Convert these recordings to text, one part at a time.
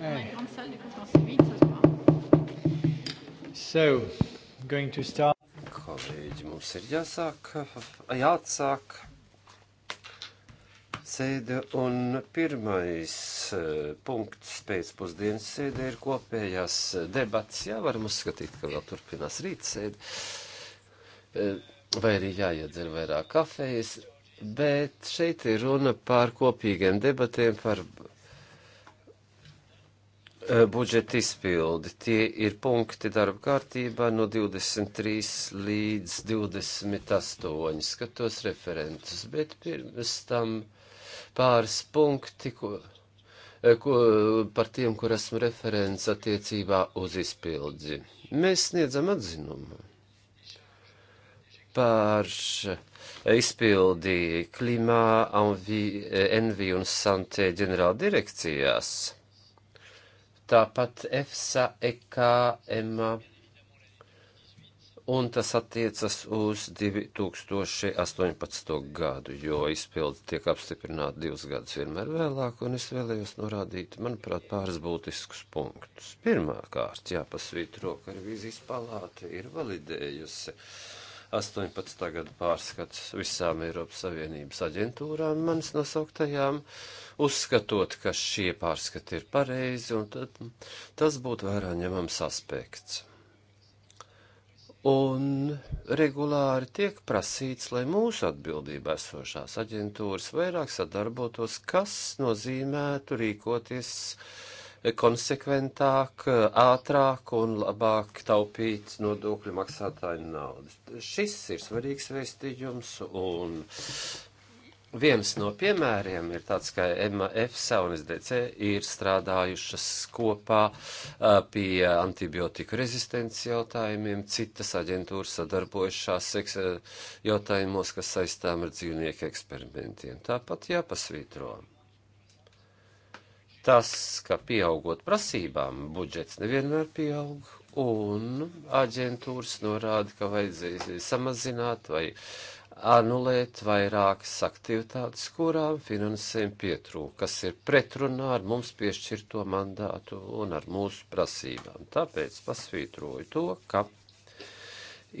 Hey. So, going to start. Kolēģi, mums ir jāsāk, jāatsāk sēde, un pirmais eh, punkts pēcpusdienas sēdē ir kopējās debats. Jā, varam uzskatīt, ka vēl turpinās rīt sēde, eh, vai arī jāiedzer vairāk kafējas, bet šeit ir runa par kopīgiem debatiem par Eh, budžeta izpildi. Tie ir punkti darba kārtībā no 23 līdz 28. Skatos referentus, bet pirms tam pāris punkti, ko, eh, ko, par tiem, kur esmu referents attiecībā uz izpildi. Mēs sniedzam atzinumu par eh, izpildi klimā, envi un santē ģenerāldirekcijās. direkcijās tāpat EFSA, EKA, EMA, un tas attiecas uz 2018. gadu, jo izpildi tiek apstiprināti divus gadus vienmēr vēlāk, un es vēlējos norādīt, manuprāt, pāris būtiskus punktus. Pirmkārt, jāpasvītro, ka revīzijas palāta ir validējusi. 18. gada pārskats visām Eiropas Savienības aģentūrām, manas nosauktajām, uzskatot, ka šie pārskati ir pareizi, un tad tas būtu vērā ņemams aspekts. Un regulāri tiek prasīts, lai mūsu atbildībā esošās aģentūras vairāk sadarbotos, kas nozīmētu rīkoties konsekventāk, ātrāk un labāk taupīt nodokļu maksātāju naudu. Šis ir svarīgs vēstījums, un Viens no piemēriem ir tāds, ka MFSA un SDC ir strādājušas kopā pie antibiotiku rezistences jautājumiem, citas aģentūras sadarbojušās jautājumos, kas saistām ar dzīvnieku eksperimentiem. Tāpat jāpasvītro. Tas, ka pieaugot prasībām, budžets nevienmēr pieaug, un aģentūras norāda, ka vajadzēs samazināt vai uh, anulēt vairākas aktivitātes, kurām finansēm pietrūk, kas ir pretrunā ar mums piešķirto mandātu un ar mūsu prasībām. Tāpēc pasvītroju to, ka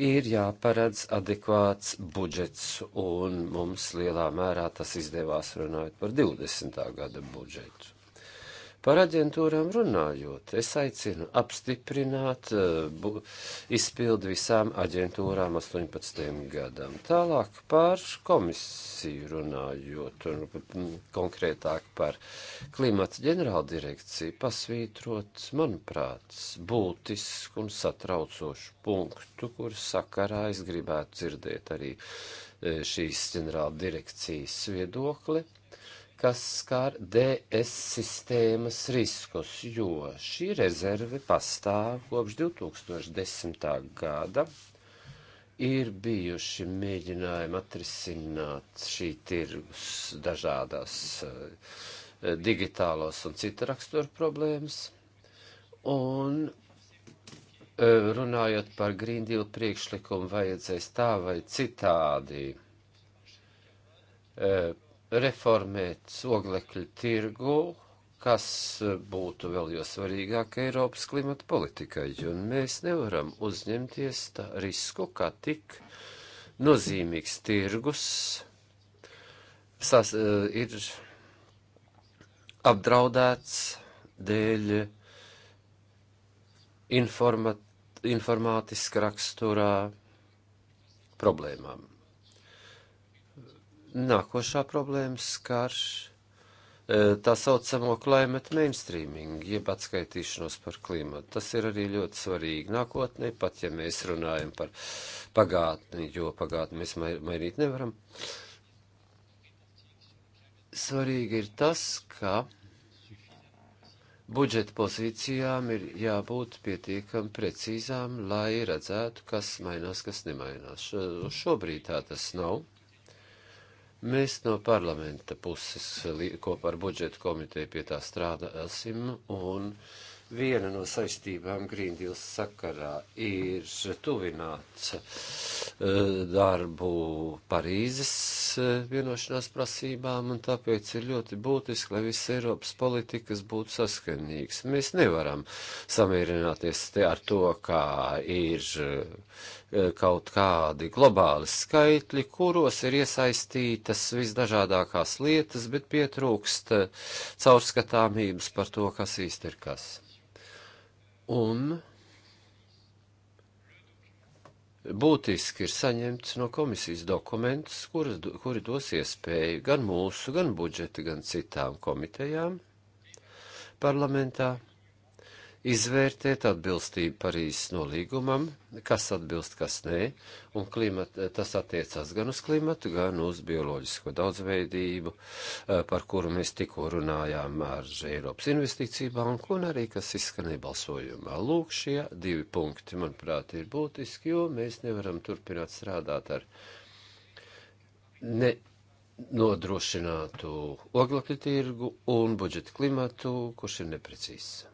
ir jāparedz adekvāts budžets, un mums lielā mērā tas izdevās runājot par 20. gada budžetu. Par aģentūrām runājot, es aicinu apstiprināt eh, uh, izpildu visām aģentūrām 18. gadam. Tālāk par komisiju runājot un mm, konkrētāk par klimata ģenerāldirekciju pasvītrot, manuprāt, būtisku un satraucošu punktu, kur sakarā es gribētu dzirdēt arī eh, šīs ģenerāla direkcijas viedokli kas skar DS sistēmas riskus, jo šī rezerve pastāv kopš 2010. gada. Ir bijuši mēģinājumi atrisināt šī tirgus dažādās eh, digitālos un cita rakstura problēmas. Un eh, runājot par Green Deal priekšlikumu, vajadzēs tā vai citādi eh, reformēt oglekļu tirgu, kas būtu vēl jo svarīgāk Eiropas klimata politikai, un mēs nevaram uzņemties tā risku, ka tik nozīmīgs tirgus sas, eh, ir apdraudēts dēļ informat, informātiska raksturā problēmām. Nākošā problēma skar e, tā saucamo climate mainstreaming, jeb atskaitīšanos par klimatu. Tas ir arī ļoti svarīgi nākotnē, pat ja mēs runājam par pagātni, jo pagātni mēs mainīt nevaram. Svarīgi ir tas, ka budžeta pozīcijām ir jābūt pietiekami precīzām, lai redzētu, kas mainās, kas nemainās. Šobrīd tā tas nav Mēs no parlamenta puses kopā ar budžetu komiteju pie tā strādāsim, un viena no saistībām Grīndīls sakarā ir tuvināt eh, darbu Parīzes eh, vienošanās prasībām, un tāpēc ir ļoti būtiski, lai viss Eiropas politikas būtu saskanīgs. Mēs nevaram samierināties ar to, kā ir eh, Eh, kaut kādi globāli skaitļi, kuros ir iesaistītas visdažādākās lietas, bet pietrūkst eh, caurskatāmības par to, kas īsti ir kas. Un būtiski ir saņemt no komisijas dokumentus, kuras, kuri dos iespēju gan mūsu, gan budžeta, gan citām komitejām parlamentā izvērtēt atbilstību Parīzes nolīgumam, kas atbilst, kas nē, un klimat, eh, tas attiecās gan uz klimatu, gan uz bioloģisko daudzveidību, eh, par kuru mēs tikko runājām ar Eiropas investīciju banku, un arī kas izskanēja balsojumā. Lūk, šie divi punkti, manuprāt, ir būtiski, jo mēs nevaram turpināt strādāt ar ne nodrošinātu oglekļa tirgu un budžeta klimatu, kurš ir neprecīzs.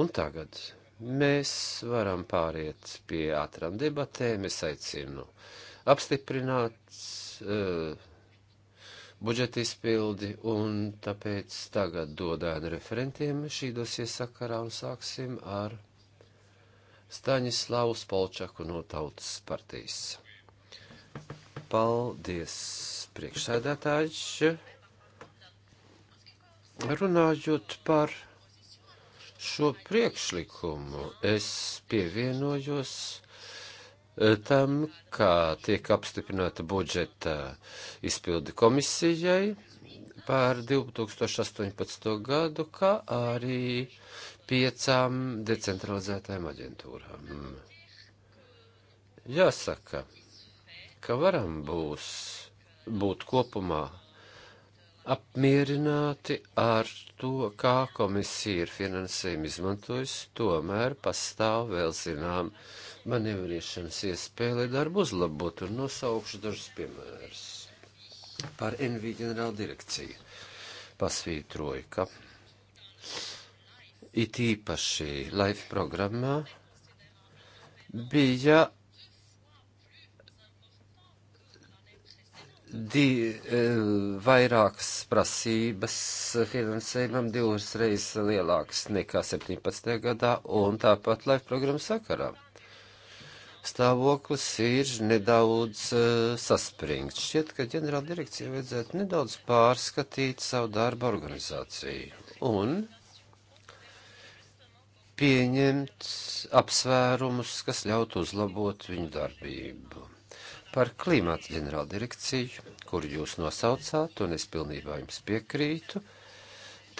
Un tagad mēs varam pāriet pie ātrām debatēm. Es aicinu apstiprināt uh, budžeta izpildi, un tāpēc tagad dodēnu referentiem šī dosies sakarā un sāksim ar Staņislavus Polčaku no Tautas partijas. Paldies, priekšsēdētājs! Runājot par šo priekšlikumu. Es pievienojos e, tam, kā tiek apstiprināta budžeta izpildi komisijai pār 2018. gadu, kā arī piecām decentralizētām aģentūrām. Jāsaka, ka varam būs, būt kopumā apmierināti ar to, kā komisija ir finansējumu izmantojusi, tomēr pastāv vēl zinām manevriešanas iespēja, lai darbu uzlabotu un nosaukšu dažus piemērus. Par NV ģenerāla direkciju pasvītroju, ka it īpaši live programmā bija di, e, vairākas prasības finansējumam divas reizes lielākas nekā 17. gadā un tāpat laif programmas sakarā. Stāvoklis ir nedaudz uh, saspringts. Šķiet, ka ģenerāla direkcija vajadzētu nedaudz pārskatīt savu darbu organizāciju un pieņemt apsvērumus, kas ļautu uzlabot viņu darbību par klimata ģenerāldirekciju, kuru jūs nosaucāt, un es pilnībā jums piekrītu.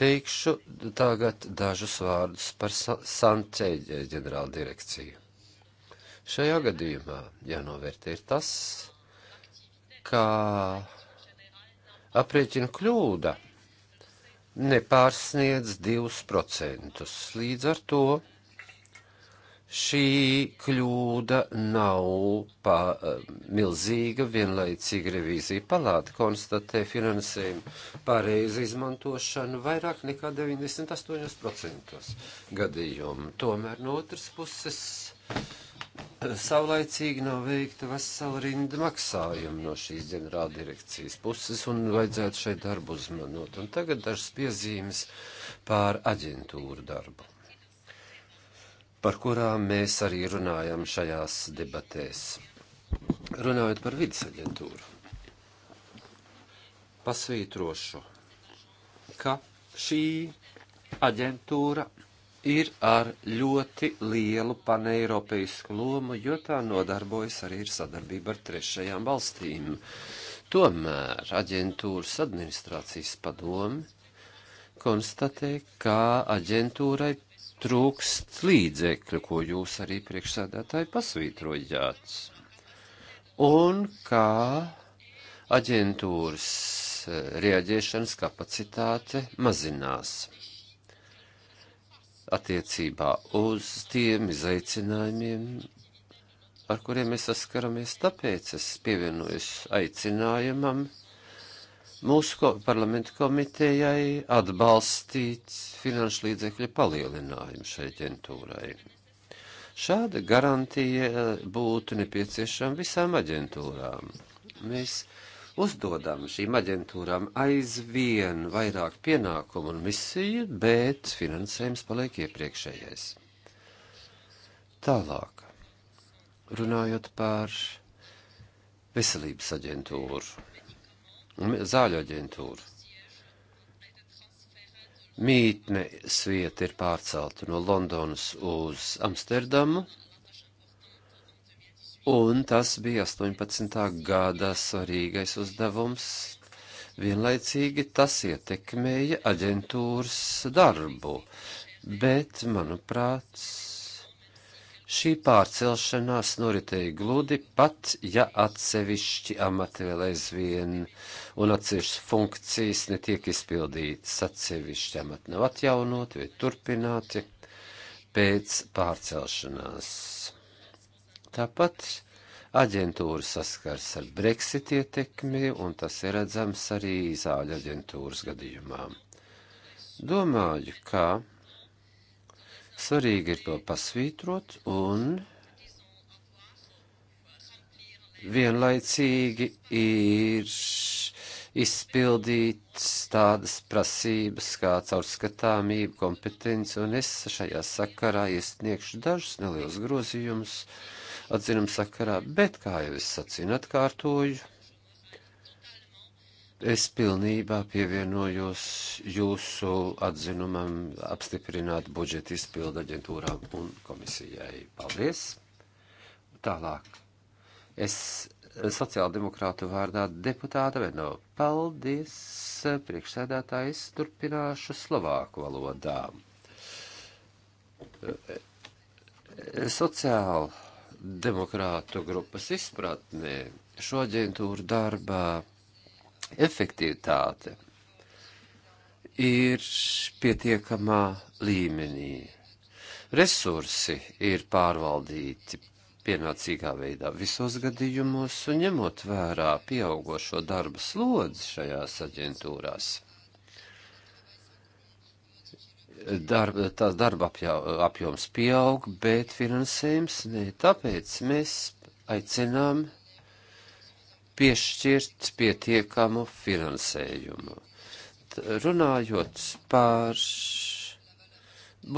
Teikšu tagad dažus vārdus par Santēģe ģenerāldirekciju. Šajā gadījumā jānovērtē ir tas, ka aprieķina kļūda nepārsniedz 2%. Līdz ar to šī kļūda nav pa, eh, milzīga, vienlaicīgi revīzija palāta konstatē finansējumu pareizi izmantošanu vairāk nekā 98% gadījumu. Tomēr no otras puses eh, saulaicīgi nav veikta vesela rinda maksājumu no šīs ģenerāla direkcijas puses un vajadzētu šeit darbu uzmanot. Un tagad dažas piezīmes pār aģentūru darbu par kurām mēs arī runājam šajās debatēs. Runājot par vidas aģentūru, pasvītrošu, ka šī aģentūra ir ar ļoti lielu paneiropeisku lomu, jo tā nodarbojas arī ar sadarbību ar trešajām valstīm. Tomēr aģentūras administrācijas padomi konstatē, ka aģentūrai trūkst līdzekļu, ko jūs arī priekšsēdētāji pasvītrojāt. Un kā aģentūras e, rieģēšanas kapacitāte mazinās attiecībā uz tiem izaicinājumiem, ar kuriem mēs saskaramies, tāpēc es pievienojos aicinājumam mūsu ko parlamentu komitejai atbalstīt finanšu līdzekļu palielinājumu šai aģentūrai. Šāda garantija eh, būtu nepieciešama visām aģentūrām. Mēs uzdodam šīm aģentūrām aizvien vairāk pienākumu un misiju, bet finansējums paliek iepriekšējais. Tālāk, runājot par veselības aģentūru Zāļu aģentūra. Mītne svieta ir pārcelta no Londonas uz Amsterdamu, un tas bija 18. gada svarīgais uzdevums. Vienlaicīgi tas ietekmēja aģentūras darbu, bet, manuprāt, Šī pārcelšanās noritēja gludi, pat ja atsevišķi amati vēl aizvien un atsevišķas funkcijas netiek izpildītas, atsevišķi amati nav atjaunoti vai turpināti pēc pārcelšanās. Tāpat aģentūra saskars ar Brexit ietekmi, un tas ir redzams arī zāļu aģentūras gadījumā. Domāju, ka Svarīgi ir to pasvītrot un vienlaicīgi ir izpildīt tādas prasības kā caurskatāmība, kompetence, un es šajā sakarā iesniegšu dažus nelielus grozījumus atzinumu sakarā, bet, kā jau es sacīju, atkārtoju, Es pilnībā pievienojos jūsu atzinumam apstiprināt budžeta izpildu aģentūrām un komisijai. Paldies! Tālāk. Es sociāldemokrātu vārdā deputāta Veno. Paldies, priekšsēdētājs, turpināšu slovāku valodā. Sociāldemokrātu grupas izpratnē šo aģentūru darbā efektivitāte ir pietiekamā līmenī. Resursi ir pārvaldīti pienācīgā veidā visos gadījumos un ņemot vērā pieaugošo darba slodzi šajās aģentūrās. Darba, tās darba apjā, apjoms pieaug, bet finansējums ne. Tāpēc mēs aicinām uh, piešķirt pietiekamu finansējumu. Runājot par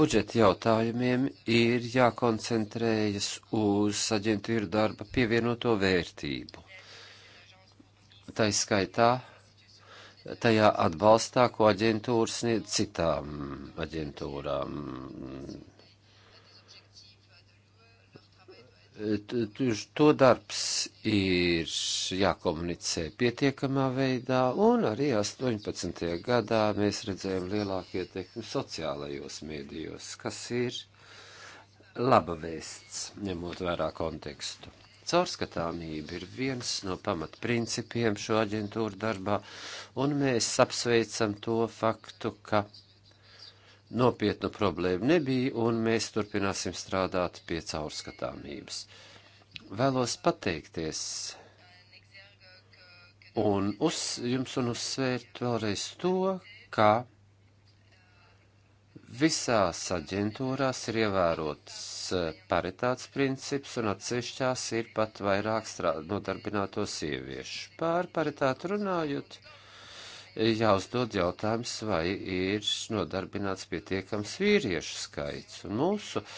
budžeta jautājumiem, ir jākoncentrējas uz aģentūra darba pievienoto vērtību. Tā izskaitā tajā atbalstā, ko aģentūra sniedz citām aģentūrām to darbs ir jākomunicē pietiekamā veidā, un arī 18. gadā mēs redzējām lielāku ietekmi sociālajos mēdījos, kas ir laba vēsts, ņemot vērā kontekstu. Caurskatāmība ir viens no pamatprincipiem šo aģentūru darbā, un mēs apsveicam to faktu, ka nopietnu problēmu nebija, un mēs turpināsim strādāt pie caurskatāmības. Vēlos pateikties un uz, jums un uzsvērt vēlreiz to, ka visās aģentūrās ir ievērots eh, paritāts princips, un atsevišķās ir pat vairāk strād, nodarbināto sieviešu. Pār paritātu runājot. Uh, jāuzdod jautājums, vai ir nodarbināts pietiekams vīriešu skaits. Un mūsu uh,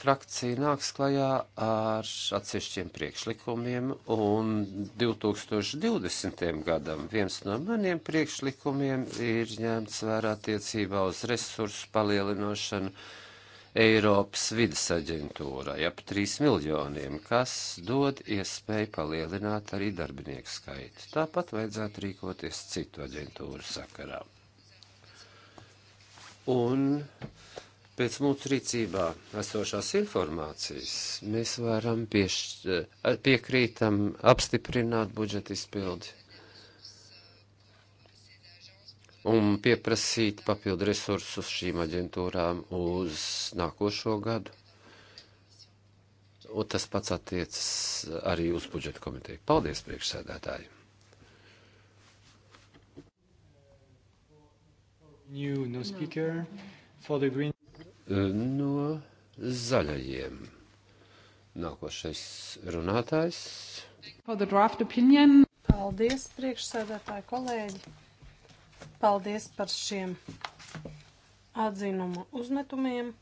frakcija nāks klajā ar atsevišķiem priekšlikumiem, un 2020. gadam viens no maniem priekšlikumiem ir ņemts vērā attiecībā uz resursu palielinošanu Eiropas vidas aģentūrai ap 3 miljoniem, kas dod iespēju palielināt arī darbinieku skaitu. Tāpat vajadzētu rīkoties citu aģentūru sakarā. Un pēc mūsu rīcībā esošās informācijas mēs varam piešķ, piekrītam apstiprināt budžeta izpildi un pieprasīt papildu resursus šīm aģentūrām uz nākošo gadu. Un tas pats attiecas arī uz budžeta komiteju. Paldies, priekšsēdētāji! New, no speaker, for the green... Eh, no zaļajiem. Nākošais runātājs. For the draft opinion. Paldies, priekšsēdētāji kolēģi! Paldies par šiem atzinuma uzmetumiem.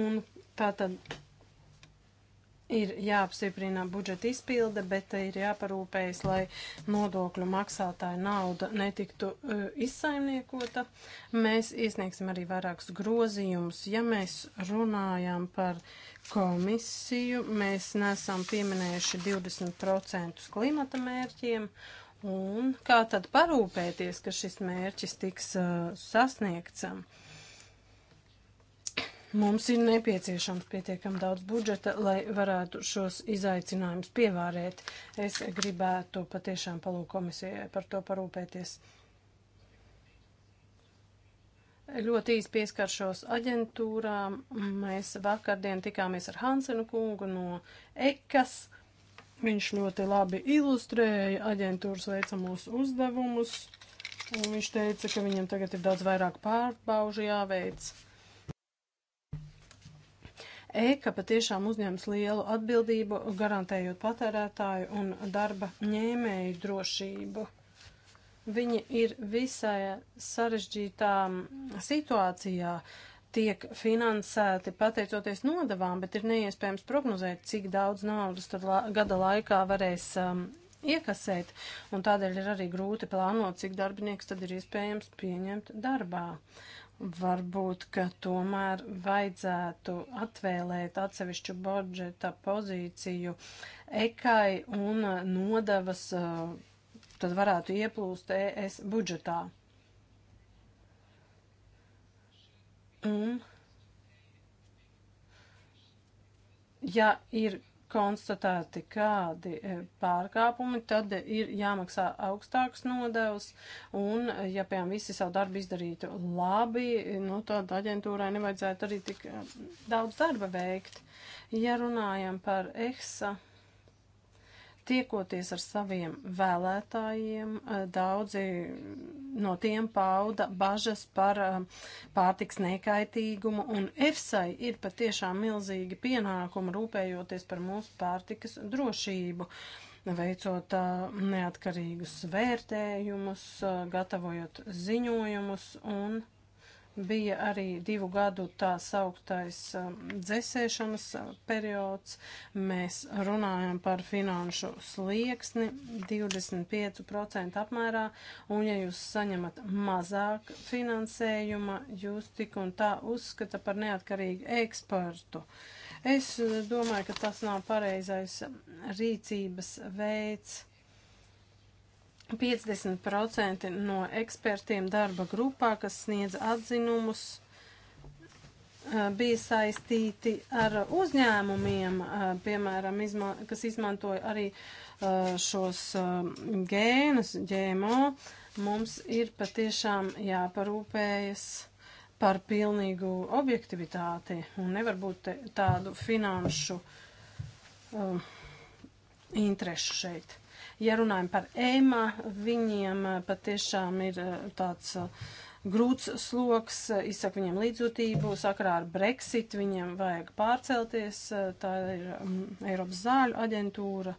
Un tā tad ir jāapstiprina budžeta izpilde, bet ir jāparūpējas, lai nodokļu maksātāja nauda netiktu uh, izsaimniekota. Mēs iesniegsim arī vairākus grozījumus. Ja mēs runājam par komisiju, mēs nesam pieminējuši 20% klimata mērķiem Un kā tad parūpēties, ka šis mērķis tiks uh, sasniegts? Mums ir nepieciešams pietiekam daudz budžeta, lai varētu šos izaicinājumus pievārēt. Es gribētu patiešām palūk komisijai par to parūpēties. Ļoti īsti pieskaršos aģentūrām. Mēs vakardien tikāmies ar Hansenu kungu no EKAS. Uh, Viņš ļoti labi ilustrēja aģentūras veicamos uzdevumus, un viņš teica, ka viņam tagad ir daudz vairāk pārbaužu jāveic. EKA patiešām uzņems lielu atbildību, garantējot patērētāju un darba ņēmēju drošību. Viņi ir visai sarežģītā situācijā tiek finansēti pateicoties nodavām, bet ir neiespējams prognozēt, cik daudz naudas tad la gada laikā varēs um, iekasēt, un tādēļ ir arī grūti plānot, cik darbinieks tad ir iespējams pieņemt darbā. Varbūt, ka tomēr vajadzētu atvēlēt atsevišķu budžeta pozīciju ekai un nodavas, uh, tad varētu ieplūst ES budžetā. Un, ja ir konstatēti kādi e, pārkāpumi, tad ir jāmaksā augstāks nodevs, un, ja, piemēram, visi savu darbu izdarītu labi, nu, tad aģentūrai nevajadzētu arī tik e, daudz darba veikt. Ja runājam par EHSA Tiekoties ar saviem vēlētājiem, eh, daudzi no tiem pauda bažas par eh, pārtiks nekaitīgumu, un EFSAI ir patiešām milzīgi pienākumi rūpējoties par mūsu pārtikas drošību veicot eh, neatkarīgus vērtējumus, gatavojot ziņojumus un Bija arī divu gadu tā sauktais um, dzēsēšanas uh, periods. Mēs runājam par finanšu slieksni 25% apmērā, un ja jūs saņemat mazāk finansējuma, jūs tik un tā uzskata par neatkarīgu ekspertu. Es uh, domāju, ka tas nav pareizais um, rīcības veids. 50% no ekspertiem darba grupā, kas sniedz atzinumus, eh, bija saistīti ar uzņēmumiem, eh, piemēram, izma kas izmantoja arī eh, šos gēnus, ģēmo. Mums ir patiešām jāparūpējas par pilnīgu objektivitāti un nevar būt tādu finanšu um, interešu šeit. Ja runājam par EMA, viņiem eh, patiešām ir eh, tāds eh, grūts sloks, izsaka viņiem līdzjūtību, sakarā ar Brexit viņiem vajag pārcelties, tā ir mm, Eiropas zāļu aģentūra.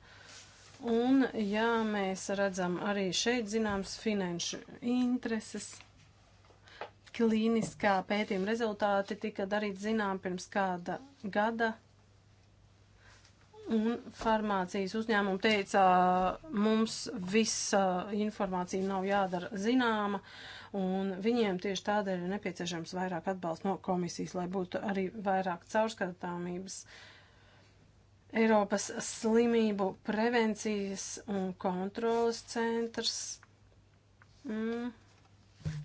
Un, jā, mēs redzam arī šeit zināms finanšu intereses klīniskā pētījuma rezultāti tika darīti zinām pirms kāda gada. Un farmācijas uzņēmumi teica, mums visa informācija nav jādara zināma, un viņiem tieši tādēļ ir nepieciešams vairāk atbalsts no komisijas, lai būtu arī vairāk caurskatāmības Eiropas slimību prevencijas un kontrolas centrs. Mm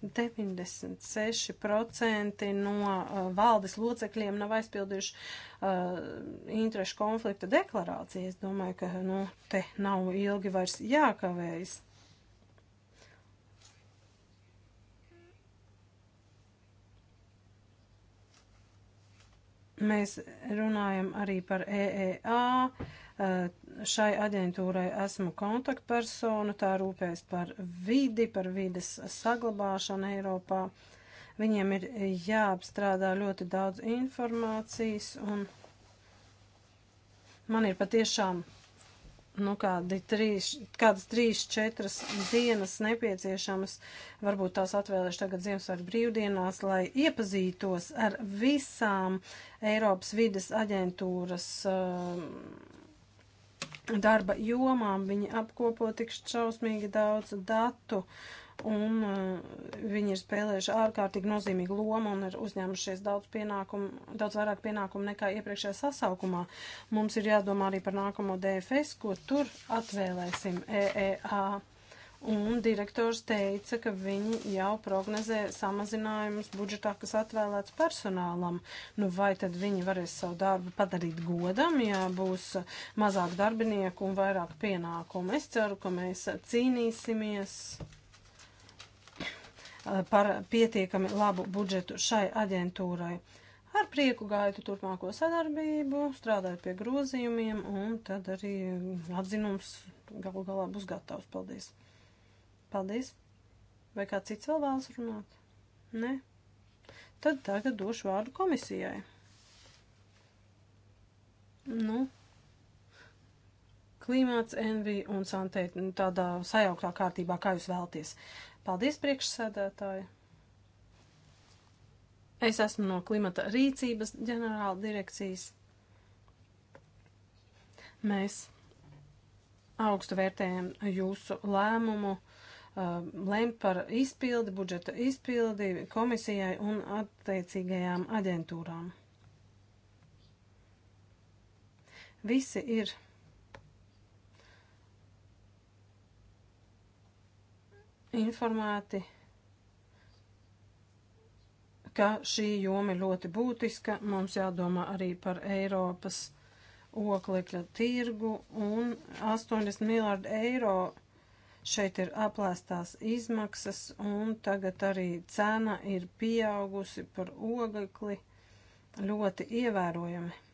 96% no uh, valdes locekļiem nav aizpildījuši uh, interešu konflikta deklarācijas. Domāju, ka nu, te nav ilgi vairs jākavējas. Mēs runājam arī par EEA. Eh, šai aģentūrai esmu kontaktpersona, tā rūpēs par vidi, par vides saglabāšanu Eiropā. Viņiem ir jāapstrādā ļoti daudz informācijas, un man ir patiešām nu, kādi trīs, kādas trīs, četras dienas nepieciešamas, varbūt tās atvēlēšu tagad Ziemassvētku brīvdienās, lai iepazītos ar visām Eiropas vides aģentūras uh, darba jomām. Viņi apkopo tik šausmīgi daudz datu. Uh, un eh, viņi ir spēlējuši ārkārtīgi nozīmīgu lomu un ir uzņēmušies daudz pienākumu, daudz vairāk pienākumu nekā iepriekšējā sasaukumā. Mums ir jādomā arī par nākamo DFS, ko tur atvēlēsim EEA. Un direktors teica, ka viņi jau prognozē samazinājumus budžetā, kas atvēlēts personālam. Nu, vai tad viņi varēs savu darbu padarīt godam, ja būs mazāk darbinieku un vairāk pienākumu? Es ceru, ka mēs cīnīsimies. Eh, par pietiekami labu budžetu šai aģentūrai. Ar prieku gaidu turpmāko sadarbību, strādāju pie grozījumiem, un tad arī atzinums galu galā būs gatavs. Paldies! Paldies! Vai kāds cits vēl vēlas runāt? Nē? Tad tagad došu vārdu komisijai. Nu, klimāts, envi un santē tādā sajauktā kārtībā, kā jūs vēlties. Uh, Paldies, priekšsēdētāji! Es esmu no klimata rīcības ģenerāla direkcijas. Mēs augstu vērtējam jūsu lēmumu uh, lemt par izpildi, budžeta izpildi komisijai un attiecīgajām aģentūrām. Visi ir informēti, ka šī joma ir ļoti būtiska. Mums jādomā arī par Eiropas oglekļa tirgu un 80 miljārdu eiro šeit ir aplēstās izmaksas, un tagad arī cena ir pieaugusi par ogakli ļoti ievērojami.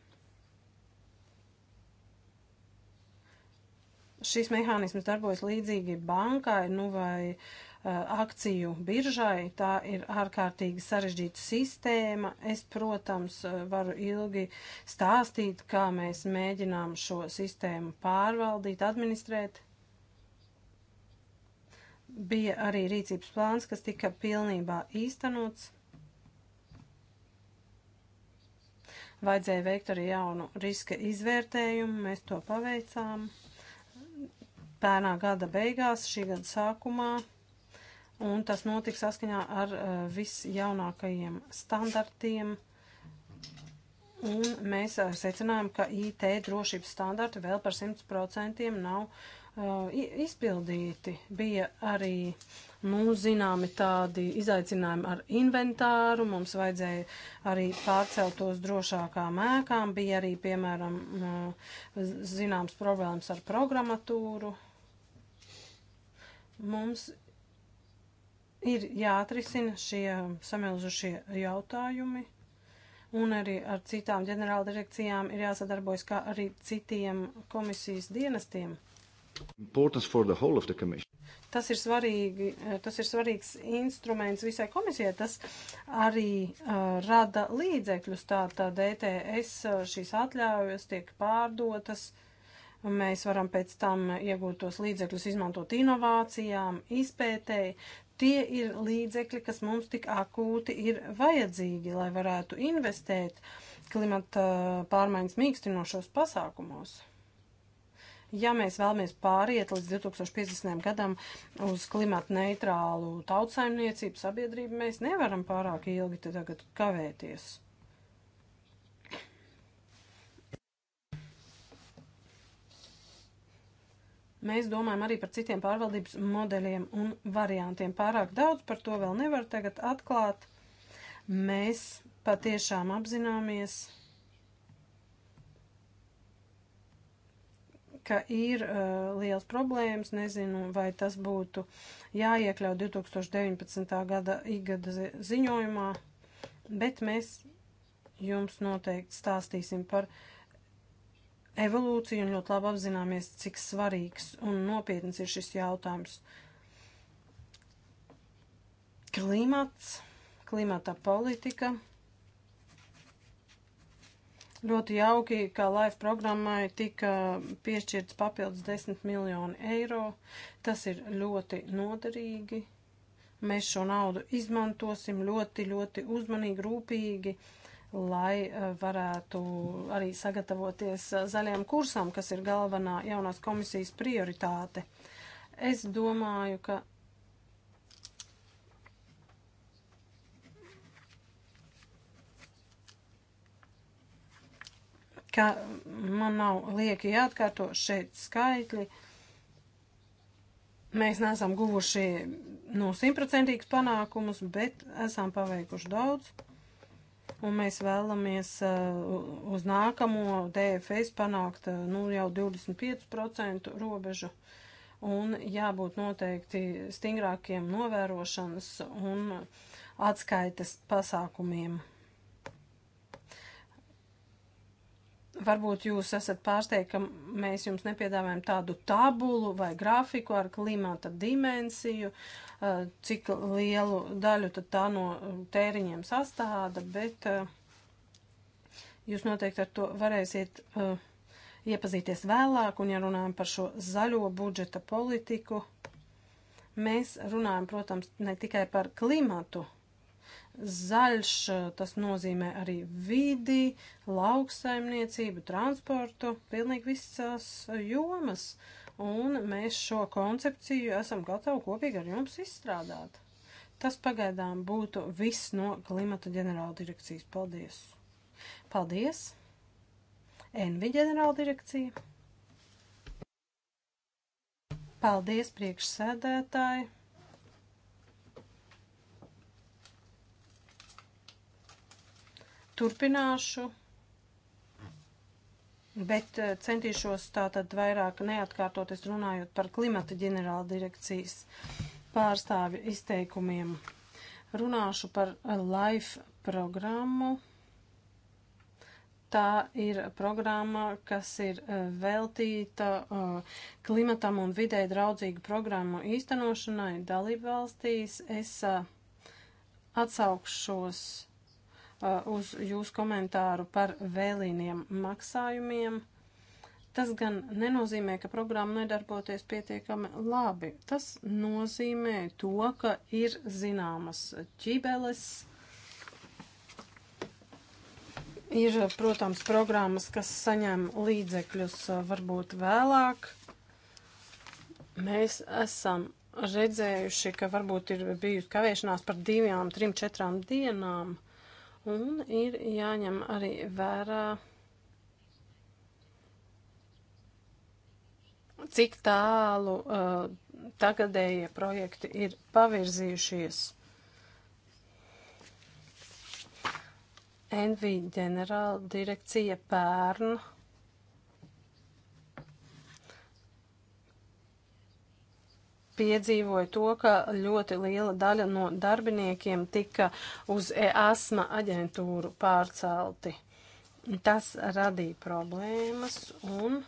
šis mehānisms darbojas līdzīgi bankai, nu vai uh, akciju biržai. Tā ir ārkārtīgi sarežģīta sistēma. Es, protams, eh, varu ilgi stāstīt, kā mēs mēģinām šo sistēmu pārvaldīt, administrēt. Bija arī rīcības plāns, kas tika pilnībā īstenots. Vajadzēja veikt arī jaunu riska izvērtējumu, mēs to paveicām pērnā gada beigās, šī gada sākumā, un tas notiks saskaņā ar uh, visjaunākajiem standartiem. Un mēs uh, eh, secinājām, ka IT drošības standarti vēl par 100% nav uh, izpildīti. Bija arī nu, zināmi tādi izaicinājumi ar inventāru, mums vajadzēja arī pārcelt tos drošākām ēkām, bija arī, piemēram, zināms problēmas ar programmatūru, Mums ir jāatrisina šie samilzušie jautājumi, un arī ar citām ģenerāla direkcijām ir jāsadarbojas, kā arī citiem komisijas dienestiem. Tas ir, svarīgi, tas ir svarīgs instruments visai komisijai. Tas arī uh, rada līdzekļus. Tātad e tā DTS uh, šīs atļaujas tiek pārdotas uh, un mēs varam pēc tam iegūtos līdzekļus izmantot inovācijām, izpētēji. Tie ir līdzekļi, kas mums tik akūti ir vajadzīgi, lai varētu investēt klimata uh, pārmaiņas mīkstinošos pasākumos. Ja mēs vēlamies pāriet līdz 2050. gadam uz klimata neitrālu tautsaimniecību sabiedrību, mēs nevaram pārāk ilgi tagad kavēties. Mēs domājam arī par citiem pārvaldības modeļiem un variantiem. Pārāk daudz par to vēl nevar tagad atklāt. Mēs patiešām apzināmies, ka ir uh, liels problēmas. Nezinu, vai tas būtu jāiekļaut 2019. gada igada ziņojumā, bet mēs jums noteikti stāstīsim par uh, evolūciju un ļoti labi apzināmies, cik svarīgs un nopietns ir šis jautājums. Klimats, klimata politika. Ļoti jauki, ka Life programmai tika piešķirts papildus 10 miljoni eiro. Tas ir ļoti noderīgi. Mēs šo naudu izmantosim ļoti, ļoti uzmanīgi, rūpīgi. Uh, lai eh, varētu arī sagatavoties eh, zaļajam kursam, kas ir galvenā jaunās komisijas prioritāte. Es domāju, ka ka man nav lieki jāatkārto šeit skaitļi. Mēs neesam guvuši no nu simtprocentīgas panākumus, bet esam paveikuši daudz un mēs vēlamies uh, uz nākamo DFS panākt uh, nu, jau 25% robežu un jābūt noteikti stingrākiem novērošanas un atskaites pasākumiem. Varbūt jūs esat pārsteigti, ka mēs jums nepiedāvājam tādu tabulu vai grafiku ar klimata dimensiju, cik lielu daļu tad tā no tēriņiem sastāda, bet jūs noteikti ar to varēsiet iepazīties vēlāk, un ja runājam par šo zaļo budžeta politiku, mēs runājam, protams, ne tikai par klimatu Zaļš tas nozīmē arī vidi, lauksaimniecību, transportu, pilnīgi visas jomas. Un mēs šo koncepciju esam gatavi kopīgi ar jums izstrādāt. Tas pagaidām būtu viss no klimata ģenerāldirekcijas. Paldies! Paldies! Envi ģenerāldirekcija! Paldies, priekšsēdētāji! turpināšu, bet eh, centīšos tātad vairāk neatkārtoties runājot par klimata ģenerāla direkcijas pārstāvi izteikumiem. Runāšu par LIFE programmu. Tā ir programma, kas ir eh, veltīta uh, klimatam un vidē draudzīgu programmu īstenošanai dalībvalstīs. Es uh, atsaukšos Uh, uz jūsu komentāru par vēlīniem maksājumiem. Tas gan nenozīmē, ka programma nedarboties pietiekami labi. Tas nozīmē to, ka ir zināmas ķibeles. Ir, protams, programmas, kas saņem līdzekļus uh, varbūt vēlāk. Mēs esam redzējuši, ka varbūt ir bijusi kavēšanās par divām, trim, četrām dienām. Uh, Un ir jāņem arī vērā, cik tālu uh, tagadējie projekti ir pavirzījušies. NV ģenerāla direkcija pērna piedzīvoja to, ka ļoti liela daļa no darbiniekiem tika uz EASMA aģentūru pārcelti. Tas radīja problēmas un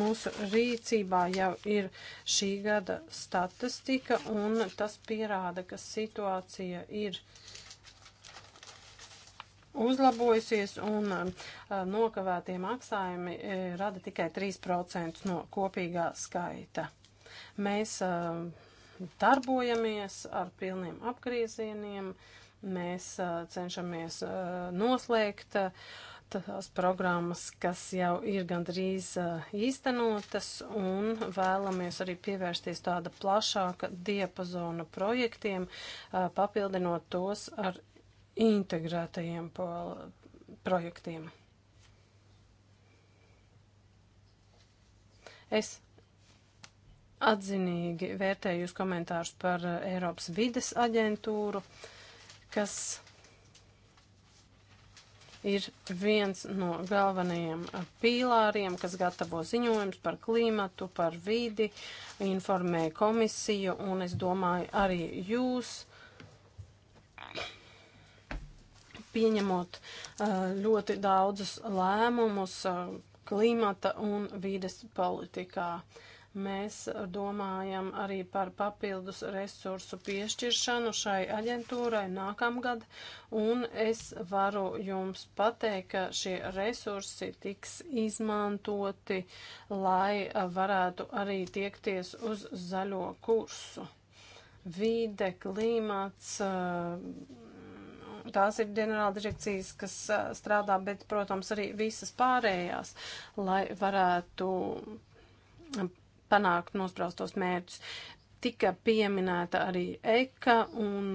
mūsu rīcībā jau ir šī gada statistika un tas pierāda, ka situācija ir uh, uzlabojusies un um, um, nokavētie maksājumi e, rada tikai 3% no kopīgā skaita. Mēs um, darbojamies ar pilniem apgriezieniem, mēs uh, cenšamies uh, noslēgt uh, tās programmas, kas jau ir gandrīz īstenotas, un vēlamies arī pievērsties tāda plašāka diapazona projektiem, papildinot tos ar integrētajiem projektiem. Es atzinīgi vērtēju jūs komentārus par Eiropas vides aģentūru, kas ir viens no galvenajiem pīlāriem, kas gatavo ziņojums par klimatu, par vidi, informē komisiju, un es domāju, arī jūs pieņemot ļoti daudzus lēmumus klimata un vides politikā. Mēs domājam arī par papildus resursu piešķiršanu šai aģentūrai nākamgad, un es varu jums pateikt, ka šie resursi tiks izmantoti, lai varētu arī tiekties uz zaļo kursu. Vīde, klimats, tās ir ģenerāldirekcijas, kas strādā, bet, protams, arī visas pārējās, lai varētu panākt nospraustos mērķus. Tika pieminēta arī EKA un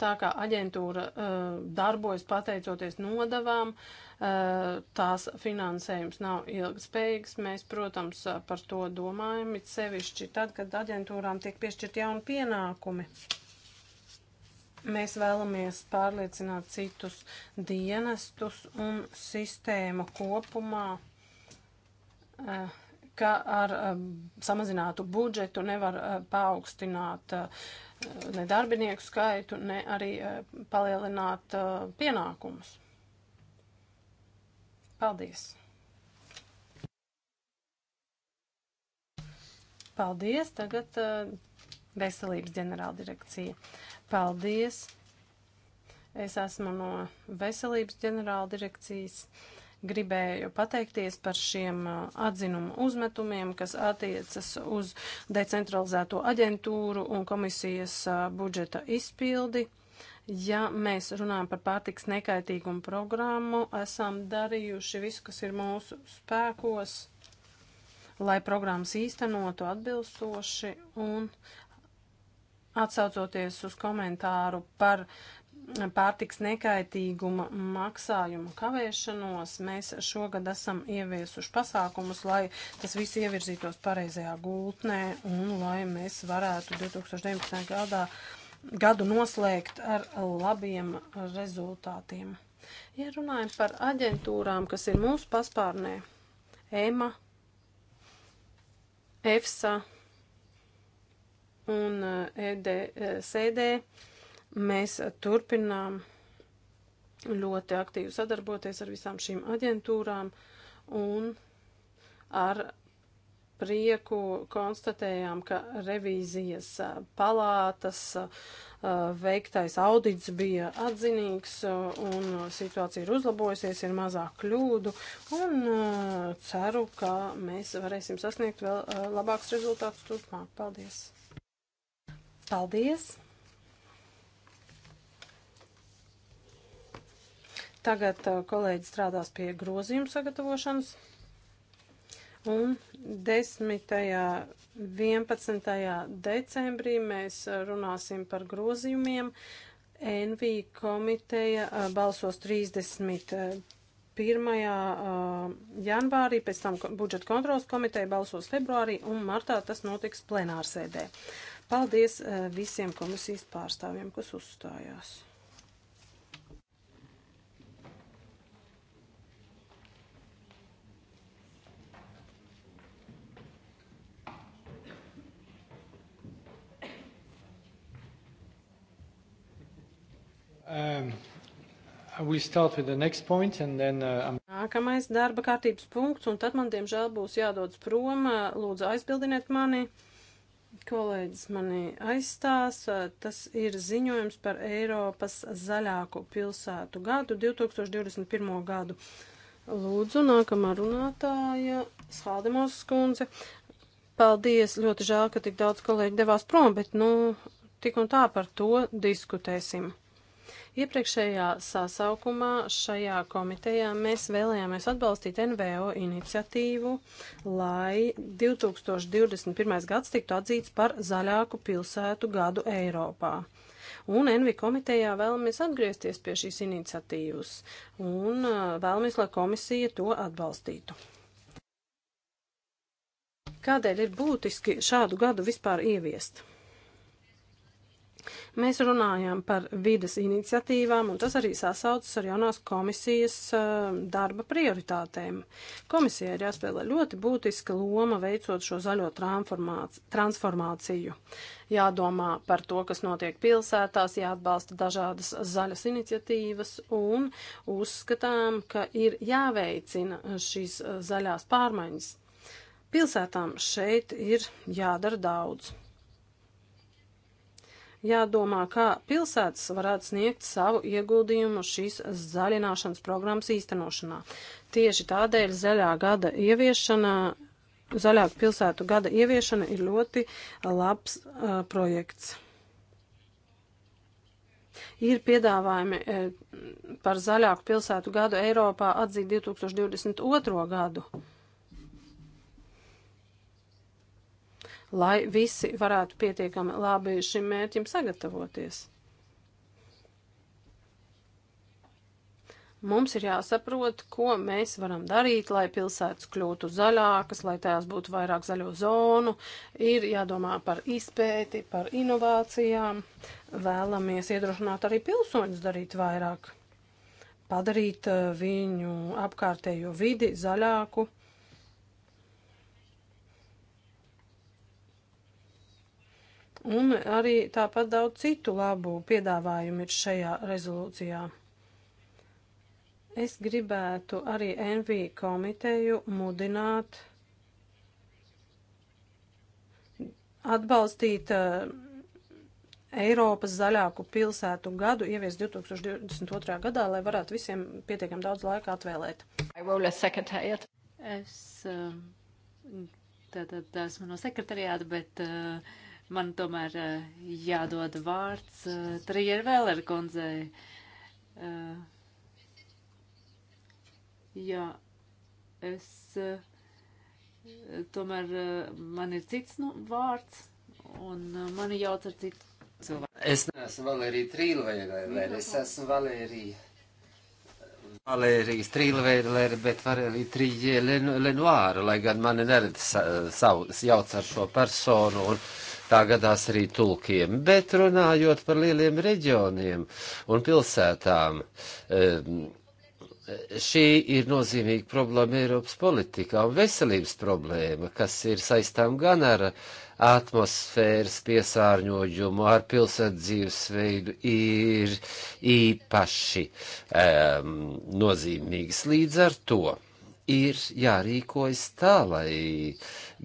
tā kā aģentūra uh, darbojas pateicoties nodavām, uh, tās finansējums nav ilgspējīgs. Mēs, protams, par to domājam, it sevišķi tad, kad aģentūrām tiek piešķirt jauni pienākumi. Uh, Mēs vēlamies pārliecināt citus dienestus un sistēmu kopumā, eh, ka ar eh, samazinātu budžetu nevar eh, paaugstināt ne darbinieku skaitu, ne arī palielināt pienākumus. Paldies! Paldies! Tagad veselības ģenerāldirekcija. Paldies! Es esmu no veselības ģenerāldirekcijas. Gribēju pateikties par šiem atzinumu uzmetumiem, kas attiecas uz decentralizēto aģentūru un komisijas budžeta izpildi. Ja mēs runājam par pārtiks nekaitīgumu programmu, esam darījuši visu, kas ir mūsu spēkos, lai programmas īstenotu atbilstoši un Atsaucoties uz komentāru par pārtiks nekaitīguma maksājumu kavēšanos, mēs šogad esam ieviesuši pasākumus, lai tas viss ievirzītos pareizajā gultnē un lai mēs varētu 2019. gadā gadu noslēgt ar labiem rezultātiem. Ja runājam par aģentūrām, kas ir mūsu paspārnē, EMA, EFSA, un ED eh, e eh, sēdē e mēs turpinām ļoti aktīvi sadarboties ar visām šīm aģentūrām un ar prieku konstatējām, ka revīzijas eh, palātas veiktais audits bija atzinīgs un situācija ir uzlabojusies, ir mazāk kļūdu un ceru, ka mēs varēsim sasniegt vēl labāks rezultāts turpmāk. Paldies! Paldies! Tagad uh, kolēģi strādās pie grozījuma sagatavošanas. Un 10. 11. decembrī mēs uh, runāsim par grozījumiem. NV komiteja uh, balsos 31. janvārī, pēc tam budžeta kontrolas komiteja balsos februārī un martā tas notiks plenārsēdē. Paldies eh, visiem komisijas pārstāvjiem, kas uzstājās. Um, then, uh, Nākamais darba kārtības punkts, un tad man, diemžēl, būs jādodas prom. Lūdzu, aizbildiniet mani kolēģis mani aizstās. Tas ir ziņojums par Eiropas zaļāko pilsētu gadu 2021. gadu. Lūdzu, nākamā runātāja Schaldemos skundze. Paldies, ļoti žēl, ka tik daudz kolēģi devās prom, bet, nu, tik un tā par to diskutēsim. Iepriekšējā sasaukumā šajā komitejā mēs vēlējāmies atbalstīt NVO iniciatīvu, lai 2021. gads tiktu atzīts par zaļāku pilsētu gadu Eiropā. Un Envi komitejā vēlamies atgriezties pie šīs iniciatīvas un uh, vēlamies, lai komisija to atbalstītu. Kādēļ ir būtiski šādu gadu vispār ieviest? Mēs runājām par vides iniciatīvām, un tas arī sasaucas ar jaunās komisijas eh, darba prioritātēm. Komisija ir jāspēlē ļoti būtiska loma veicot šo zaļo transformāciju. Jādomā par to, kas notiek pilsētās, jāatbalsta dažādas zaļas iniciatīvas un uzskatām, ka ir jāveicina šīs zaļās pārmaiņas. Pilsētām šeit ir jādara daudz jādomā, kā pilsētas varētu sniegt savu ieguldījumu šīs zaļināšanas programmas īstenošanā. Tieši tādēļ zaļā gada ieviešana, zaļāku pilsētu gada ieviešana ir ļoti labs uh, projekts ir piedāvājumi par zaļāku pilsētu gadu Eiropā atzīt 2022. gadu. lai visi varētu pietiekami labi šim mērķim sagatavoties. Mums ir jāsaprot, ko mēs varam darīt, lai pilsētas kļūtu zaļākas, lai tās būtu vairāk zaļo zonu. Ir jādomā par izpēti, par inovācijām. Vēlamies iedrošināt arī pilsoņus darīt vairāk, padarīt eh, viņu apkārtējo vidi zaļāku. Un arī tāpat daudz citu labu piedāvājumu ir šajā rezolūcijā. Es gribētu arī NV komiteju mudināt atbalstīt uh, Eiropas zaļāku pilsētu gadu ievies 2022. gadā, lai varētu visiem pietiekam daudz laika atvēlēt. Es eh, tātad esmu no sekretariāta, bet uh, Man tomēr eh, jādod vārds eh, Trier Vēler kundzei. Eh, jā, es tomēr man ir cits nu, vārds un mani jauc ar citu cilvēku. Es neesmu Valērija Trīlvēlēr, es esmu Valērija. Valērija Strīlveidlere, bet Valērija Trīļie Lenoāra, lai gan mani neredz savu jauc ar šo personu. Un, uh, tā gadās arī tulkiem. Bet runājot par lieliem reģioniem un pilsētām, ehm, šī ir nozīmīga problēma Eiropas politikā un veselības problēma, kas ir saistām gan ar atmosfēras piesārņojumu, ar pilsētu dzīvesveidu ir īpaši um, nozīmīgas. Līdz ar to ir jārīkojas tā, lai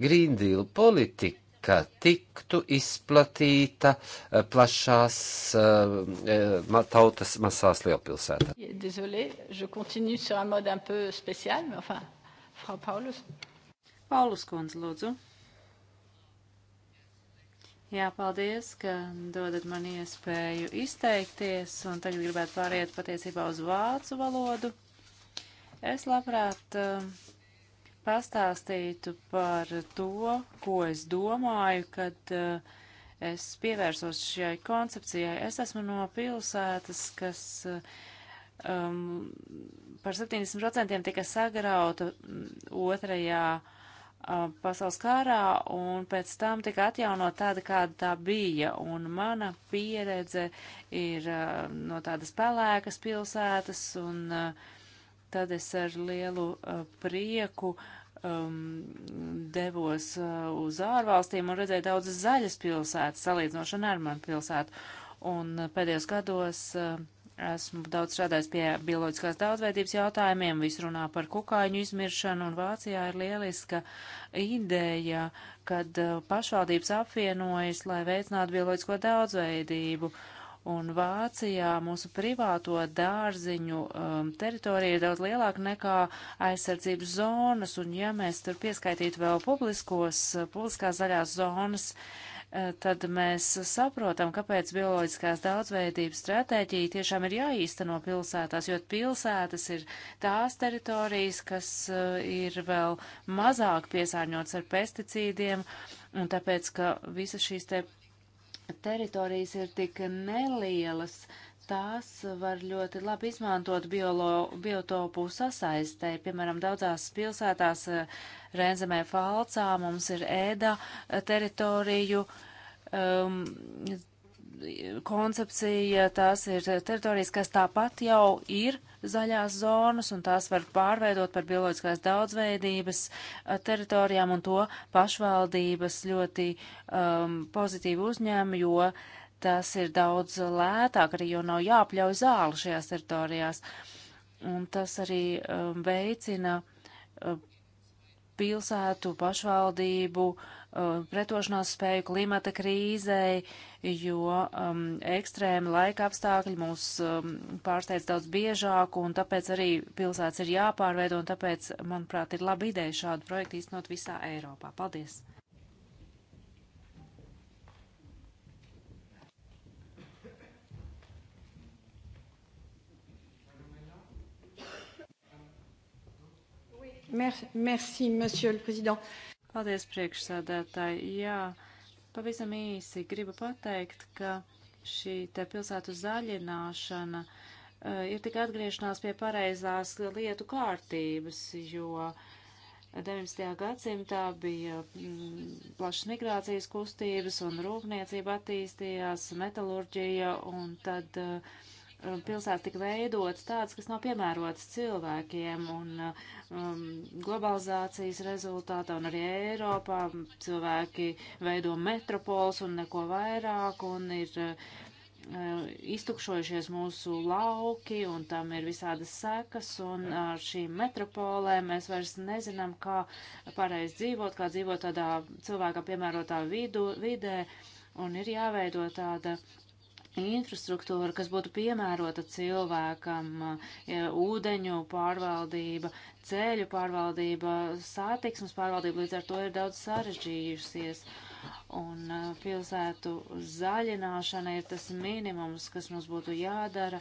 Grīndīla politika ka tiktu izplatīta eh, plašās uh, tautas masās lielpilsētā. Désolé, je continue sur un mode un peu spécial, mais enfin, Frau Paulus. Paulus kundze, lūdzu. Jā, paldies, ka dodat man iespēju izteikties, un tagad gribētu pāriet patiesībā uz vācu valodu. Es labprāt uh, pastāstītu par to, ko es domāju, kad uh, es pievērsos šai koncepcijai. Es esmu no pilsētas, kas eh, um, par 70% tika sagrauta mm, otrajā uh, pasaules kārā, un pēc tam tika atjaunot tāda, kāda tā bija. Un mana pieredze ir uh, no tādas pelēkas pilsētas, un uh, tad es ar lielu uh, prieku um, devos uh, uz ārvalstīm un redzēju daudzas zaļas pilsētas, salīdzinoši ar manu pilsētu. Un uh, pēdējos gados uh, esmu daudz strādājis pie bioloģiskās daudzveidības jautājumiem, viss runā par kukaiņu izmiršanu, un Vācijā ir lieliska ideja, kad uh, pašvaldības apvienojas, lai veicinātu bioloģisko daudzveidību. Uh, Un Vācijā mūsu privāto dārziņu um, teritorija ir daudz lielāka nekā aizsardzības zonas, un ja mēs tur pieskaitītu vēl publiskos, uh, publiskās zaļās zonas, uh, tad mēs saprotam, kāpēc bioloģiskās daudzveidības stratēģija tiešām ir jāīsteno pilsētās, jo pilsētas ir tās teritorijas, kas uh, ir vēl mazāk piesārņots ar pesticīdiem, un tāpēc, ka visas šīs te teritorijas ir tik nelielas, tās var ļoti labi izmantot biolo, biotopu sasaistē. Piemēram, daudzās pilsētās eh, Renzemē Falcā mums ir ēda eh, teritoriju. Um, koncepcija, tās ir teritorijas, kas tāpat jau ir zaļās zonas, un tās var pārveidot par bioloģiskās daudzveidības uh, teritorijām, un to pašvaldības ļoti um, pozitīvi uzņēma, jo tas ir daudz lētāk, arī jo nav jāpļauj zāli šajās teritorijās. Un tas arī um, veicina uh, pilsētu, pašvaldību, uh, pretošanās spēju klimata krīzei, jo um, ekstrēma laika apstākļi mūs um, pārsteidz daudz biežāk, un tāpēc arī pilsētas ir jāpārveido, un tāpēc, manuprāt, ir laba ideja šādu projektu īstenot visā Eiropā. Paldies! Merci, monsieur le président. Paldies, priekšsādātāji. Jā, pavisam īsi gribu pateikt, ka šī te pilsētu zaļināšana uh, ir tik atgriešanās pie pareizās lietu kārtības, jo 19. gadsimtā bija mm, plašas migrācijas kustības un rūpniecība attīstījās, metalurģija un tad. Uh, Um, pilsētas tika veidotas tādas, kas nav piemērotas cilvēkiem, un um, globalizācijas rezultātā un arī Eiropā cilvēki veido metropols un neko vairāk, un ir uh, iztukšojušies mūsu lauki, un tam ir visādas sekas, un ar šīm metropolēm mēs vairs nezinām, kā pareizi dzīvot, kā dzīvot tādā cilvēkam piemērotā vidu, vidē, un ir jāveido tāda infrastruktūra, kas būtu piemērota cilvēkam, ūdeņu pārvaldība, ceļu pārvaldība, satiksmes pārvaldība, līdz ar to ir daudz sarežģījusies. Un uh, pilsētu zaļināšana ir tas minimums, kas mums būtu jādara.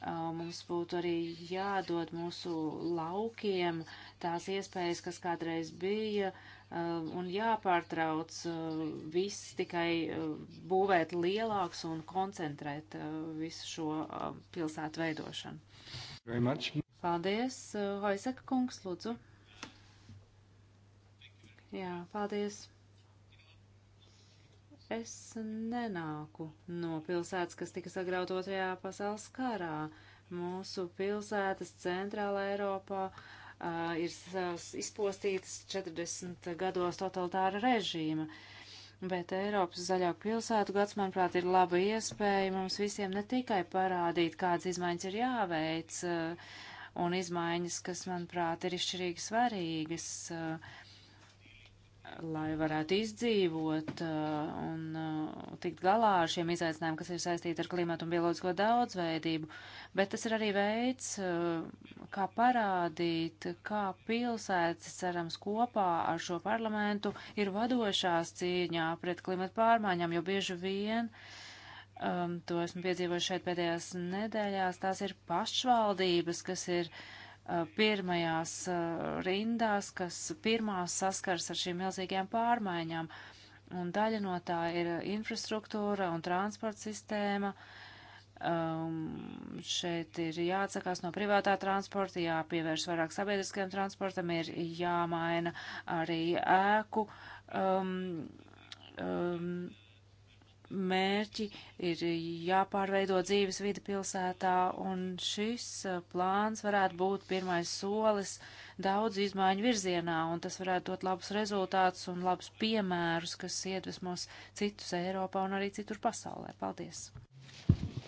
Uh, mums būtu arī jādod mūsu laukiem tās iespējas, kas kādreiz bija, uh, Um, un jāpārtrauc uh, viss tikai uh, būvēt lielāks un koncentrēt uh, visu šo um, pilsētu veidošanu. Paldies, Hoiseka kungs, lūdzu. Jā, paldies. Es nenāku no pilsētas, kas tika sagraut otrajā pasaules karā. Mūsu pilsētas centrāla Eiropā uh, Uh, ir izpostītas 40 gados totalitāra režīma. Bet Eiropas zaļā pilsētu gads, manuprāt, ir laba iespēja mums visiem ne tikai parādīt, kādas izmaiņas ir jāveic, uh, un izmaiņas, kas, manuprāt, ir izšķirīgi svarīgas, uh, lai varētu izdzīvot uh, un uh, tikt galā ar šiem izaicinājumiem, kas ir saistīti ar klimatu un bioloģisko daudzveidību. Bet tas ir arī veids, uh, kā parādīt, kā pilsētas, cerams, kopā ar šo parlamentu ir vadošās cīņā pret klimatu pārmaiņām, jo bieži vien. Um, to esmu piedzīvojis šeit pēdējās nedēļās. Tās ir pašvaldības, kas ir uh, Eh, pirmajās eh, rindās, kas pirmās saskars ar šīm milzīgajām pārmaiņām. Un daļa no tā ir infrastruktūra un transporta sistēma. Um, šeit ir jāatsakās no privātā transporta, jāpievērš vairāk sabiedriskajam transportam, ir jāmaina arī ēku um, um, mērķi ir jāpārveido dzīves vidi pilsētā, un šis uh, plāns varētu būt pirmais solis daudz izmaiņu virzienā, un tas varētu dot labus rezultātus un labus piemērus, kas iedvesmos citus Eiropā un arī citur pasaulē. Paldies!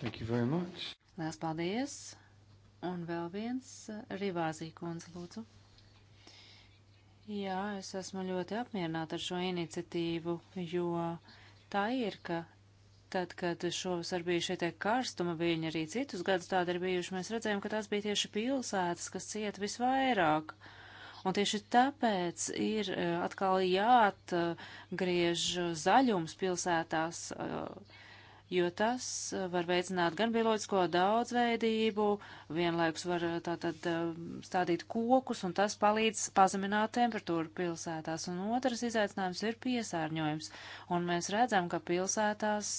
Thank you very much! Lielas paldies! Un vēl viens uh, Rivāzī kundze, lūdzu. Jā, es esmu ļoti apmierināta ar šo iniciatīvu, jo uh, tā ir, ka tad, kad šovasar bija šie tie karstuma viļņi, arī citus gadus tādi ir bijuši, mēs redzējām, ka tās bija tieši pilsētas, kas ciet visvairāk. Un tieši tāpēc ir eh, atkal jāatgriež zaļums pilsētās. Uh, jo tas eh, var veicināt gan bioloģisko daudzveidību, vienlaikus var eh, tātad eh, stādīt kokus, un tas palīdz pazemināt temperatūru pilsētās. Un otrs izaicinājums ir piesārņojums, un mēs redzam, ka pilsētās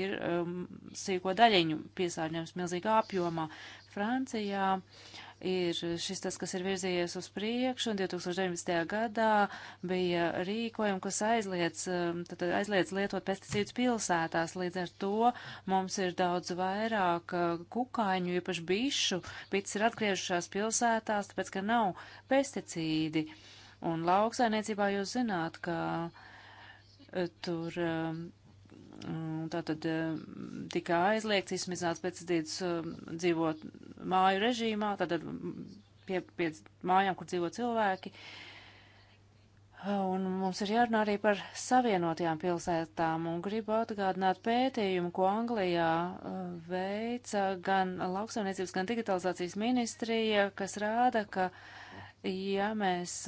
ir um, sīko daļiņu piesārņojums milzīgā apjomā. Francijā ir šis tas, kas ir virzījies uz priekšu, un 2019. gadā bija rīkojumi, kas aizliedz, um, tad aizliedz lietot pesticīdus pilsētās, līdz ar to mums ir daudz vairāk uh, kukaiņu, īpaši bišu, pits ir atgriežušās pilsētās, tāpēc, ka nav pesticīdi. Un lauksainiecībā jūs zināt, ka uh, tur um, Tātad eh, tika aizliegts izmizāts pēc dzīves eh, dzīvot māju režīmā, tātad mm, pie, pie mājām, kur dzīvo cilvēki. Un mums ir jārunā arī par savienotajām pilsētām, un gribu atgādināt pētījumu, ko Anglijā eh, veica gan lauksaimniecības, gan digitalizācijas ministrija, kas rāda, ka, ja mēs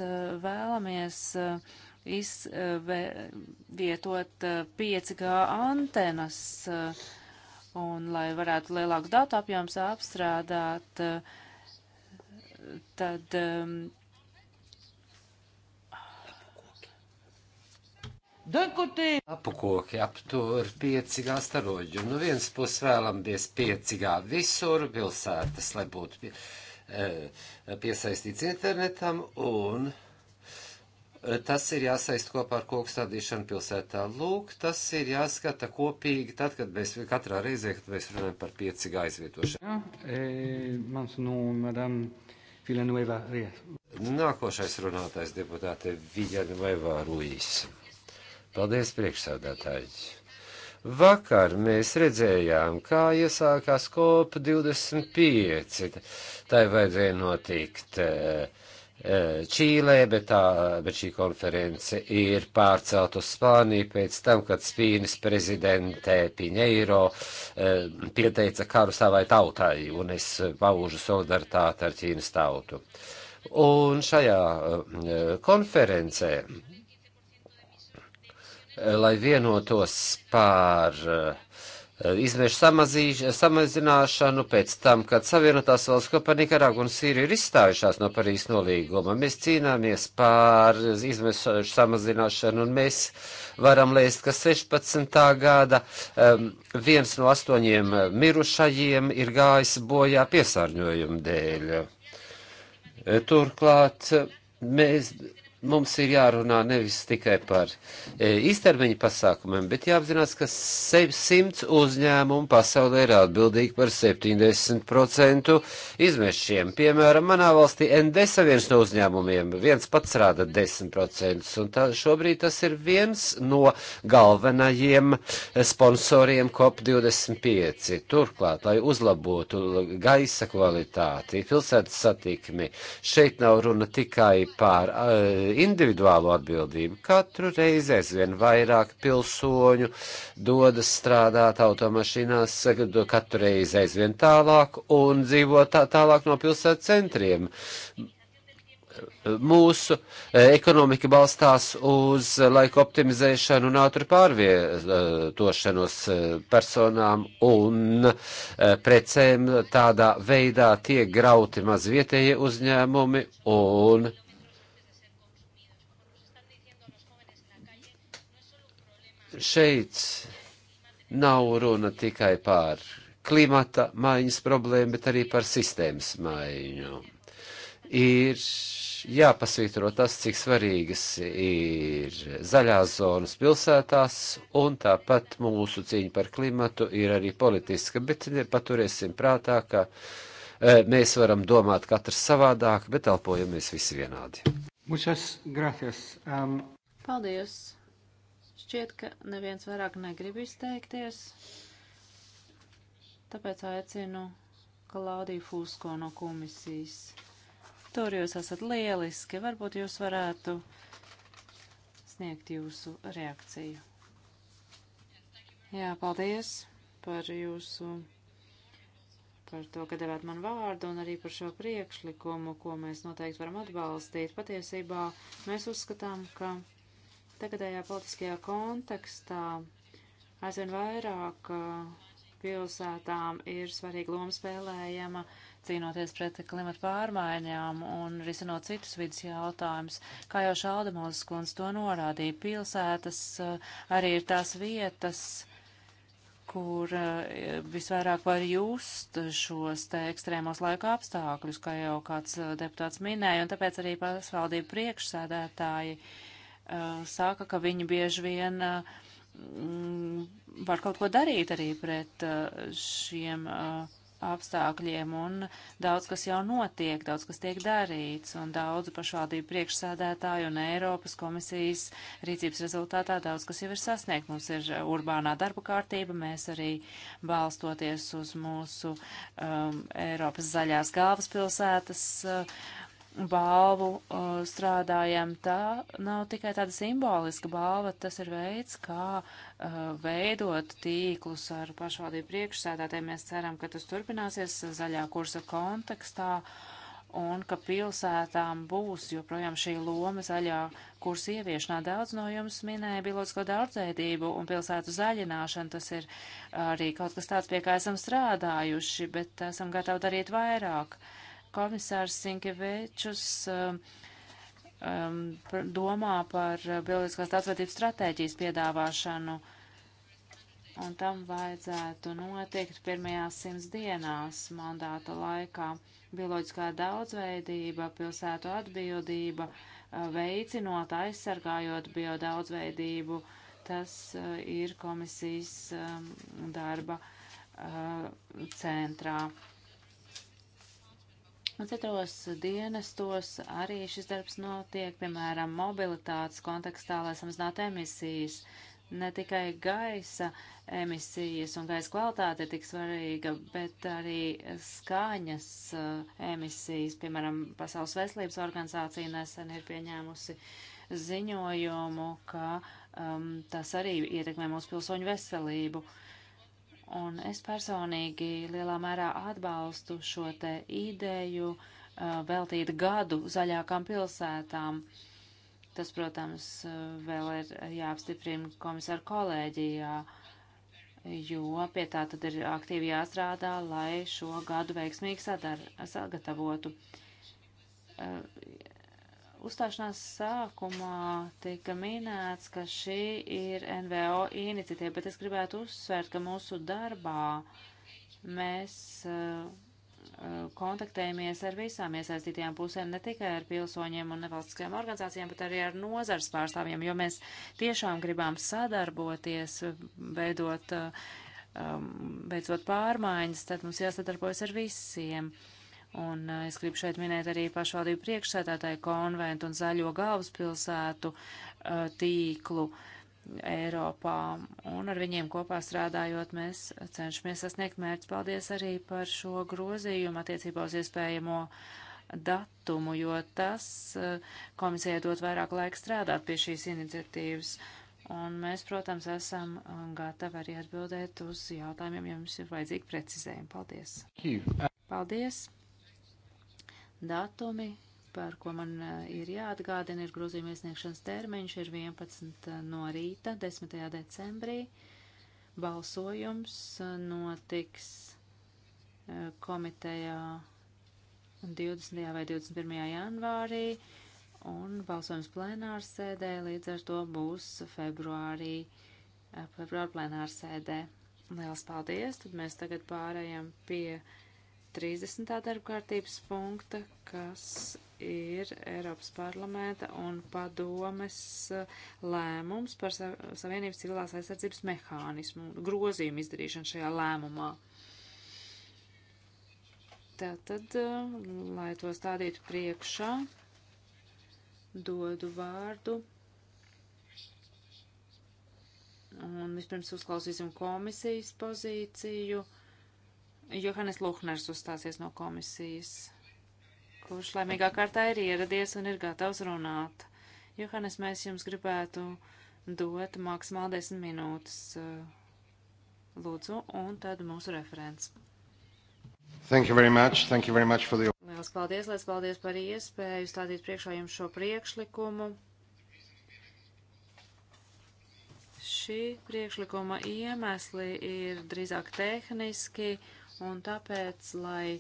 vēlamies uh, izvietot 5G eh, antenas eh, un lai varētu lielāku datu apjoms apstrādāt, eh, tad. Ehm, Dankotē! Apukoki aptur 5G staroģu. Nu viens puses vēlamies 5G visur pilsētas, lai būtu pie, e, piesaistīts internetam un. Tas ir jāsaist kopā ar koku stādīšanu pilsētā. Lūk, tas ir jāskata kopīgi, tad, kad mēs katrā reizē, kad mēs runājam par 5G aizvietošanu. Jā, e, mans no nu, madam Villanueva Rijas. Nākošais runātais deputāte Villanueva Ruijas. Paldies, priekšsādātājs! Vakar mēs redzējām, kā iesākās COP25. Tai vajadzēja notikt. Uh, Čīlē, bet, tā, bet šī konference ir pārcelt uz Spāniju pēc tam, kad Spīnas prezidentē Piņeiro eh, pieteica karu savai tautai, un es paužu solidaritāti ar Ķīnas tautu. Un šajā eh, konferencē, eh, lai vienotos par Eh, izmešu eh, samazināšanu pēc tam, kad Savienotās valsts kopā Nikaragua un Sīrija ir izstājušās no Parīzes nolīguma. Mēs cīnāmies pār izmešu samazināšanu un mēs varam lēst, ka 16. gada um, viens no astoņiem eh, mirušajiem ir gājis bojā piesārņojuma dēļ. Turklāt mēs mums ir jārunā nevis tikai par e, īstermiņa pasākumiem, bet jāapzinās, ka 100 uzņēmumu pasaulē ir atbildīgi par 70% izmešiem. Piemēram, manā valstī NDS e viens no uzņēmumiem, viens pats rāda 10%, un tā, šobrīd tas ir viens no galvenajiem e, sponsoriem COP25. Turklāt, lai uzlabotu gaisa kvalitāti, pilsētas satikmi, šeit nav runa tikai par. E, individuālo atbildību. Katru reizi aizvien vairāk pilsoņu dodas strādāt automašīnās, katru reizi aizvien tālāk un dzīvo tā, tālāk no pilsētu centriem mūsu e, ekonomika balstās uz laika optimizēšanu un ātru pārvietošanos e, personām un e, precēm. Tādā veidā tiek grauti mazvietējie uzņēmumi un šeit nav runa tikai par klimata maiņas problēmu, bet arī par sistēmas maiņu. Ir jāpasvītro tas, cik svarīgas ir zaļās zonas pilsētās, un tāpat mūsu cīņa par klimatu ir arī politiska, bet paturēsim prātā, ka e, mēs varam domāt katrs savādāk, bet elpojamies visi vienādi. Muchas gracias. Um... Paldies! Šķiet, ka neviens vairāk negrib izteikties, tāpēc aicinu Klaudiju Fusko no komisijas. Tur jūs esat lieliski, varbūt jūs varētu sniegt jūsu reakciju. Jā, paldies par jūsu, par to, ka devāt man vārdu un arī par šo priekšlikumu, ko mēs noteikti varam atbalstīt. Patiesībā mēs uzskatām, ka Tagadējā politiskajā kontekstā aizvien vairāk uh, pilsētām ir svarīga loma spēlējama cīnoties pret klimatu pārmaiņām un risinot citus vidas jautājumus. Kā jau Šaldemozes kundze to norādīja, pilsētas uh, arī ir tās vietas, kur uh, visvairāk var just šos te ekstrēmos laika apstākļus, kā jau kāds deputāts minēja, un tāpēc arī pašvaldību priekšsēdētāji uh, Uh, saka, ka viņi bieži vien uh, var kaut ko darīt arī pret uh, šiem apstākļiem, un daudz kas jau notiek, daudz kas tiek darīts, un daudzu pašvaldību priekšsādētāju un Eiropas komisijas rīcības rezultātā daudz kas jau ir sasniegt. Mums ir urbānā darba kārtība, mēs arī balstoties uz mūsu um, Eiropas zaļās galvaspilsētas uh, balvu uh, strādājam, tā nav tikai tāda simboliska balva, tas ir veids, kā uh, veidot tīklus ar pašvaldību priekšsēdātēm. Mēs ceram, ka tas turpināsies zaļā kursa kontekstā un ka pilsētām būs joprojām šī loma zaļā kursa ieviešanā. Daudz no jums minēja bioloģisko daudzveidību un pilsētu zaļināšanu. Tas ir arī kaut kas tāds, pie kā esam strādājuši, bet esam gatavi darīt vairāk. Uh, Komisārs Sinkevičus um, um domā par uh, bioloģiskās daudzveidības stratēģijas piedāvāšanu, un tam vajadzētu notikt pirmajās simts dienās mandāta laikā. Bioloģiskā daudzveidība, pilsētu atbildība, uh, veicinot, aizsargājot biodaudzveidību, tas uh, ir komisijas um, darba centrā. Un citos dienestos arī šis darbs notiek, piemēram, mobilitātes kontekstā, lai samazinātu emisijas. Ne tikai gaisa emisijas un gaisa kvalitāte ir tik svarīga, bet arī skaņas uh, emisijas. Piemēram, Pasaules veselības organizācija nesen ir pieņēmusi ziņojumu, ka um, tas arī ietekmē mūsu pilsoņu veselību. Uh, Un es personīgi lielā mērā atbalstu šo te ideju uh, veltīt gadu zaļākām pilsētām. Tas, protams, uh, vēl ir jāapstiprina komisāru kolēģijā, jo pie tā tad ir aktīvi jāstrādā, lai šo gadu veiksmīgi sadar, sagatavotu. Uh, uzstāšanās sākumā tika minēts, ka šī ir NVO iniciatīva, bet es gribētu uzsvērt, ka mūsu darbā mēs uh, uh, kontaktējamies ar visām iesaistītajām pusēm, ne tikai ar pilsoņiem un nevalstiskajām organizācijām, bet arī ar nozars pārstāvjiem, jo mēs tiešām gribām sadarboties, veidot, uh, um, veicot pārmaiņas, tad mums jāsadarbojas ar visiem. Uh, Un eh, es gribu šeit minēt arī pašvaldību priekšsētātāju konventu un zaļo galvaspilsētu eh, tīklu Eiropā. Un ar viņiem kopā strādājot, mēs cenšamies sasniegt mērķus. Paldies arī par šo grozījumu attiecībā uz iespējamo datumu, jo tas eh, komisijai dot vairāk laika strādāt pie šīs iniciatīvas. Un mēs, protams, esam gatavi arī atbildēt uz jautājumiem, ja jums ir vajadzīgi precizējumi. Paldies! Paldies! Datumi, par ko man eh, ir jāatgādina, ir grozījuma iesniegšanas termiņš, ir 11 eh, no rīta, 10. decembrī. Balsojums eh, notiks komitejā 20. vai 21. janvārī un balsojums plenārs sēdē līdz ar to būs februārī, februāra plenārs sēdē. Liels paldies! Tad mēs tagad pārējām pie 30. darbkārtības punkta, kas ir Eiropas parlamenta un padomes uh, lēmums par Savienības civilās aizsardzības mehānismu, grozījumu izdarīšanu šajā lēmumā. Tātad, uh, lai to stādītu priekšā, dodu vārdu. Un vispirms uzklausīsim komisijas pozīciju Johannes Luhners uzstāsies no komisijas, kurš laimīgā kārtā ir ieradies un ir gatavs runāt. Johannes, mēs jums gribētu dot maksimāli 10 minūtes, eh, lūdzu, un tad mūsu referents. Thank you very much. Thank you very much for the... Liels paldies, liels paldies par iespēju stādīt priekšā jums šo priekšlikumu. Šī priekšlikuma iemesli ir drīzāk tehniski un tāpēc, lai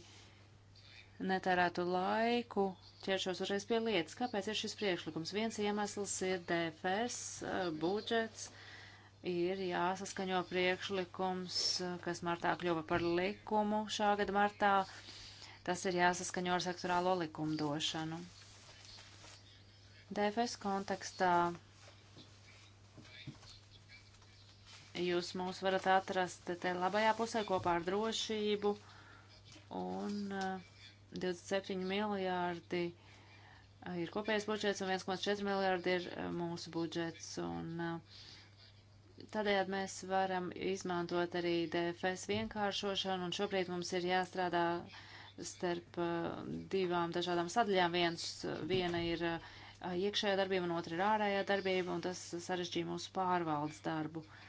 netērētu laiku, ķeršos uzreiz pie lietas. Kāpēc ir šis priekšlikums? Viens iemesls ir DFS eh, budžets, ir jāsaskaņo priekšlikums, eh, kas martā kļuva par likumu šā gada martā. Tas ir jāsaskaņo ar sektorālo likumdošanu. DFS kontekstā Jūs mūs varat atrast te labajā pusē kopā ar drošību un 27 eh, miljārdi eh, ir kopējais budžets un 1,4 miljārdi ir eh, mūsu budžets. Un, Tādējādi mēs varam izmantot arī DFS vienkāršošanu, un šobrīd mums ir jāstrādā starp uh, divām dažādām sadaļām. Viens, viena ir uh, iekšējā darbība, un otra ir ārējā darbība, un tas sarežģīja mūsu pārvaldes darbu. Uh,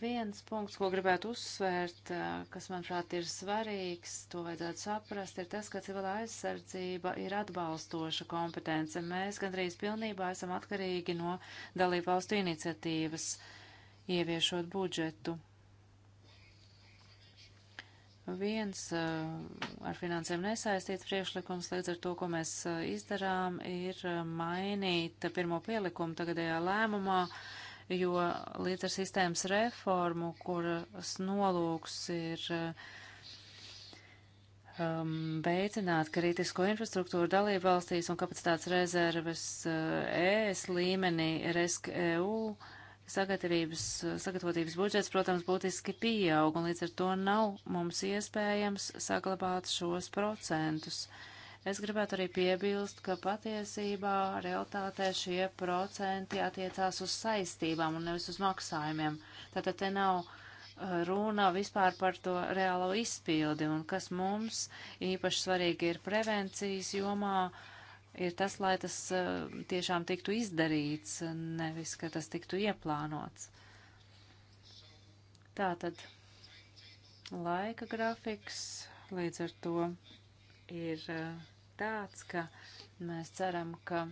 Viens punkts, ko gribētu uzsvērt, kas, manuprāt, ir svarīgs, to vajadzētu saprast, ir tas, ka civilā aizsardzība ir atbalstoša kompetence. Mēs gandrīz pilnībā esam atkarīgi no dalību valstu iniciatīvas, ieviešot budžetu. Viens ar finansēm nesaistīts priekšlikums, līdz ar to, ko mēs izdarām, ir mainīt pirmo pielikumu tagadējā lēmumā jo līdz ar sistēmas reformu, kuras nolūks ir um, veicināt kritisko infrastruktūru dalību valstīs un kapacitātes rezerves uh, ES līmenī RESK EU, sagatavības, sagatavotības budžets, protams, būtiski pieaug, un līdz ar to nav mums iespējams saglabāt šos procentus. Uh, Es gribētu arī piebilst, ka patiesībā realitātē šie procenti attiecās uz saistībām un nevis uz maksājumiem. Tātad te nav uh, runa vispār par to reālo izpildi un kas mums īpaši svarīgi ir prevencijas jomā, ir tas, lai tas uh, tiešām tiktu izdarīts, nevis, ka tas tiktu ieplānots. Tātad laika grafiks līdz ar to ir uh, tāds, ka mēs ceram, ka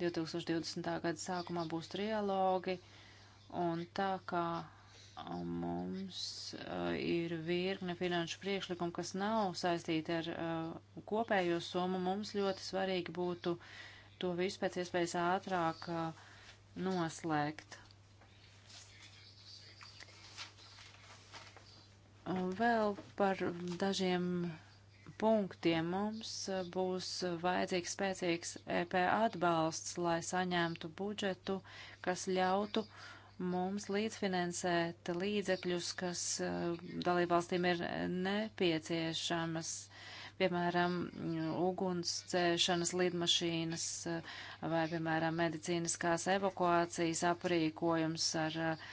2020. gada sākumā būs trialogi, un tā kā mums uh, ir virkne finanšu priekšlikumu, kas nav saistīti ar uh, kopējo summu, mums ļoti svarīgi būtu to visu pēc iespējas ātrāk uh, noslēgt. Un vēl par dažiem punktiem. Mums e, būs vajadzīgs spēcīgs EP atbalsts, lai saņemtu budžetu, kas ļautu mums līdzfinansēt līdzekļus, kas e, dalībvalstīm ir nepieciešamas. Piemēram, ugunsdzēšanas lidmašīnas e, vai, piemēram, medicīniskās evakuācijas aprīkojums ar uh,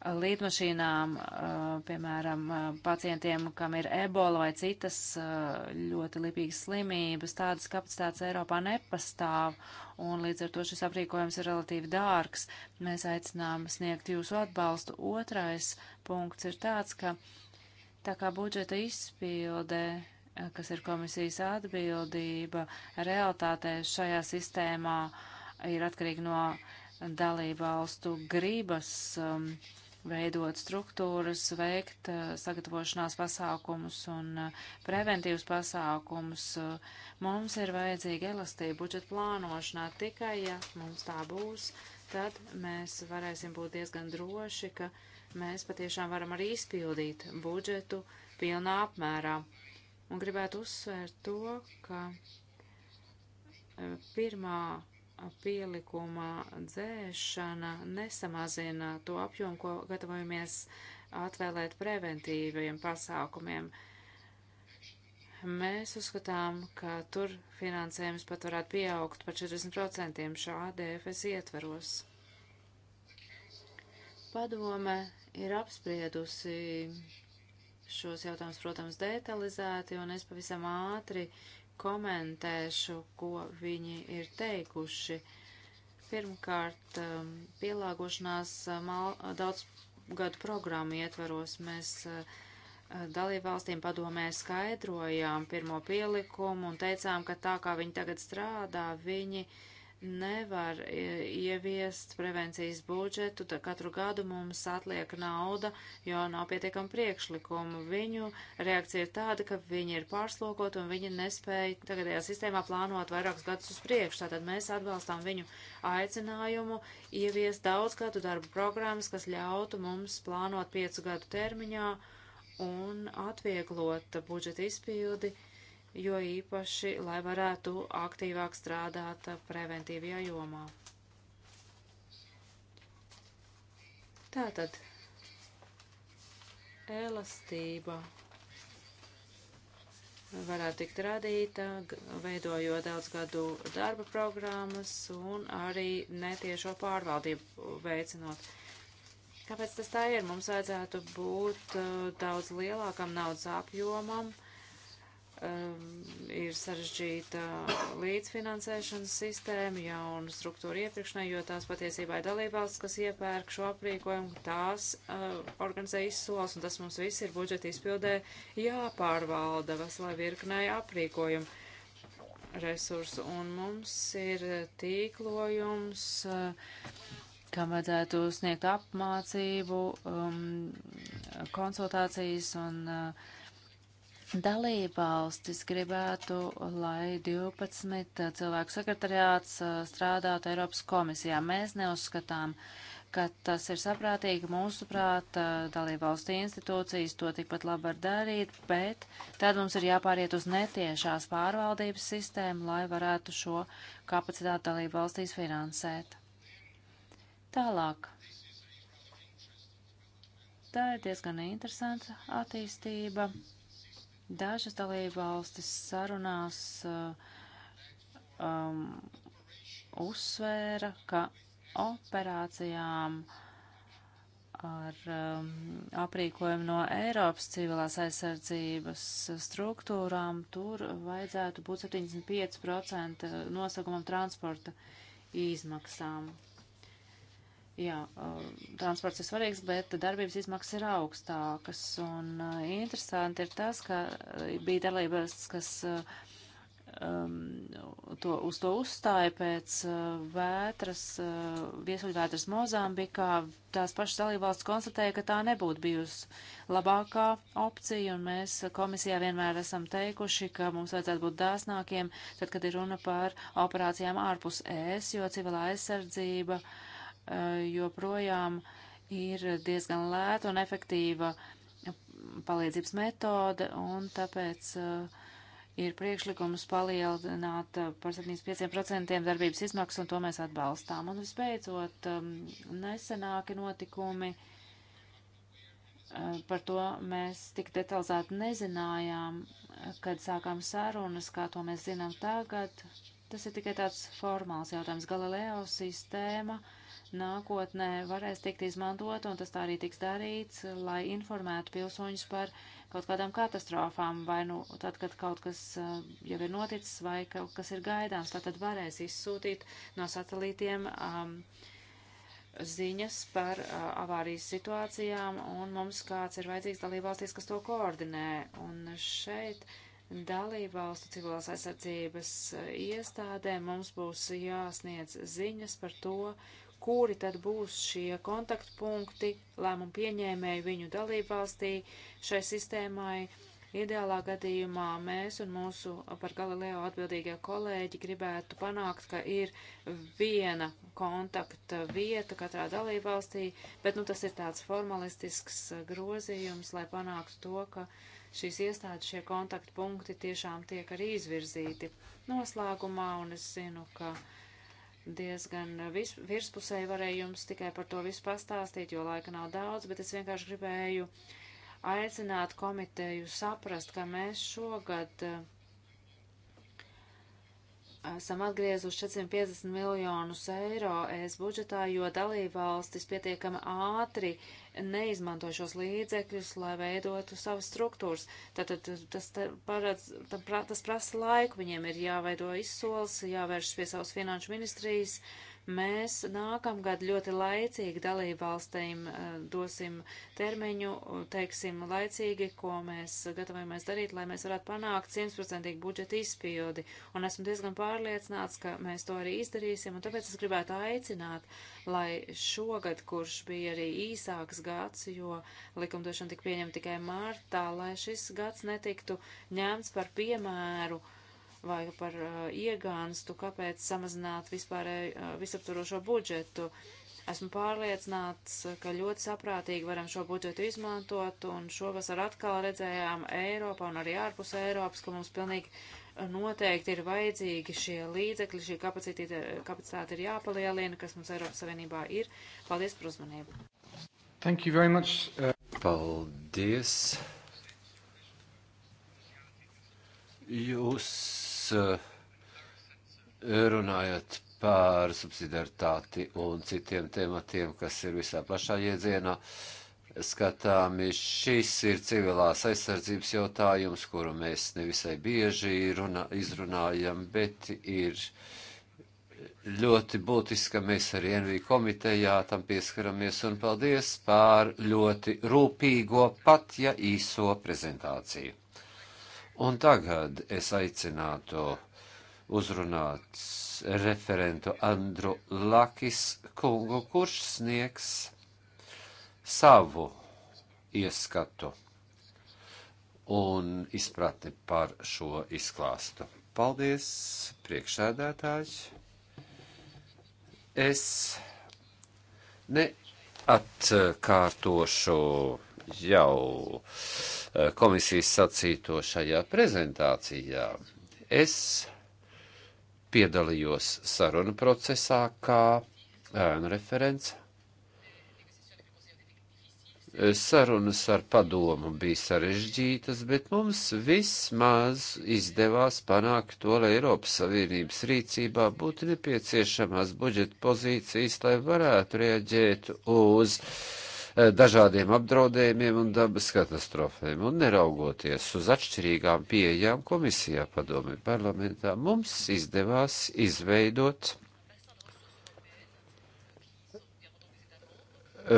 līdmašīnām, uh, piemēram, uh, pacientiem, kam ir ebola vai citas uh, ļoti lipīgas slimības, tādas kapacitātes Eiropā nepastāv, un līdz ar to šis aprīkojums ir relatīvi dārgs. Mēs aicinām sniegt jūsu atbalstu. Otrais punkts ir tāds, ka tā kā budžeta izpilde kas ir komisijas atbildība, realitātē šajā sistēmā ir atkarīgi no dalībvalstu gribas um, veidot struktūras, veikt eh, sagatavošanās pasākumus un eh, preventīvus pasākumus. Mums ir vajadzīga elastība budžeta plānošanā. Tikai, ja mums tā būs, tad mēs varēsim būt diezgan droši, ka mēs patiešām varam arī izpildīt budžetu pilnā apmērā. Un gribētu uzsvērt to, ka eh, pirmā pielikuma dzēšana nesamazina to apjomu, ko gatavojamies atvēlēt preventīvajiem pasākumiem. Mēs uzskatām, ka tur finansējums pat varētu pieaugt par 40% šā DFS ietveros. Padome ir apspriedusi šos jautājumus, protams, detalizēti, un es pavisam ātri komentēšu, ko viņi ir teikuši. Pirmkārt, um, pielāgošanās um, daudz gadu programmu ietvaros mēs uh, dalībvalstīm padomē skaidrojām pirmo pielikumu un teicām, ka tā kā viņi tagad strādā, viņi uh, nevar e, ieviest prevencijas budžetu, tad katru gadu mums atliek nauda, jo nav pietiekam priekšlikumu. Viņu reakcija ir tāda, ka viņi ir pārslogoti un viņi nespēja tagadējā sistēmā plānot vairākus gadus uz priekšu. Tātad mēs atbalstām viņu aicinājumu ieviest daudzgadu darbu programmas, kas ļautu mums plānot piecu gadu termiņā un atvieglot budžeta izpildi jo īpaši, lai varētu aktīvāk strādāt preventīvajā jomā. Tātad elastība varētu tikt radīta, veidojot daudzgadu darba programmas un arī netiešo pārvaldību veicinot. Kāpēc tas tā ir? Mums vajadzētu būt uh, daudz lielākam naudas apjomam, uh, um, ir sarežģīta līdzfinansēšanas sistēma, jauna struktūra iepirkšanai, jo tās patiesībā ir dalībvalsts, kas iepērk šo aprīkojumu, tās uh, organizē izsoles, un tas mums viss ir budžeta izpildē jāpārvalda veselai virknai aprīkojumu resursu, un mums ir tīklojums. Uh, kam vajadzētu sniegt apmācību, um, konsultācijas un uh, dalībvalstis gribētu, lai 12 cilvēku sekretariāts strādātu Eiropas komisijā. Mēs neuzskatām, ka tas ir saprātīgi. Mūsuprāt, dalībvalstu institūcijas to tikpat labi var darīt, bet tad mums ir jāpāriet uz netiešās pārvaldības sistēmu, lai varētu šo kapacitātu dalībvalstīs finansēt. Tālāk. Tā ir diezgan interesanta attīstība. Dažas dalībvalstis sarunās uh, um, uzsvēra, ka operācijām ar um, aprīkojumu no Eiropas civilās aizsardzības struktūrām tur vajadzētu būt 75% nosakumam transporta izmaksām. Jā, eh, transports ir svarīgs, bet darbības izmaksas ir augstākas. Un eh, interesanti ir tas, ka eh, bija dalībās, kas um, to, uz to uzstāja pēc uh, vētras, uh, viesuļvētras Mozambikā, tās pašas dalībvalsts konstatēja, ka tā nebūtu bijusi labākā opcija, un mēs komisijā vienmēr esam teikuši, ka mums vajadzētu būt dāsnākiem, tad, kad ir runa par operācijām ārpus ES, jo civilā aizsardzība. Uh, Eh, joprojām ir diezgan lēta un efektīva palīdzības metode, un tāpēc eh, ir priekšlikums palielināt eh, par 75% darbības izmaksas, un to mēs atbalstām. Un visbeidzot, nesenāki notikumi, par to mēs tik detalizēti nezinājām, kad sākām sarunas, kā to mēs zinām tagad. Tas ir tikai tāds formāls jautājums. Galileo sistēma uh, nākotnē varēs tikt izmantot, un tas tā arī tiks darīts, lai informētu pilsoņus par kaut kādām katastrofām, vai nu tad, kad kaut kas uh, jau ir noticis, vai kaut kas ir gaidāms, tad, tad varēs izsūtīt no satelītiem um, ziņas par uh, avārijas situācijām, un mums kāds ir vajadzīgs dalībvalstīs, kas to koordinē. Un šeit dalībvalstu civilās aizsardzības uh, iestādē mums būs jāsniedz ziņas par to, kuri tad būs šie kontaktpunkti lēmumu pieņēmēju viņu dalībvalstī šai sistēmai. Ideālā gadījumā mēs un mūsu par Galileo atbildīgie kolēģi gribētu panākt, ka ir viena kontakta vieta katrā dalībvalstī, bet nu, tas ir tāds formalistisks grozījums, lai panāktu to, ka šīs iestādes šie kontaktpunkti tiešām tiek arī izvirzīti. Noslēgumā, un es zinu, ka uh, diezgan vis, virspusēji varēju jums tikai par to visu pastāstīt, jo laika nav daudz, bet es vienkārši gribēju aicināt komiteju saprast, ka mēs šogad uh, esam atgriezuši 450 miljonus eiro ES budžetā, jo dalībvalstis pietiekami ātri neizmanto šos līdzekļus, lai veidotu savas struktūras. Tātad tas, paredz, tas prasa laiku, viņiem ir jāveido izsoles, jāvēršas pie savas finanšu ministrijas Mēs nākamgad ļoti laicīgi dalībvalstīm eh, dosim termiņu, teiksim laicīgi, ko mēs gatavojamies darīt, lai mēs varētu panākt 100% budžeta izpildi. Un esmu diezgan pārliecināts, ka mēs to arī izdarīsim, un tāpēc es gribētu aicināt, lai šogad, kurš bija arī īsāks gads, jo likumdošana tika pieņemta tikai martā, lai šis gads netiktu ņemts par piemēru uh, vai par uh, iegānstu, kāpēc samazināt vispārēju uh, visaptvarošo budžetu. Esmu pārliecināts, ka ļoti saprātīgi varam šo budžetu izmantot, un šovasar atkal redzējām Eiropā un arī ārpus Eiropas, ka mums pilnīgi uh, noteikti ir vajadzīgi šie līdzekļi, šī kapacitāte, kapacitāte ir jāpalielina, kas mums Eiropas Savienībā ir. Paldies par uzmanību! Thank you very much. Uh... Paldies! Jūs Eh, runājot par subsidiaritāti un citiem tematiem, kas ir visā plašā jēdzienā, skatāmi šis ir civilās aizsardzības jautājums, kuru mēs nevisai bieži runa, izrunājam, bet ir ļoti būtiski, ka mēs arī NV komitejā tam pieskaramies un paldies pār ļoti rūpīgo, pat ja īso prezentāciju. Un tagad es aicinātu uzrunāt referentu Andru Lakis kungu, kurš sniegs savu ieskatu un izpratni par šo izklāstu. Paldies, priekšsēdētājs! Es neatkārtošu jau eh, komisijas sacīto šajā prezentācijā. Es piedalījos sarunu procesā kā ēnu referents. Sarunas ar padomu bija sarežģītas, bet mums vismaz izdevās panākt to, lai Eiropas Savienības rīcībā būtu nepieciešamās budžeta pozīcijas, lai varētu rieģēt uz uh, Eh, dažādiem apdraudējumiem un dabas katastrofēm. Un neraugoties uz atšķirīgām pieejām komisijā padomi parlamentā, mums izdevās izveidot eh,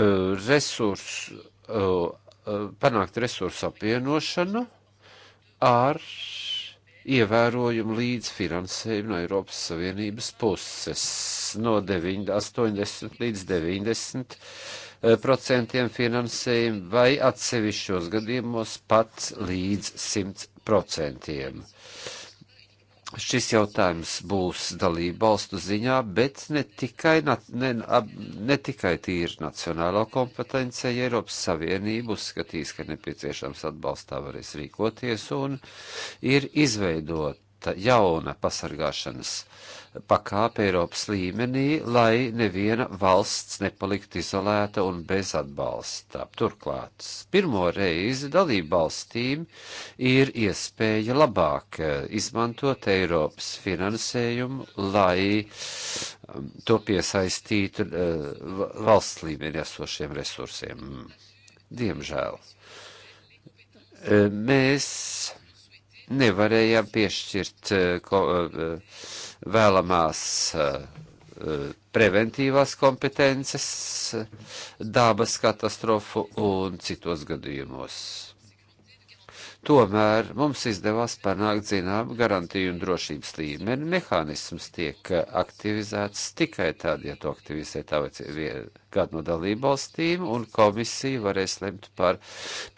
resursu, eh, panākt resursu apvienošanu ar ievērojumu līdzfinansējumu no Eiropas Savienības puses no 90, 80 līdz 90 Eh, procentiem finansējumu vai atsevišķos gadījumos pat līdz 100 procentiem. Šis jautājums būs dalība valstu ziņā, bet ne tikai, ne, ne tikai tīri nacionālā kompetence, ja Eiropas Savienība uzskatīs, ka nepieciešams atbalstā varēs rīkoties un ir izveidota jauna pasargāšanas uh, pakāpe Eiropas līmenī, lai neviena valsts nepalikt izolēta un bez atbalsta. Turklāt, pirmo reizi dalību valstīm ir iespēja labāk eh, izmantot Eiropas finansējumu, lai um, to piesaistītu eh, valsts līmenī esošiem resursiem. Diemžēl. Eh, mēs nevarējām piešķirt ko, uh, vēlamās eh, eh, preventīvās kompetences dabas katastrofu un citos gadījumos. Tomēr mums izdevās panākt zinām garantiju un drošības līmeni. Mehānisms tiek aktivizēts tikai tad, ja to aktivizē tā vai kāda no dalībvalstīm, un komisija varēs lemt par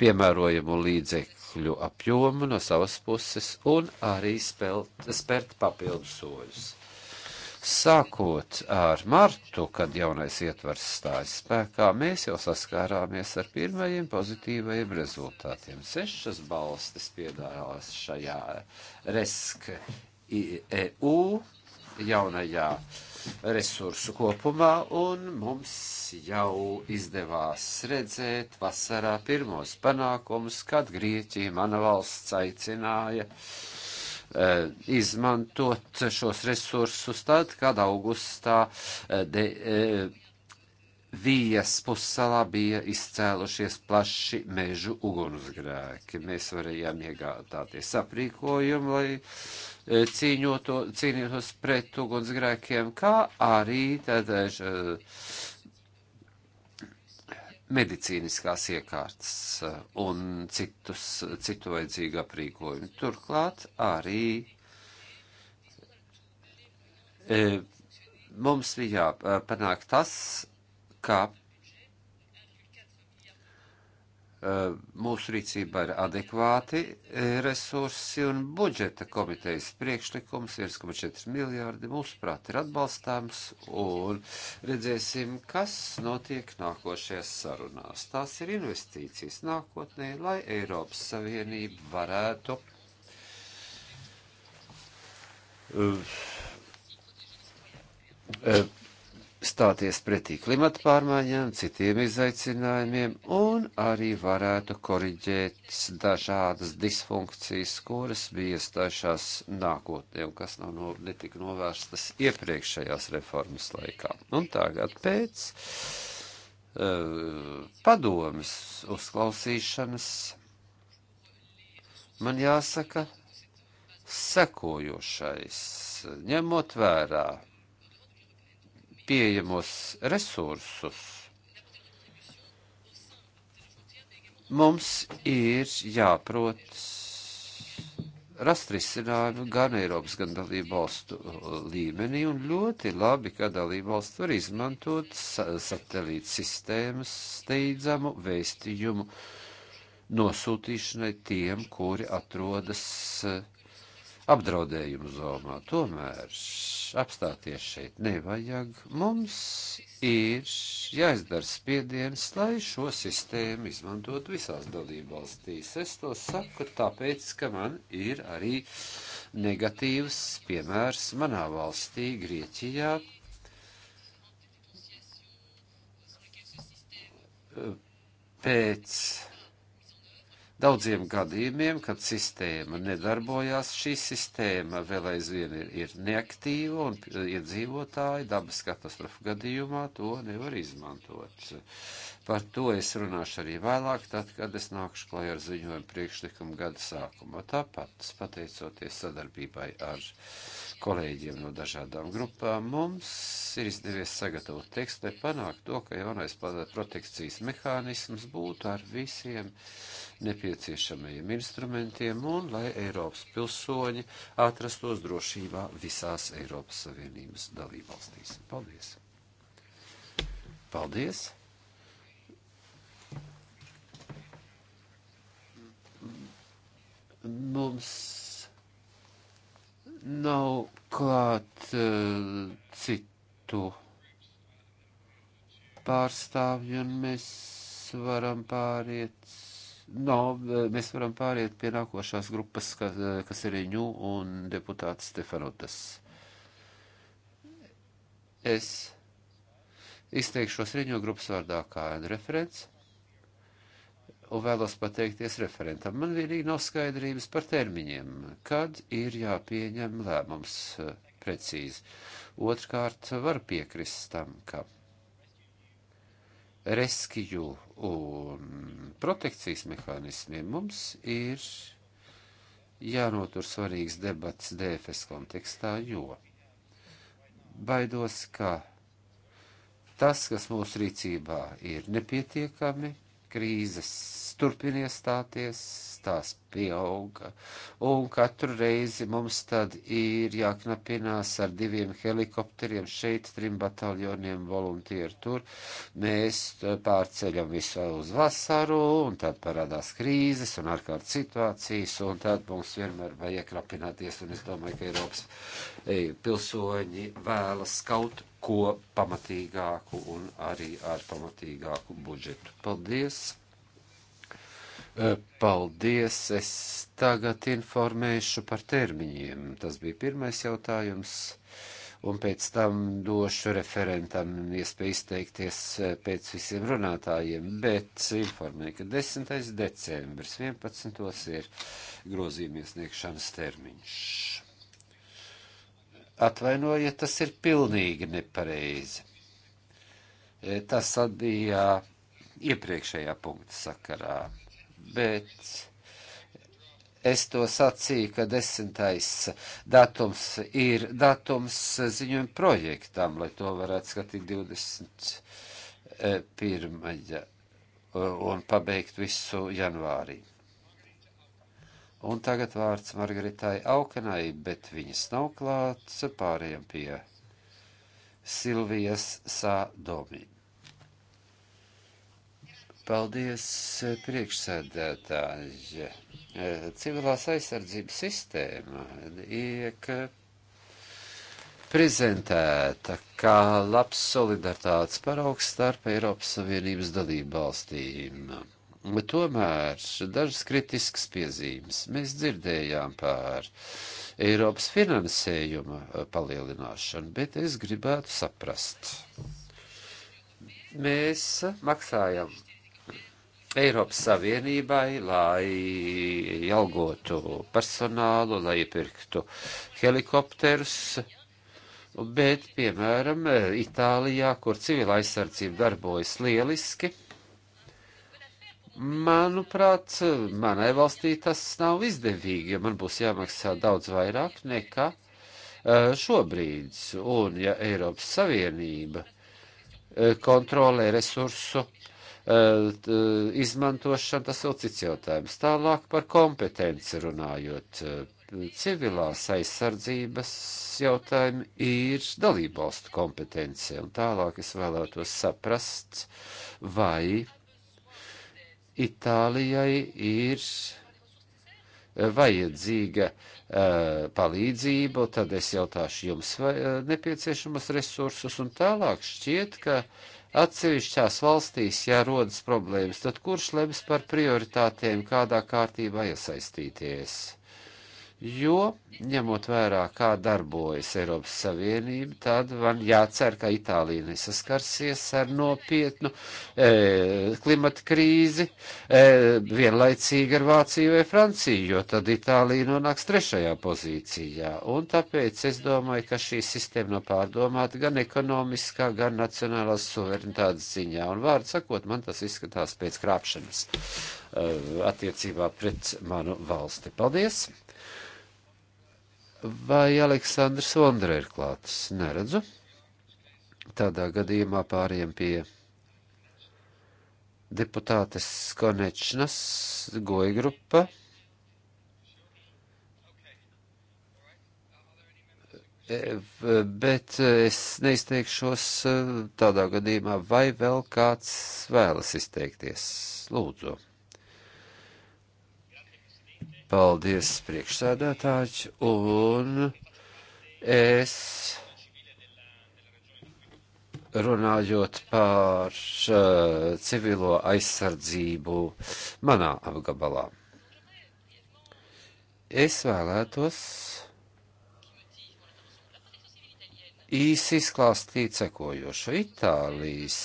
piemērojumu līdzekļu līdzekļu apjomu no savas puses un arī spelt, spērt papildu soļus. Sākot ar martu, kad jaunais ietvars stājas spēkā, mēs jau saskārāmies ar pirmajiem pozitīvajiem rezultātiem. Sešas balstis piedalās šajā RESK EU jaunajā uh, resursu kopumā, un mums jau izdevās redzēt vasarā pirmos panākumus, kad Grieķija, mana valsts, aicināja e, izmantot šos resursus tad, kad augustā e, de, e, Vijas pussalā bija izcēlušies plaši mežu ugunsgrēki. Mēs varējām iegādāties aprīkojumu, lai E, cīņoto, cīnītos pret ugunsgrēkiem, kā arī tādēļ e, medicīniskās iekārtas e, un citus, citu vajadzīgu aprīkojumu. Turklāt arī mums ir jāpanāk tas, ka Eh, mūsu rīcībā ir adekvāti eh, resursi un budžeta komitejas priekšlikums 1,4 miljārdi mūsuprāt ir atbalstāms un redzēsim, kas notiek nākošajās sarunās. Tās ir investīcijas nākotnē, lai Eiropas Savienība varētu uh, uh, stāties pretī klimata pārmaiņām, citiem izaicinājumiem un arī varētu koriģēt dažādas disfunkcijas, kuras bija iestājušās nākotnē un kas nav no, netika novērstas iepriekšējās reformas laikā. Un tagad pēc uh, eh, padomas uzklausīšanas man jāsaka sekojošais, ņemot vērā pieejamos resursus mums ir jāprot rast risinājumu gan Eiropas, gan dalību valstu uh, līmenī, un ļoti labi, ka dalību valstu var izmantot satelīta sistēmas steidzamu vēstījumu nosūtīšanai tiem, kuri atrodas uh, apdraudējumu zonā. Tomēr apstāties šeit nevajag. Mums ir jāizdara spiediens, lai šo sistēmu izmantot visās dalībvalstīs. Es to saku tāpēc, ka man ir arī negatīvs piemērs manā valstī, Grieķijā. Pēc daudziem gadījumiem, kad sistēma nedarbojās, šī sistēma vēl aizvien ir, ir neaktīva un iedzīvotāji dabas katastrofu gadījumā to nevar izmantot. Par to es runāšu arī vēlāk, tad, kad es nākšu klajā ar ziņojumu priekšlikumu gada sākumā. Tāpat, pateicoties sadarbībai ar. Uh, kolēģiem no dažādām grupām. Mums ir izdevies sagatavot tekstu, lai panāktu to, ka jaunais protekcijas mehānisms būtu ar visiem nepieciešamajiem instrumentiem un lai Eiropas pilsoņi atrastos drošībā visās Eiropas Savienības dalībvalstīs. Paldies! Paldies! Mums nav klāt uh, citu pārstāvju, un mēs varam pāriet. No, eh, mēs varam pāriet pie nākošās grupas, kas, eh, kas ir Riņu un deputāts Stefanotas. Es izteikšos Riņu grupas vārdā kā referents un vēlos pateikties referentam. Man vienīgi nav skaidrības par termiņiem, kad ir jāpieņem lēmums eh, precīzi. Otrkārt, var piekrist tam, ka reskiju un protekcijas mehānismiem mums ir jānotur svarīgs debats DFS kontekstā, jo baidos, ka tas, kas mūsu rīcībā ir nepietiekami, krīzes turpina iestāties, tās pieauga, un katru reizi mums tad ir jāknapinās ar diviem helikopteriem šeit, trim bataljoniem voluntieri tur. Mēs eh, pārceļam visu uz vasaru, un tad parādās krīzes un ārkārt situācijas, un tad mums vienmēr vajag knapināties, un es domāju, ka Eiropas ei, eh, pilsoņi vēlas kaut ko pamatīgāku un arī ar pamatīgāku budžetu. Paldies! Eh, paldies! Es tagad informēšu par termiņiem. Tas bija pirmais jautājums, un pēc tam došu referentam iespēju izteikties eh, pēc visiem runātājiem, bet informēju, ka 10. decembris 11. ir grozījuma iesniegšanas termiņš. Atvainojiet, tas ir pilnīgi nepareizi. Eh, tas bija iepriekšējā punkta sakarā bet es to sacīju, ka desmitais datums ir datums ziņojuma projektam, lai to varētu skatīt 21. Eh, un pabeigt visu janvārī. Un tagad vārds Margaritai Aukenai, bet viņas nav klāts, pārējām pie Silvijas Sādomī. Paldies, eh, priekšsēdētāji. Eh, civilās aizsardzības sistēma tiek prezentēta kā labs solidaritātes paraugs starp Eiropas Savienības dalību valstīm. Tomēr dažas kritiskas piezīmes mēs dzirdējām par Eiropas finansējuma eh, palielināšanu, bet es gribētu saprast. Mēs maksājam Eiropas Savienībai, lai algotu personālu, lai iepirktu helikopterus. Bet, piemēram, Itālijā, kur civila aizsardzība darbojas lieliski, manuprāt, manai valstī tas nav izdevīgi, jo man būs jāmaksā daudz vairāk nekā eh, šobrīd. Un, ja Eiropas Savienība eh, kontrolē resursu Eh, eh, izmantošanu, tas vēl cits jautājums. Tālāk par kompetenci runājot. Eh, civilās aizsardzības jautājumi ir dalībvalstu kompetence, un tālāk es vēlētos saprast, vai Itālijai ir vajadzīga uh, palīdzība, tad es jautāšu jums vai, uh, nepieciešamos resursus, un tālāk šķiet, ka uh, Atsevišķās valstīs, ja rodas problēmas, tad kurš lems par prioritātēm, kādā kārtībā iesaistīties? jo, ņemot vērā, kā darbojas Eiropas Savienība, tad man jācer, ka Itālija nesaskarsies ar nopietnu e, klimata krīzi e, vienlaicīgi ar Vāciju vai Franciju, jo tad Itālija nonāks trešajā pozīcijā. Un tāpēc es domāju, ka šī sistēma nav pārdomāta gan ekonomiskā, gan nacionālās suverenitātes ziņā. Un vārdu sakot, man tas izskatās pēc krāpšanas e, attiecībā pret manu valsti. Paldies! Vai Aleksandrs Vondra ir klāts? Neredzu. Tādā gadījumā pāriem pie deputātes Konečnas goja grupa. E, bet es neizteikšos e, tādā gadījumā, vai vēl kāds vēlas izteikties. Lūdzu. Paldies, priekšsēdētāji, un es runājot par uh, civilo aizsardzību manā apgabalā. Es vēlētos īsi izklāstīt sekojošo. Itālijas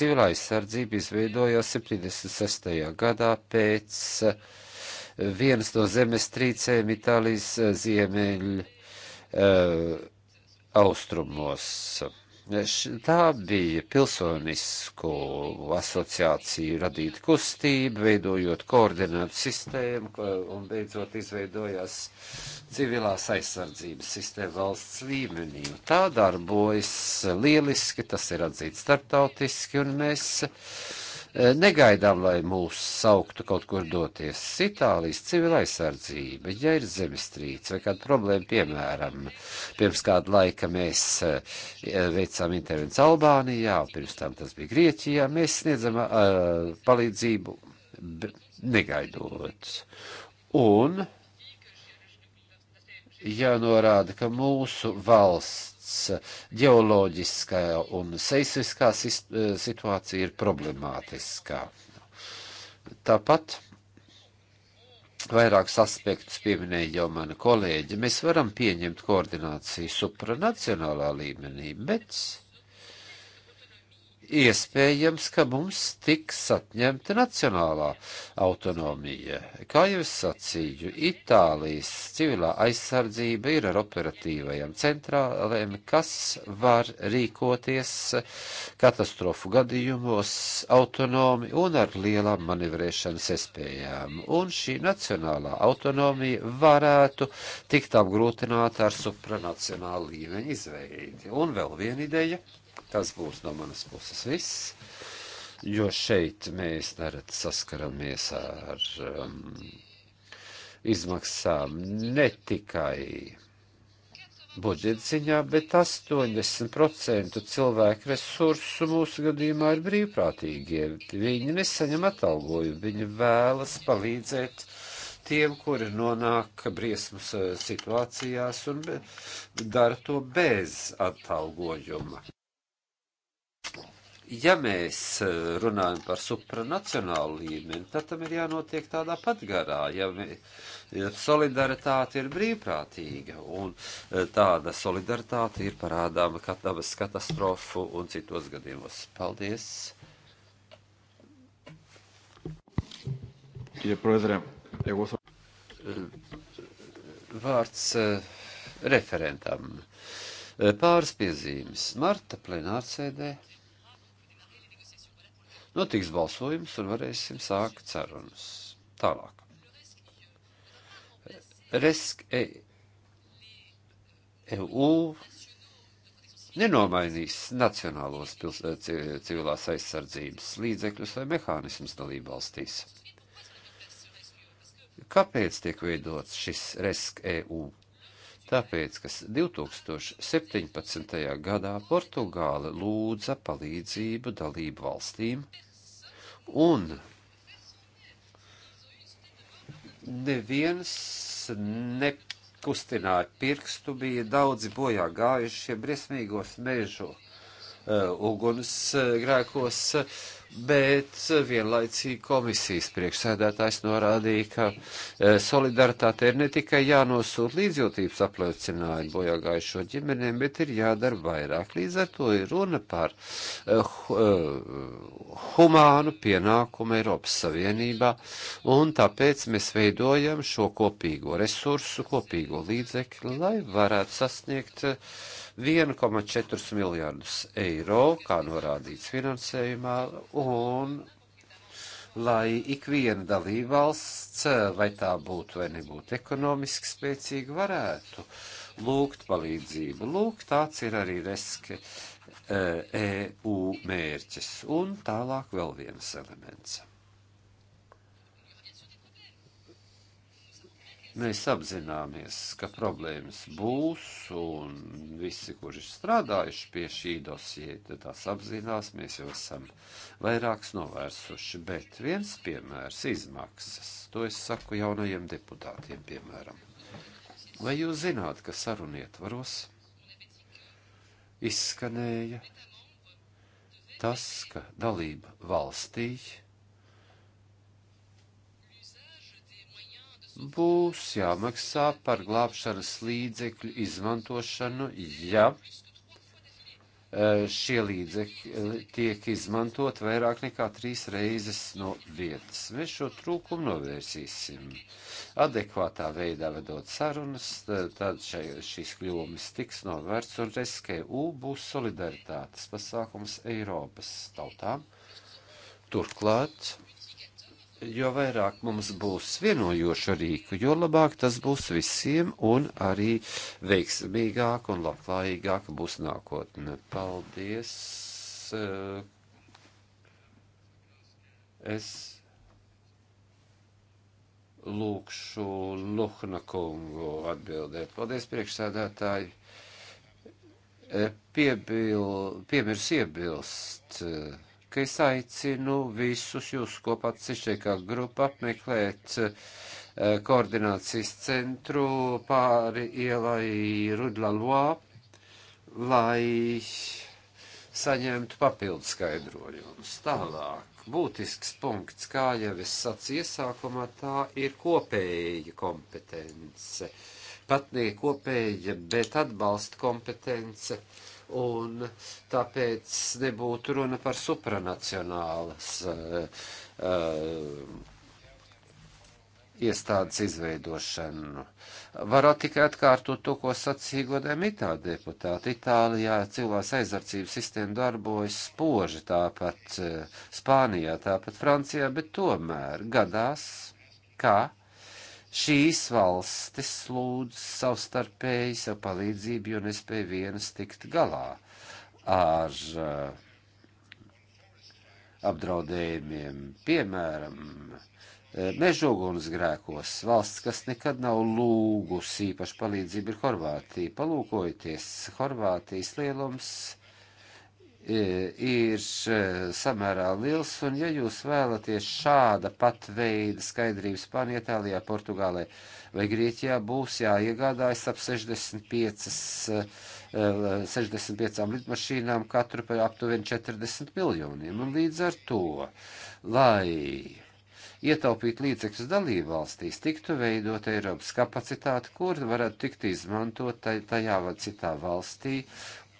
civilā aizsardzība izveidojās 76. gadā pēc uh, Viens no zemestrīcēm Itālijas eh, ziemeļ uh, austrumos. Tā bija pilsonisku asociāciju radīta kustība, veidojot koordinātu sistēmu un beidzot izveidojās civilās aizsardzības sistēma valsts līmenī. Tā darbojas lieliski, tas ir atzīts starptautiski, un mēs Eh, negaidām, lai mūs sauktu kaut kur doties. Itālijas civilaizsardzība, ja ir zemestrīce vai kāda problēma, piemēram, pirms kāda laika mēs eh, eh, veicām intervenciju Albānijā, pirms tam tas bija Grieķijā, mēs sniedzam uh, palīdzību negaidot. Un jānorāda, ja ka mūsu valsts valsts ģeoloģiskā un seismiskā e, situācija ir problemātiskā. Tāpat vairākus aspektus pieminēja jau mana kolēģe. Mēs varam pieņemt koordināciju supranacionālā līmenī, bet iespējams, ka mums tiks atņemta nacionālā autonomija. Kā jau es sacīju, Itālijas civilā aizsardzība ir ar operatīvajām centrālēm, kas var rīkoties katastrofu gadījumos autonomi un ar lielām manevrēšanas iespējām. Un šī nacionālā autonomija varētu tikt apgrūtināta ar supranacionālu līmeņu izveidi. Un vēl viena ideja Tas būs no manas puses viss, jo šeit mēs nerad saskaramies ar um, izmaksām ne tikai budžeta ziņā, bet 80% cilvēku resursu mūsu gadījumā ir brīvprātīgie. Viņi nesaņem atalgojumu, viņi vēlas palīdzēt tiem, kuri nonāk briesmas eh, situācijās un dara to bez atalgojuma ja mēs eh, runājam par supranacionālu līmeni, tad tam ir jānotiek tādā pat garā, ja, mē, ja solidaritāte ir brīvprātīga, un eh, tāda solidaritāte ir parādāma katavas katastrofu un citos gadījumos. Paldies! Vārds referentam. Pāris piezīmes. Marta plenārsēdē. Notiks balsojums un varēsim sākt sarunas. Tālāk. Resk e, EU nenomainīs nacionālos pils, eh, civilās aizsardzības līdzekļus vai mehānismus dalībvalstīs. Kāpēc tiek veidots šis RESK EU? Tāpēc, ka 2017. gadā Portugāla lūdza palīdzību dalību valstīm Un neviens nekustināja pirkstu, bija daudzi bojā gājušie briesmīgos mežu uh, eh, uguns uh, grēkos. Uh, bet vienlaicīgi komisijas priekšsēdētājs norādīja, ka e, solidaritāte ir ne tikai jānosūt līdzjūtības apliecinājumu bojāgājušo ģimenēm, bet ir jādara vairāk. Līdz ar to ir runa par uh, uh, humānu pienākumu Eiropas Savienībā, un tāpēc mēs veidojam šo kopīgo resursu, kopīgo līdzekli, lai varētu sasniegt uh, 1,4 miljardus eiro, kā norādīts finansējumā, un lai ik viena dalībvalsts, vai tā būtu vai nebūtu ekonomiski spēcīga, varētu lūgt palīdzību. Lūk, tāds ir arī reske EU eh, e mērķis. Un tālāk vēl viens elements. Mēs apzināmies, ka problēmas būs, un visi, kuri ir strādājuši pie šī dosieta, tās apzinās, mēs jau esam vairākas novērsuši, bet viens piemērs - izmaksas. To es saku jaunajiem deputātiem, piemēram. Vai jūs zināt, ka sarunietvaros izskanēja tas, ka dalība valstī būs jāmaksā par glābšanas līdzekļu izmantošanu, ja e, šie līdzekļi tiek izmantot vairāk nekā trīs reizes no vietas. Mēs šo trūkumu novērsīsim adekvātā veidā vedot sarunas, tad šai, šīs kļūmes tiks novērts un RSKU būs solidaritātes pasākums Eiropas tautām. Turklāt jo vairāk mums būs vienojošu rīku, jo labāk tas būs visiem un arī veiksmīgāk un labklājīgāk būs nākotne. Paldies! Eh, es lūkšu Luhna kungu atbildēt. Paldies, priekšsēdētāji! Eh, piebil, piemirs iebilst. Uh, ka es aicinu visus jūs kopā atsevišķīgā grupa apmeklēt eh, koordinācijas centru pāri ielai Rudlaloā, lai saņemtu papildu skaidrojumus. Tālāk, būtisks punkts, kā jau es sacīju iesākumā, tā ir kopēja kompetence. Pat ne kopēja, bet atbalsta kompetence. Uh, un tāpēc nebūtu runa par supranacionālas uh, uh, iestādes izveidošanu. Varat tikai atkārtot to, ko sacīja godēm itāļu deputāti. Itālijā cilvēks aizardzības sistēma darbojas spoži, tāpat uh, Spānijā, tāpat Francijā, bet tomēr gadās, kā šīs valstis lūdz savstarpēji savu palīdzību, jo nespēja vienas tikt galā ar uh, apdraudējumiem, piemēram, eh, mežoguns grēkos, valsts, kas nekad nav lūgusi īpaši palīdzību, ir Horvātija. Palūkojieties, Horvātijas lielums ir e, samērā liels, un ja jūs vēlaties šāda pat veida skaidrības pan Itālijā, Portugālē vai Grieķijā, būs jāiegādājas ap 65, 65 e, lidmašīnām katru par aptuveni 40 miljoniem, un līdz ar to, lai ietaupīt līdzekļus dalībvalstīs, tiktu veidot Eiropas kapacitāti, kur varētu tikt izmantot tajā vai citā valstī,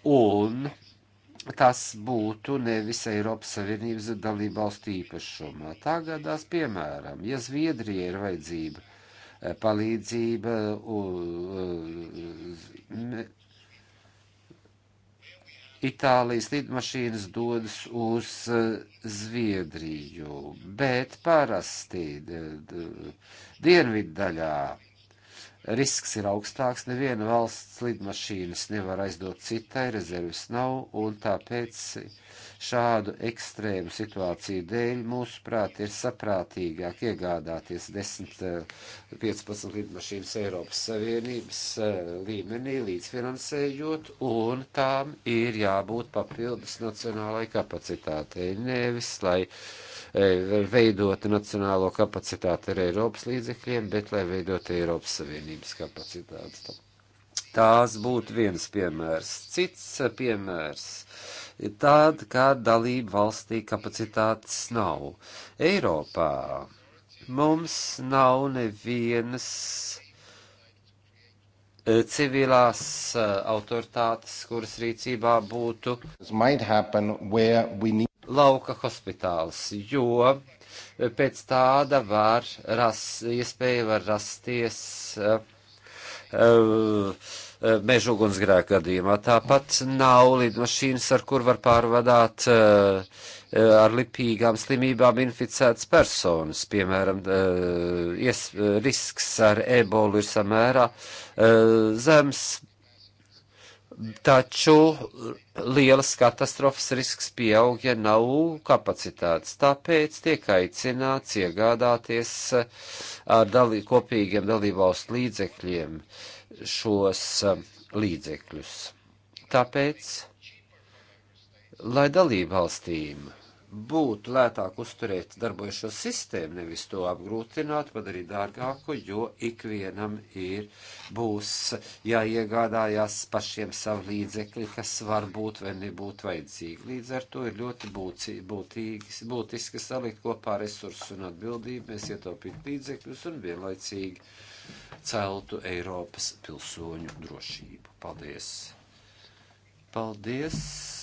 un tas būtu nevis Eiropas Savienības dalība valstu īpašumā. Tagadās, piemēram, ja Zviedrija ir vajadzība eh, palīdzība, Itālijas lidmašīnas dodas uz eh, Zviedriju, bet parasti dienvidu daļā risks ir augstāks, neviena valsts lidmašīnas nevar aizdot citai, rezerves nav, un tāpēc Šādu ekstrēmu situāciju dēļ, mūsuprāt, ir saprātīgāk iegādāties 10-15 eh, lidmašīnas Eiropas Savienības eh, līmenī līdzfinansējot, un tām ir jābūt papildus nacionālai kapacitātei, nevis lai eh, veidot nacionālo kapacitāti ar Eiropas līdzekļiem, bet lai veidot Eiropas Savienības kapacitāti. Tās būtu viens piemērs. Cits piemērs tad, kad dalību valstī kapacitātes nav. Eiropā mums nav nevienas e, civilās e, autoritātes, kuras rīcībā būtu lauka hospitāls, jo pēc tāda var ras, iespēja var rasties uh, uh, Eh, meža ugunsgrēka gadījumā. Tāpat nav lidmašīnas, ar kur var pārvadāt eh, eh, ar lipīgām slimībām inficētas personas. Piemēram, ies, risks ar ebolu ir samērā zems, taču lielas katastrofas risks pieaug, ja nav kapacitātes. Tāpēc tiek aicināts iegādāties ar dalī, kopīgiem dalībvalstu līdzekļiem uh, šos eh, līdzekļus. Tāpēc, lai dalībvalstīm būtu lētāk uzturēt darbojošo sistēmu, nevis to apgrūtināt, padarīt dārgāku, jo ikvienam ir būs jāiegādājās pašiem savu līdzekļi, kas var būt vai nebūt vajadzīgi. Līdz ar to ir ļoti būtī, būtīgs, būtiski salikt kopā resursus un atbildību, mēs ietaupīt līdzekļus un vienlaicīgi celtu Eiropas pilsoņu drošību. Paldies! Paldies!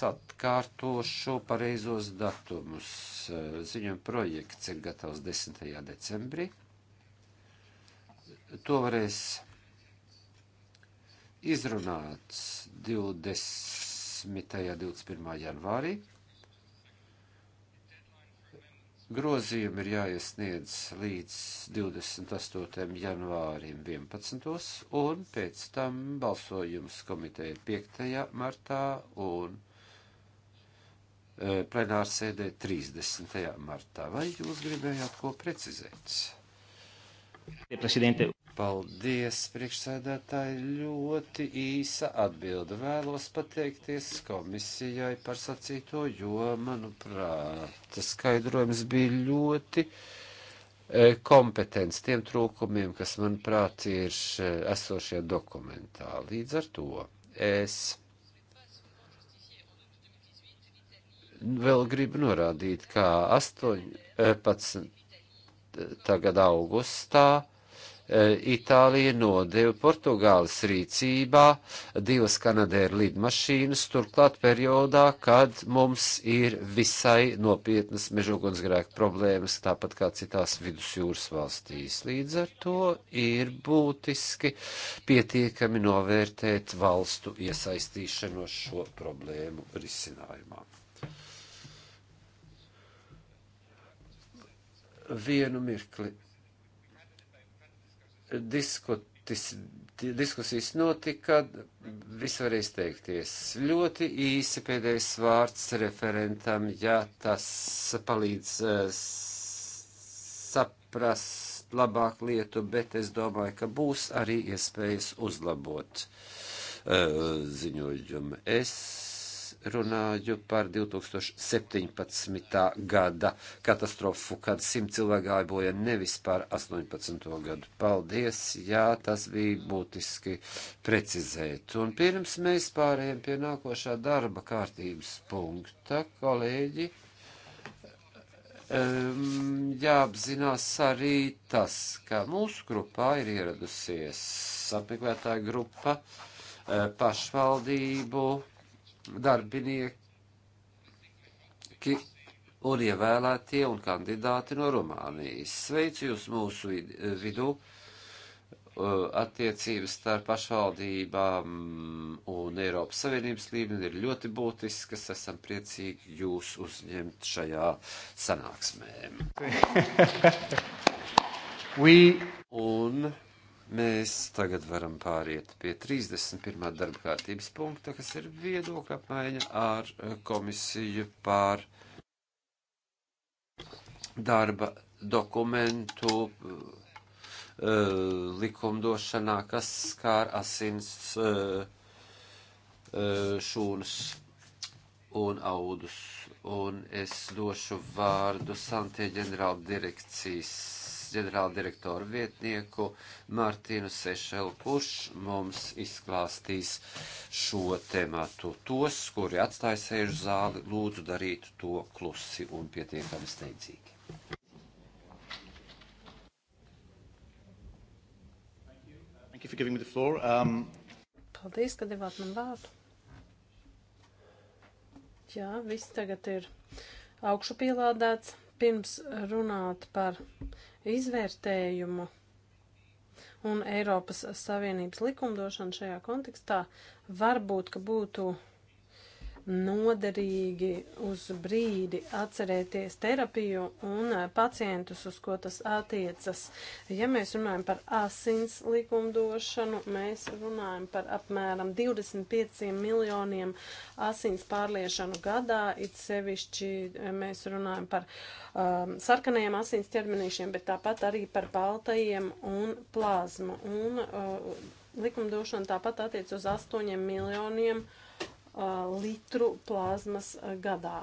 Atkārtošu pareizos datumus. Eh, Ziņojuma projekts ir gatavs 10. decembrī. To varēs izrunāt 20. un 21. janvārī. Grozījumi ir jāiesniedz līdz 28. janvārim 11. un pēc tam balsojums komiteja 5. martā un eh, plenārsēdē 30. martā. Vai jūs gribējāt ko precizēt? Prezidente. Paldies, priekšsēdētāji, ļoti īsa atbilda. Vēlos pateikties komisijai par sacīto, jo, manuprāt, skaidrojums bija ļoti e, kompetents tiem trūkumiem, kas, manuprāt, ir e, esošie dokumentā. Līdz ar to es. vēl gribu norādīt, ka 18. E, e, gada augustā E, Itālija nodeva Portugāles rīcībā divas kanadēru lidmašīnas, turklāt periodā, kad mums ir visai nopietnas mežugunsgrēku problēmas, tāpat kā citās vidusjūras valstīs. Līdz ar to ir būtiski pietiekami novērtēt valstu iesaistīšanos šo problēmu risinājumā. Vienu mirkli Diskutis, diskusijas notika, viss var izteikties. Ļoti īsi pēdējais vārds referentam, ja tas palīdz uh, saprast labāk lietu, bet es domāju, ka būs arī iespējas uzlabot uh, ziņojumu. Es runāju par 2017. gada katastrofu, kad simt cilvēku gāja bojā nevis par 18. gadu. Paldies, jā, tas bija būtiski precizēt. Un pirms mēs pārējiem pie nākošā darba kārtības punkta, kolēģi, um, jāapzinās arī tas, ka mūsu grupā ir ieradusies apmeklētāja grupa eh, pašvaldību darbinieki un ievēlētie un kandidāti no Rumānijas. Sveicu jūs mūsu vidū uh, attiecības starp pašvaldībām un Eiropas Savienības līmeni ir ļoti būtiskas. Esam priecīgi jūs uzņemt šajā sanāksmē. We... Un Mēs tagad varam pāriet pie 31. darba kārtības punkta, kas ir viedokļa apmaiņa ar eh, komisiju pār darba dokumentu eh, likumdošanā, kas skār asins eh, šūnas un audus. Un es došu vārdu Santē ģenerāla direkcijas ģenerāldirektoru vietnieku Martinu Sešelu, kurš mums izklāstīs šo tematu. Tos, kuri atstāja sēžu zāli, lūdzu darīt to klusi un pietiekami steidzīgi. Um... Paldies, ka devāt man vārdu. Jā, viss tagad ir augšupielādēts. Pirms runāt par izvērtējumu un Eiropas Savienības likumdošanu šajā kontekstā, varbūt, ka būtu noderīgi uz brīdi atcerēties terapiju un eh, pacientus, uz ko tas attiecas. Ja mēs runājam par asins likumdošanu, mēs runājam par apmēram 25 miljoniem asins pārliešanu gadā, it sevišķi eh, mēs runājam par um, sarkanajiem asins ķermenīšiem, bet tāpat arī par baltajiem un plazmu. Un, uh, likumdošana tāpat attiec uz 8 miljoniem uh, litru plazmas gadā.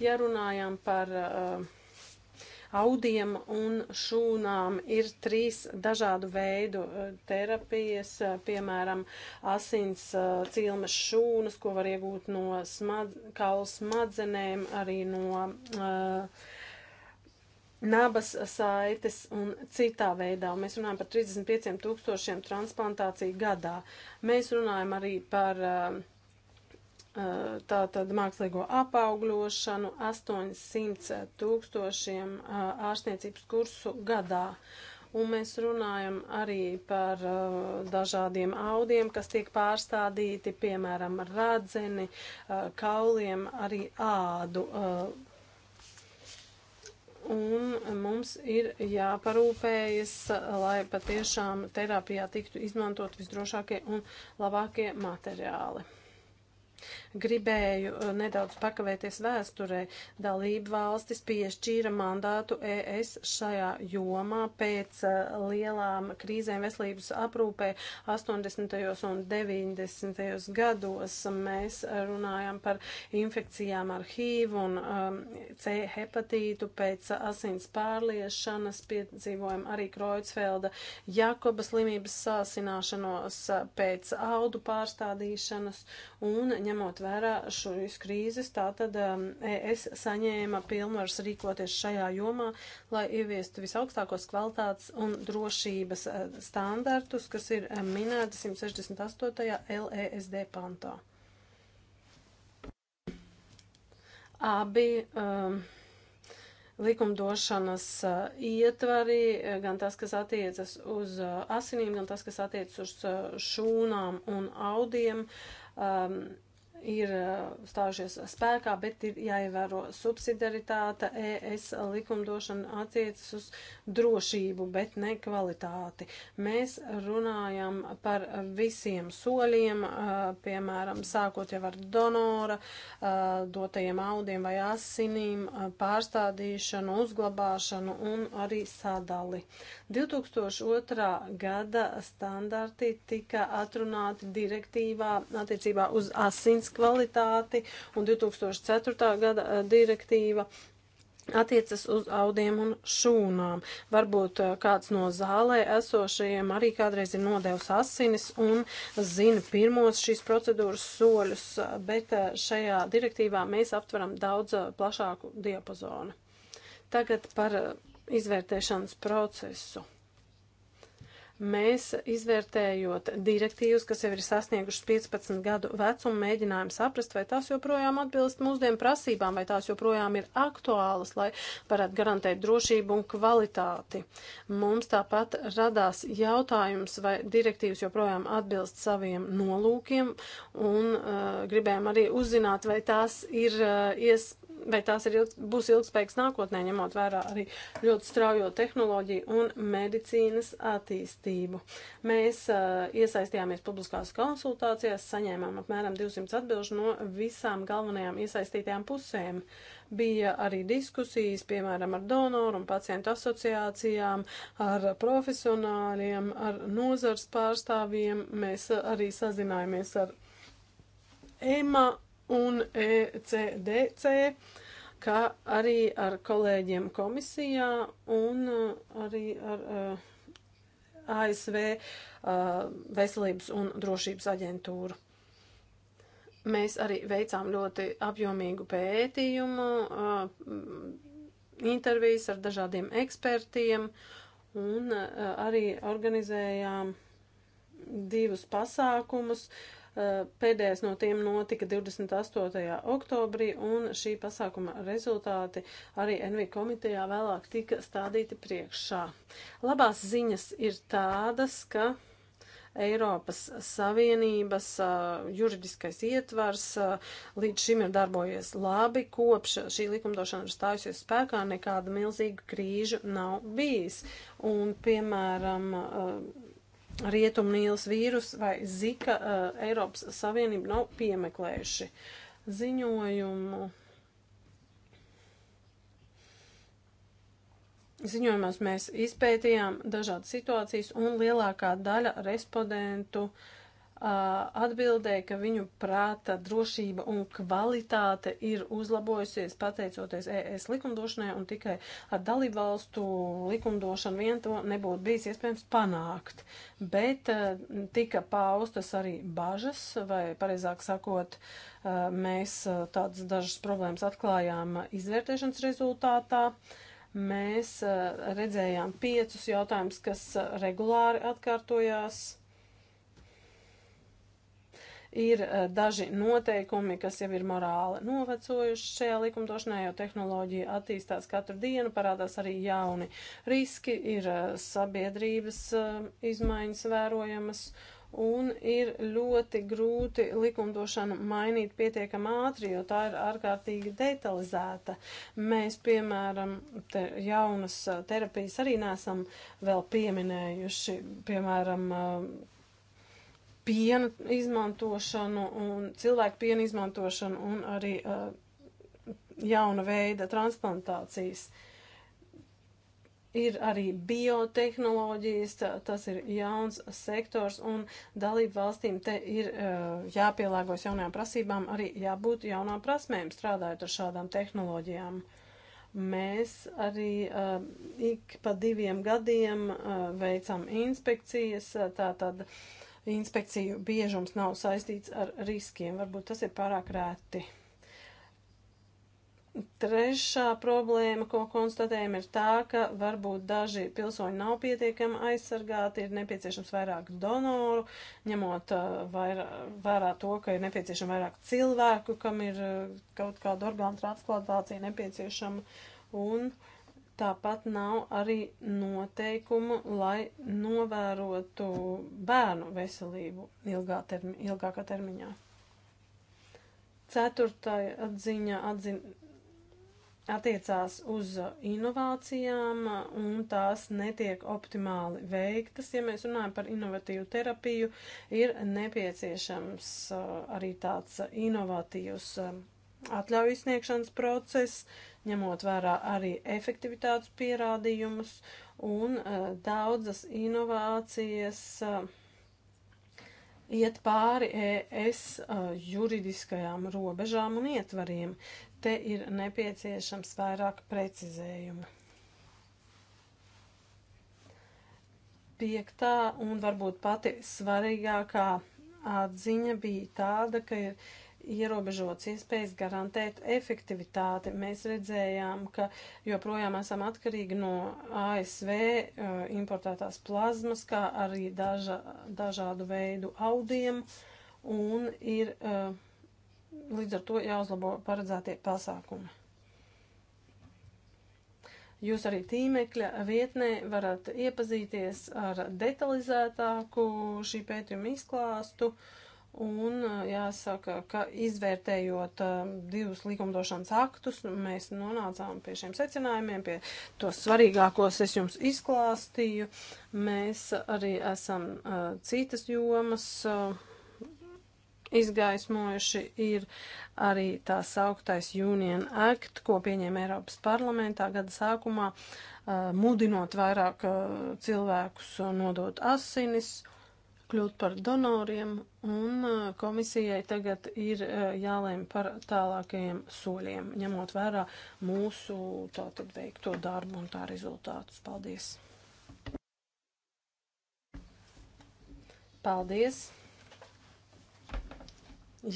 Ja runājam par uh, audiem un šūnām ir trīs dažādu veidu terapijas, piemēram, asins cilmes šūnas, ko var iegūt no smad, kaulu smadzenēm, arī no uh, nabas saites un citā veidā. Mēs runājam par 35 tūkstošiem transplantāciju gadā. Mēs runājam arī par um, uh, tātad mākslīgo apaugļošanu 800 tūkstošiem uh, ārstniecības kursu gadā. Un mēs runājam arī par uh, dažādiem audiem, kas tiek pārstādīti, piemēram, radzeni, uh, kauliem, arī ādu. Uh, Un mums ir jāparūpējas, lai patiešām terapijā tiktu izmantot visdrošākie un labākie materiāli. Gribēju uh, nedaudz pakavēties vēsturē. Dalība valstis piešķīra mandātu ES šajā jomā pēc uh, lielām krīzēm veselības aprūpē 80. un 90. gados. Mēs uh, runājam par infekcijām ar HIV un um, C hepatītu pēc asins pārliešanas. Piedzīvojam arī Kreutzfelda Jakoba slimības sāsināšanos pēc audu pārstādīšanas un ņemot vērā šīs krīzes, tātad um, es saņēma pilnvaras rīkoties šajā jomā, lai ieviestu visaugstākos kvalitātes un drošības uh, standartus, kas ir um, minēti 168. LESD pantā. Abi um, likumdošanas uh, ietvari, gan tas, kas attiecas uz uh, asinīm, gan tas, kas attiecas uz šūnām un audiem, um, ir stājušies spēkā, bet ir jāievēro subsidiaritāte, ES likumdošana attiecas uz drošību, bet ne kvalitāti. Mēs runājam par visiem soļiem, piemēram, sākot jau ar donora, dotajiem audiem vai asinīm, pārstādīšanu, uzglabāšanu un arī sadali. 2002. gada standarti tika atrunāti direktīvā attiecībā uz asins kvalitāti, un 2004. gada eh, direktīva attiecas uz audiem un šūnām. Varbūt eh, kāds no zālē esošajiem arī kādreiz ir nodevis asinis un zina pirmos šīs procedūras soļus, bet eh, šajā direktīvā mēs aptveram daudz plašāku diapazonu. Tagad par izvērtēšanas procesu. Mēs, izvērtējot direktīvas, kas jau ir sasniegušas 15 gadu vecumu, mēģinājām saprast, vai tās joprojām atbilst mūsdienu prasībām, vai tās joprojām ir aktuālas, lai varētu garantēt drošību un kvalitāti. Mums tāpat radās jautājums, vai direktīvas joprojām atbilst saviem nolūkiem, un uh, gribējām arī uzzināt, vai tās ir uh, iespējams vai tās ir ilg, būs ilgspējīgas nākotnē, ņemot vērā arī ļoti straujo tehnoloģiju un medicīnas attīstību. Mēs uh, iesaistījāmies publiskās konsultācijās, saņēmām apmēram 200 atbilžu no visām galvenajām iesaistītajām pusēm. Bija arī diskusijas, piemēram, ar donoru un pacientu asociācijām, ar profesionāriem, ar nozars pārstāvjiem. Mēs uh, arī sazinājāmies ar EMA un ECDC, kā arī ar kolēģiem komisijā un uh, arī ar uh, ASV uh, veselības un drošības aģentūru. Mēs arī veicām ļoti apjomīgu pētījumu, uh, intervijas ar dažādiem ekspertiem un uh, arī organizējām divus pasākumus. Uh, Eh, pēdējais no tiem notika 28. oktobrī, un šī pasākuma rezultāti arī NV komitejā vēlāk tika stādīti priekšā. Labās ziņas ir tādas, ka Eiropas Savienības uh, juridiskais ietvars uh, līdz šim ir darbojies labi, kopš šī likumdošana ir stājusies spēkā, nekāda milzīga krīža nav bijis. Un, piemēram, uh, rietumnīlas vīrus vai zika uh, Eiropas Savienību nav piemeklējuši ziņojumu. Ziņojumos mēs izpētījām dažādas situācijas un lielākā daļa respondentu uh, atbildēja, ka viņu prāta drošība un kvalitāte ir uzlabojusies pateicoties ES likumdošanai un tikai ar dalībvalstu likumdošanu vien to nebūtu bijis iespējams panākt. Bet tika paustas arī bažas, vai pareizāk sakot, mēs tādas dažas problēmas atklājām izvērtēšanas rezultātā mēs redzējām piecus jautājumus, kas regulāri atkārtojās ir eh, daži noteikumi, kas jau ir morāli novecojuši šajā likumdošanā, jo tehnoloģija attīstās katru dienu, parādās arī jauni riski, ir eh, sabiedrības eh, izmaiņas vērojamas. Un ir ļoti grūti likumdošanu mainīt pietiekam ātri, jo tā ir ārkārtīgi detalizēta. Mēs, piemēram, te jaunas terapijas arī nesam vēl pieminējuši, piemēram, piena izmantošanu un cilvēku piena izmantošanu un arī uh, jauna veida transplantācijas. Ir arī biotehnoloģijas, tā, tas ir jauns sektors, un dalību valstīm te ir uh, jāpielāgojas jaunajām prasībām, arī jābūt jaunām prasmēm strādājot ar šādām tehnoloģijām mēs arī uh, ik pa diviem gadiem uh, veicam inspekcijas, uh, tā tad inspekciju biežums nav saistīts ar riskiem. Varbūt tas ir pārāk rēti. Trešā problēma, ko konstatējam, ir tā, ka varbūt daži pilsoņi nav pietiekami aizsargāti, ir nepieciešams vairāk donoru, ņemot uh, vairā, vērā to, ka ir nepieciešama vairāk cilvēku, kam ir uh, kaut kāda orgānu transplantācija nepieciešama. Un uh, Tāpat nav arī noteikumu, lai novērotu bērnu veselību ilgā termi, ilgākā termiņā. Ceturtāja atziņa atzin, attiecās uz inovācijām, un tās netiek optimāli veiktas. Ja mēs runājam par inovatīvu terapiju, ir nepieciešams uh, arī tāds inovatīvs um, atļauju sniegšanas process, ņemot vērā arī efektivitātes pierādījumus un uh, daudzas inovācijas. Uh, iet pāri ES eh, juridiskajām robežām un ietvariem. Te ir nepieciešams vairāk precizējumu. Piektā un varbūt pati svarīgākā atziņa bija tāda, ka ir ierobežots iespējas garantēt efektivitāti. Mēs redzējām, ka joprojām esam atkarīgi no ASV importētās plazmas, kā arī daža, dažādu veidu audiem, un ir līdz ar to jāuzlabo paredzētie pasākumi. Jūs arī tīmekļa vietnē varat iepazīties ar detalizētāku šī pētījuma izklāstu. Uh, Un jāsaka, ka izvērtējot divus likumdošanas aktus, mēs nonācām pie šiem secinājumiem, pie tos svarīgākos es jums izklāstīju. Mēs arī esam citas jomas izgaismojuši, ir arī tā sauktais Union Act, ko pieņēma Eiropas parlamentā gada sākumā, mudinot vairāk cilvēkus nodot asinis kļūt par donoriem, un uh, komisijai tagad ir uh, jālēm par tālākajiem soļiem, ņemot vērā mūsu tātad veikto darbu un tā rezultātus. Paldies! Paldies!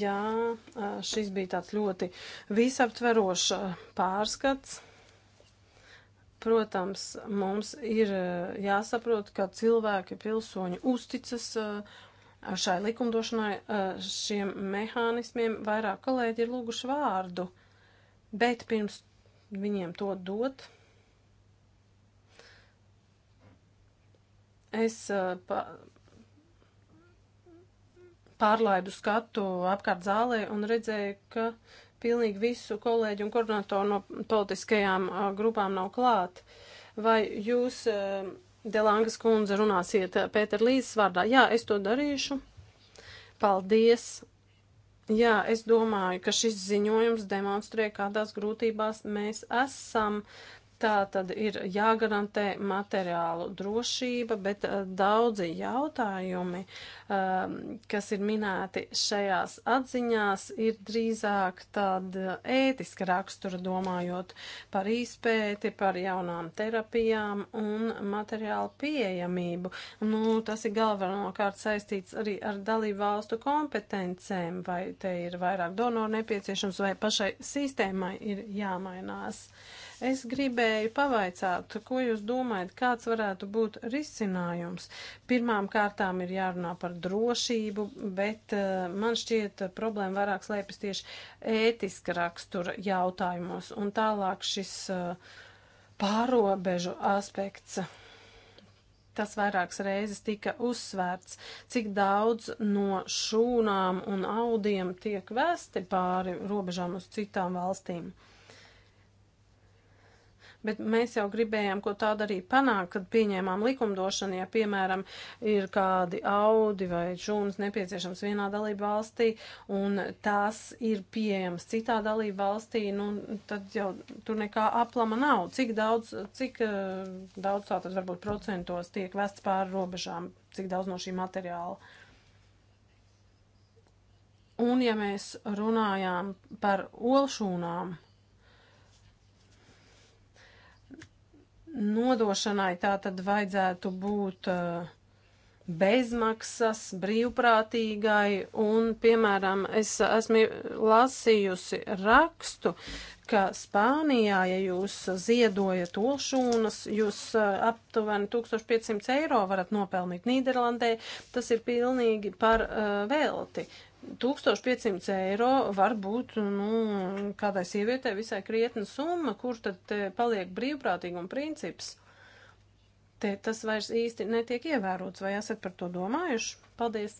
Jā, uh, šis bija tāds ļoti visaptverošs pārskats. Protams, mums ir eh, jāsaprot, ka cilvēki pilsoņi uzticas eh, šai likumdošanai, eh, šiem mehānismiem. Vairāk kolēģi ir lūguši vārdu, bet pirms viņiem to dot, es pa pārlaidu skatu apkārt zālē un redzēju, ka pilnīgi visu kolēģi un koordinatoru no politiskajām uh, grupām nav klāt. Vai jūs, uh, Delangas kundze, runāsiet Pēter Līzes vārdā? Jā, es to darīšu. Paldies! Jā, es domāju, ka šis ziņojums demonstrē, kādās grūtībās mēs esam. Uh, Tā tad ir jāgarantē materiālu drošība, bet eh, daudzi jautājumi, ehm, kas ir minēti šajās atziņās, ir drīzāk tāda eh, ētiska rakstura domājot par izpēti, par jaunām terapijām un materiālu pieejamību. Nu, tas ir galvenokārt saistīts arī ar dalību valstu kompetencēm, vai te ir vairāk donoru nepieciešams, vai pašai sistēmai ir jāmainās. Uh, Es gribēju pavaicāt, ko jūs domājat, kāds varētu būt risinājums. Pirmām kārtām ir jārunā par drošību, bet eh, man šķiet problēma vairāk slēpjas tieši ētiska rakstura jautājumos. Un tālāk šis eh, pārobežu aspekts tas vairākas reizes tika uzsvērts, cik daudz no šūnām un audiem tiek vēsti pāri robežām uz citām valstīm bet mēs jau gribējām ko tādu arī panākt, kad pieņēmām likumdošanu, ja, piemēram, ir kādi audi vai žūnas nepieciešams vienā dalību valstī, un tās ir pieejamas citā dalību valstī, nu, tad jau tur nekā aplama nav. Cik daudz, cik uh, daudz tātad varbūt procentos tiek vests pāri robežām, cik daudz no šī materiāla. Un ja mēs runājām par olšūnām, nodošanai tā tad vajadzētu būt uh, bezmaksas, brīvprātīgai, un, piemēram, es esmu lasījusi rakstu, ka Spānijā, ja jūs ziedojat olšūnas, jūs uh, aptuveni 1500 eiro varat nopelnīt Nīderlandē, tas ir pilnīgi par uh, velti. Uh, 1500 eiro var būt nu, kādai sievietei visai krietna summa, kur tad paliek brīvprātīguma princips. Te tas vairs īsti netiek ievērots, vai esat par to domājuši? Paldies!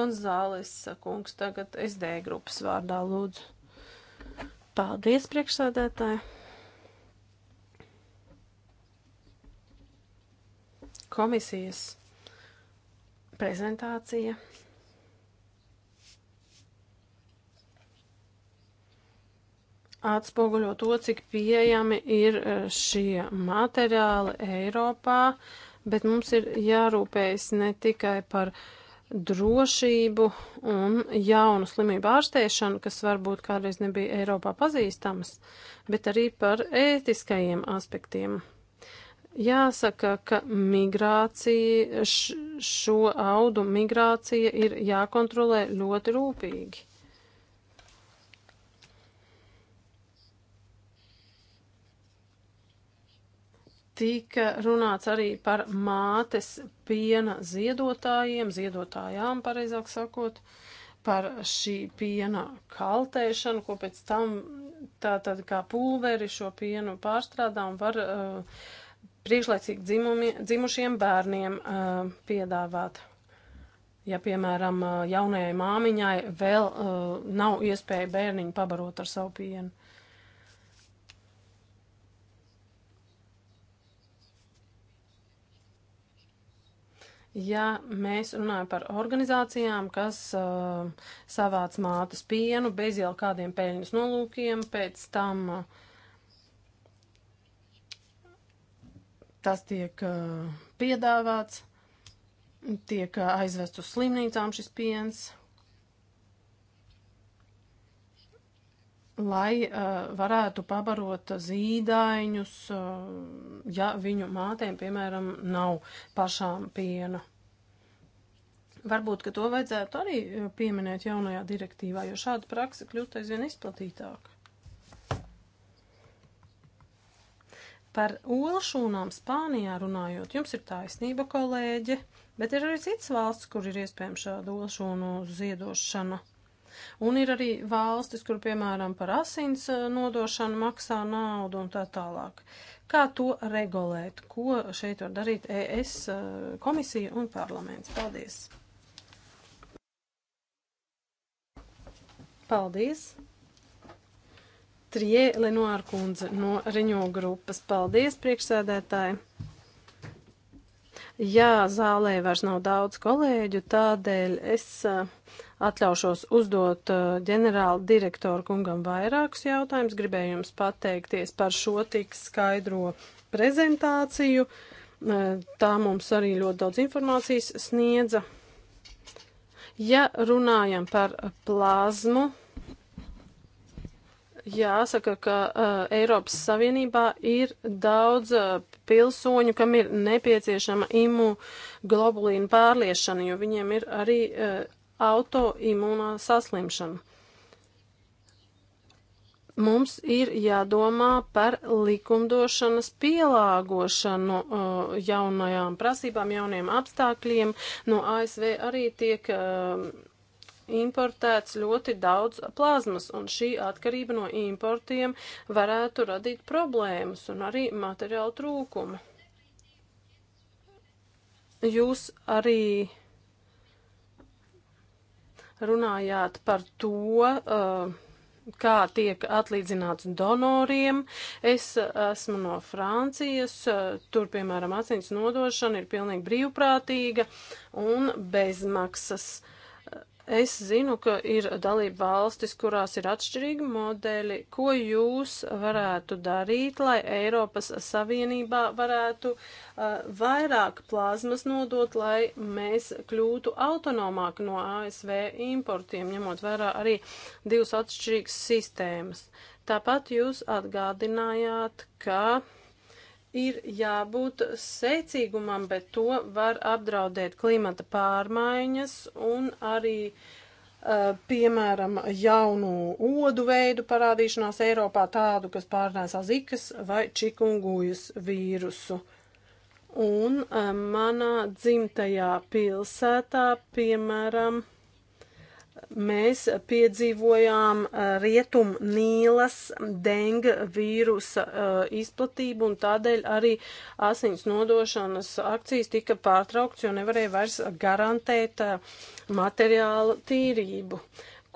Gonzāles kungs tagad SD grupas vārdā lūdzu. Paldies, priekšsādētāji! Komisijas prezentācija. Atspoguļo to, cik pieejami ir e, šie materiāli Eiropā, bet mums ir jārūpējas ne tikai par drošību un jaunu slimību ārstēšanu, kas varbūt kādreiz nebija Eiropā pazīstamas, bet arī par ētiskajiem aspektiem. Jāsaka, ka migrācija, šo audu migrācija ir jākontrolē ļoti rūpīgi. Tika runāts arī par mātes piena ziedotājiem, ziedotājām, pareizāk sakot, par šī piena kaltēšanu, ko pēc tam tā tad kā pulveri šo pienu pārstrādā un var uh, priekšlaicīgi dzimumi, dzimušiem bērniem uh, piedāvāt. Ja, piemēram, eh, jaunajai māmiņai vēl uh, nav iespēja bērniņu pabarot ar savu pienu. Ja mēs runājam par organizācijām, kas uh, savāc mātes pienu bez jau kādiem peļņas nolūkiem, pēc tam uh, tas tiek piedāvāts, tiek aizvest uz slimnīcām šis piens, lai varētu pabarot zīdaiņus, ja viņu mātēm, piemēram, nav pašām piena. Varbūt, ka to vajadzētu arī pieminēt jaunajā direktīvā, jo šāda praksa kļūst aizvien izplatītāka. Par olšūnām Spānijā runājot, jums ir taisnība, kolēģe, bet ir arī cits valsts, kur ir iespējama šāda olšūnu ziedošana. Un ir arī valstis, kur, piemēram, par asins eh, nodošanu maksā naudu un tā tālāk. Kā to regulēt? Ko šeit var darīt ES eh, komisija un parlaments? Paldies! Paldies! Trie Lenoāra kundze no Riņo grupas. Paldies, priekšsēdētāji! Jā, zālē vairs nav daudz kolēģu, tādēļ es atļaušos uzdot ģenerāla direktoru kungam vairākus jautājumus. Gribēju jums pateikties par šo tik skaidro prezentāciju. Tā mums arī ļoti daudz informācijas sniedza. Ja runājam par plazmu, jāsaka, ka uh, Eiropas Savienībā ir daudz uh, pilsoņu, kam ir nepieciešama imunoglobulīna pārliešana, jo viņiem ir arī uh, autoimunā saslimšana. Mums ir jādomā par likumdošanas pielāgošanu uh, jaunajām prasībām, jauniem apstākļiem. No ASV arī tiek uh, importēts ļoti daudz plazmas, un šī atkarība no importiem varētu radīt problēmas un arī materiālu trūkumu. Jūs arī runājāt par to, uh, kā tiek atlīdzināts donoriem. Es esmu no Francijas, uh, tur, piemēram, asins nodošana ir pilnīgi brīvprātīga un bezmaksas. Uh, Es zinu, ka ir dalība valstis, kurās ir atšķirīgi modeļi. Ko jūs varētu darīt, lai Eiropas Savienībā varētu uh, vairāk plazmas nodot, lai mēs kļūtu autonomāki no ASV importiem, ņemot vērā arī divas atšķirīgas sistēmas? Tāpat jūs atgādinājāt, ka ir jābūt secīgumam, bet to var apdraudēt klimata pārmaiņas un arī uh, piemēram, jaunu odu veidu parādīšanās Eiropā, tādu, kas pārnēsā zikas vai čikungujas vīrusu. Un eh, manā dzimtajā pilsētā, piemēram, mēs piedzīvojām uh, rietum Nīlas denga vīrusa uh, izplatību un tādēļ arī asins nodošanas akcijas tika pārtraukts, jo nevarēja vairs garantēt uh, materiālu tīrību.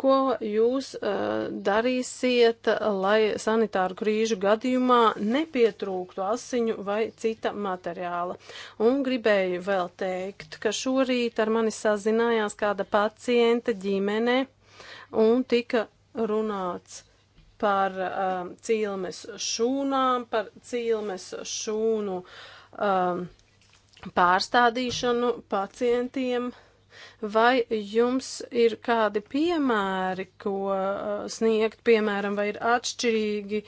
Ko jūs uh, darīsiet, lai sanitāru krīžu gadījumā nepietrūktu asiņu vai cita materiāla? Un gribēju vēl teikt, ka šorīt ar mani sazinājās kāda pacienta ģimene un tika runāts par uh, cilmes šūnām, par cilmes šūnu uh, pārstādīšanu pacientiem. Uh, Vai jums ir kādi piemēri, ko uh, sniegt, piemēram, vai ir atšķirīgi,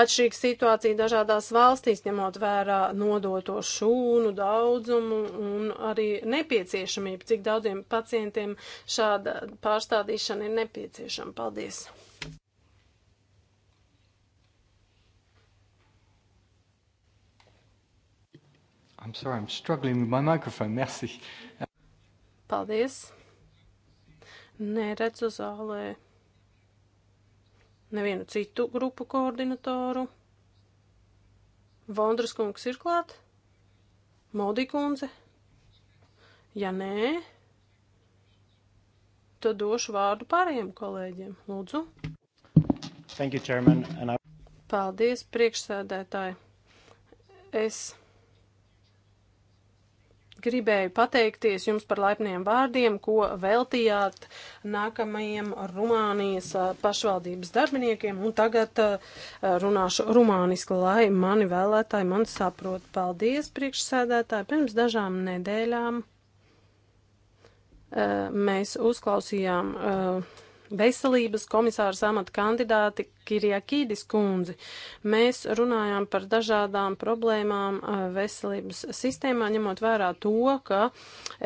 atšķirīga situācija dažādās valstīs, ņemot vērā nodoto šūnu daudzumu un arī nepieciešamību, cik daudziem pacientiem šāda pārstādīšana ir nepieciešama? Paldies! I'm sorry, I'm struggling with my microphone. Merci. Paldies! Neredzu zālē nevienu citu grupu koordinatoru. Vondras kungs ir klāt? Modī kundze? Ja nē, tad došu vārdu pārējiem kolēģiem. Lūdzu. Thank you, Chairman. And I... Paldies, priekšsēdētāji. Es gribēju pateikties jums par laipniem vārdiem, ko veltījāt nākamajiem Rumānijas pašvaldības darbiniekiem, un tagad runāšu rumāniski, lai mani vēlētāji man saprot. Paldies, priekšsēdētāji, pirms dažām nedēļām mēs uzklausījām veselības komisāra amata kandidāti Kirjakīdis kundzi. Mēs runājām par dažādām problēmām eh, veselības sistēmā, ņemot vērā to, ka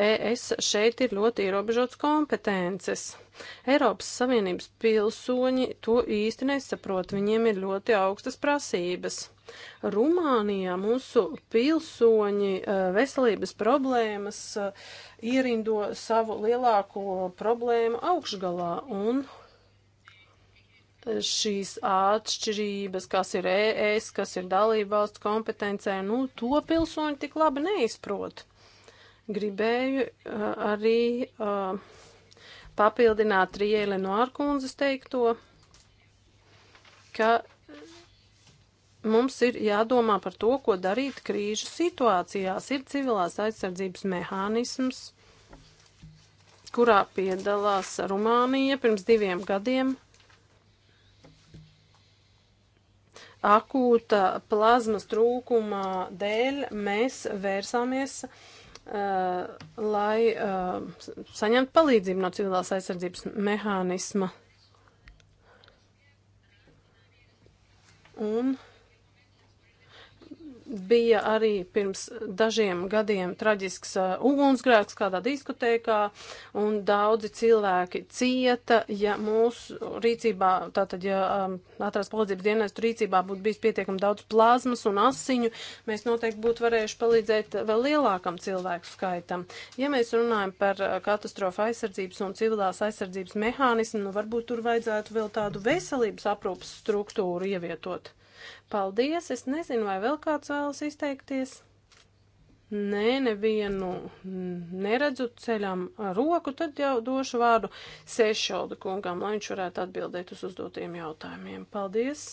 ES šeit ir ļoti ierobežots kompetences. Eiropas Savienības pilsoņi to īsti nesaprot, viņiem ir ļoti augstas prasības. Rumānijā mūsu pilsoņi eh, veselības problēmas eh, ierindo savu lielāko problēmu augšgalā un šīs atšķirības, kas ir ES, kas ir dalībvalsts kompetencē, nu, to pilsoņi tik labi neizprot. Gribēju uh, arī uh, papildināt Riele no ārkundzes teikto, ka mums ir jādomā par to, ko darīt krīžu situācijās. Ir civilās aizsardzības mehānisms, kurā piedalās Rumānija pirms diviem gadiem akūta plazmas trūkuma dēļ mēs vērsāmies, uh, lai uh, saņemtu palīdzību no civilās aizsardzības mehānisma. Un bija arī pirms dažiem gadiem traģisks uh, ugunsgrēks kādā diskotēkā, un daudzi cilvēki cieta, ja mūsu rīcībā, tātad, ja um, ātrās palīdzības dienestu rīcībā būtu bijis pietiekami daudz plazmas un asiņu, mēs noteikti būtu varējuši palīdzēt vēl lielākam cilvēku skaitam. Ja mēs runājam par uh, katastrofa aizsardzības un civilās aizsardzības mehānismu, nu varbūt tur vajadzētu vēl tādu veselības aprūpas struktūru ievietot. Paldies! Es nezinu, vai vēl kāds vēlas izteikties. Nē, nevienu neredzu ceļam roku, tad jau došu vārdu Sešolda kungam, lai viņš varētu atbildēt uz uzdotiem jautājumiem. Paldies!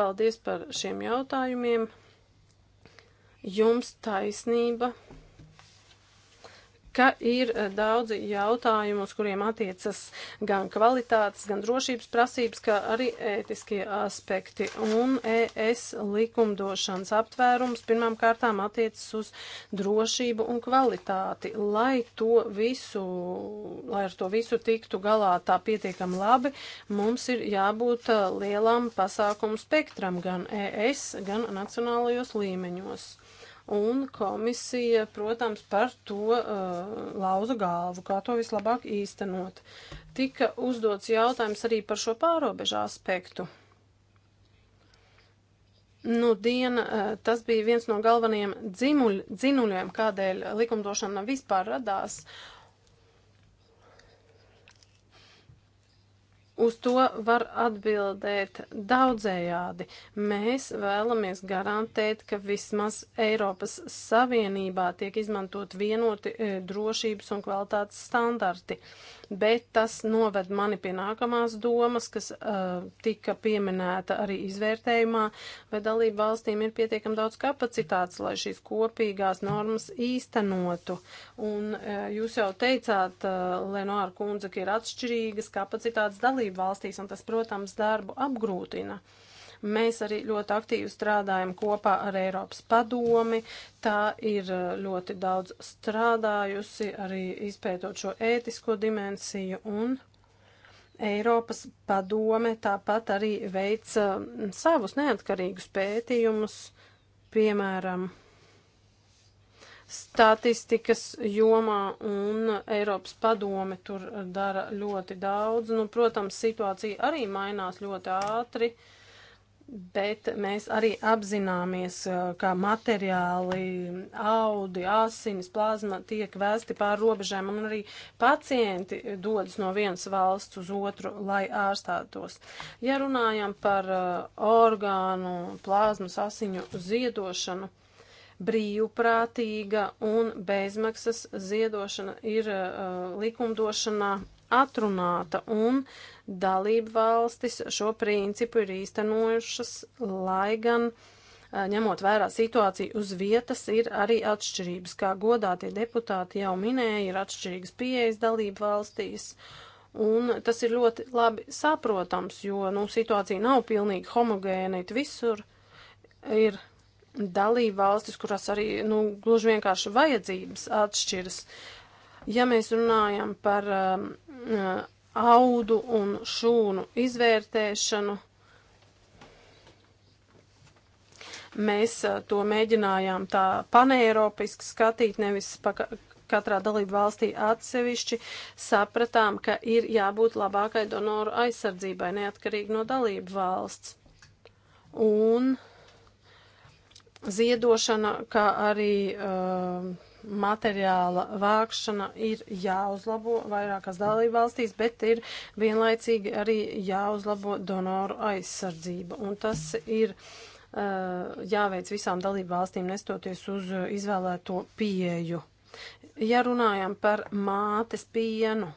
Paldies par šiem jautājumiem! Jums taisnība! ka ir eh, daudzi jautājumi, uz kuriem attiecas gan kvalitātes, gan drošības prasības, kā arī ētiskie aspekti. Un ES likumdošanas aptvērums pirmām kārtām attiecas uz drošību un kvalitāti. Lai, to visu, lai ar to visu tiktu galā tā pietiekam labi, mums ir jābūt eh, lielam pasākumu spektram gan ES, gan nacionālajos līmeņos un komisija, protams, par to uh, lauza galvu, kā to vislabāk īstenot. Tika uzdots jautājums arī par šo pārobežu aspektu. Nu, diena, uh, tas bija viens no galvenajiem dzimuļ, dzinuļiem, kādēļ likumdošana vispār radās. Uh, Uz to var atbildēt daudzējādi. Mēs vēlamies garantēt, ka vismaz Eiropas Savienībā tiek izmantot vienoti e, drošības un kvalitātes standarti. Uh, bet tas noved mani pie nākamās domas, kas uh, tika pieminēta arī izvērtējumā, vai dalību valstīm ir pietiekam daudz kapacitātes, lai šīs kopīgās normas īstenotu. Un uh, jūs jau teicāt, uh, Lenāra kundze, ka ir atšķirīgas kapacitātes dalību valstīs, un tas, protams, darbu apgrūtina. Uh, Mēs arī ļoti aktīvi strādājam kopā ar Eiropas padomi. Tā ir eh, ļoti daudz strādājusi, arī izpētot šo ētisko dimensiju un Eiropas padome tāpat arī veic eh, savus neatkarīgus pētījumus, piemēram, statistikas jomā un Eiropas padome tur dara ļoti daudz. Nu, protams, situācija arī mainās ļoti ātri. Uh, Bet mēs arī apzināmies, eh, ka materiāli, audi, asins, plazma tiek vēsti pār robežām, un arī pacienti dodas no vienas valsts uz otru, lai ārstātos. Ja runājam par eh, orgānu, plazmas, asiņu ziedošanu, brīvprātīga un bezmaksas ziedošana ir uh, likumdošanā atrunāta, un dalību valstis šo principu ir īstenojušas, lai gan ņemot vērā situāciju uz vietas, ir arī atšķirības. Kā godātie deputāti jau minēja, ir atšķirīgas pieejas dalību valstīs. Un tas ir ļoti labi saprotams, jo nu, situācija nav pilnīgi homogēna visur. Ir dalība valstis, kurās arī nu, gluži vienkārši vajadzības atšķiras. Uh, Ja mēs runājam par um, uh, audu un šūnu izvērtēšanu, mēs uh, to mēģinājām tā paneiropiski skatīt, nevis pa katrā dalību valstī atsevišķi, sapratām, ka ir jābūt labākai donoru aizsardzībai, neatkarīgi no dalību valsts. Un ziedošana, kā arī uh, materiāla vākšana ir jāuzlabo vairākās dalībvalstīs, bet ir vienlaicīgi arī jāuzlabo donoru aizsardzība. Un tas ir uh, jāveic visām dalībvalstīm, nestoties uz eh, izvēlēto pieeju. Ja runājam par mātes pienu,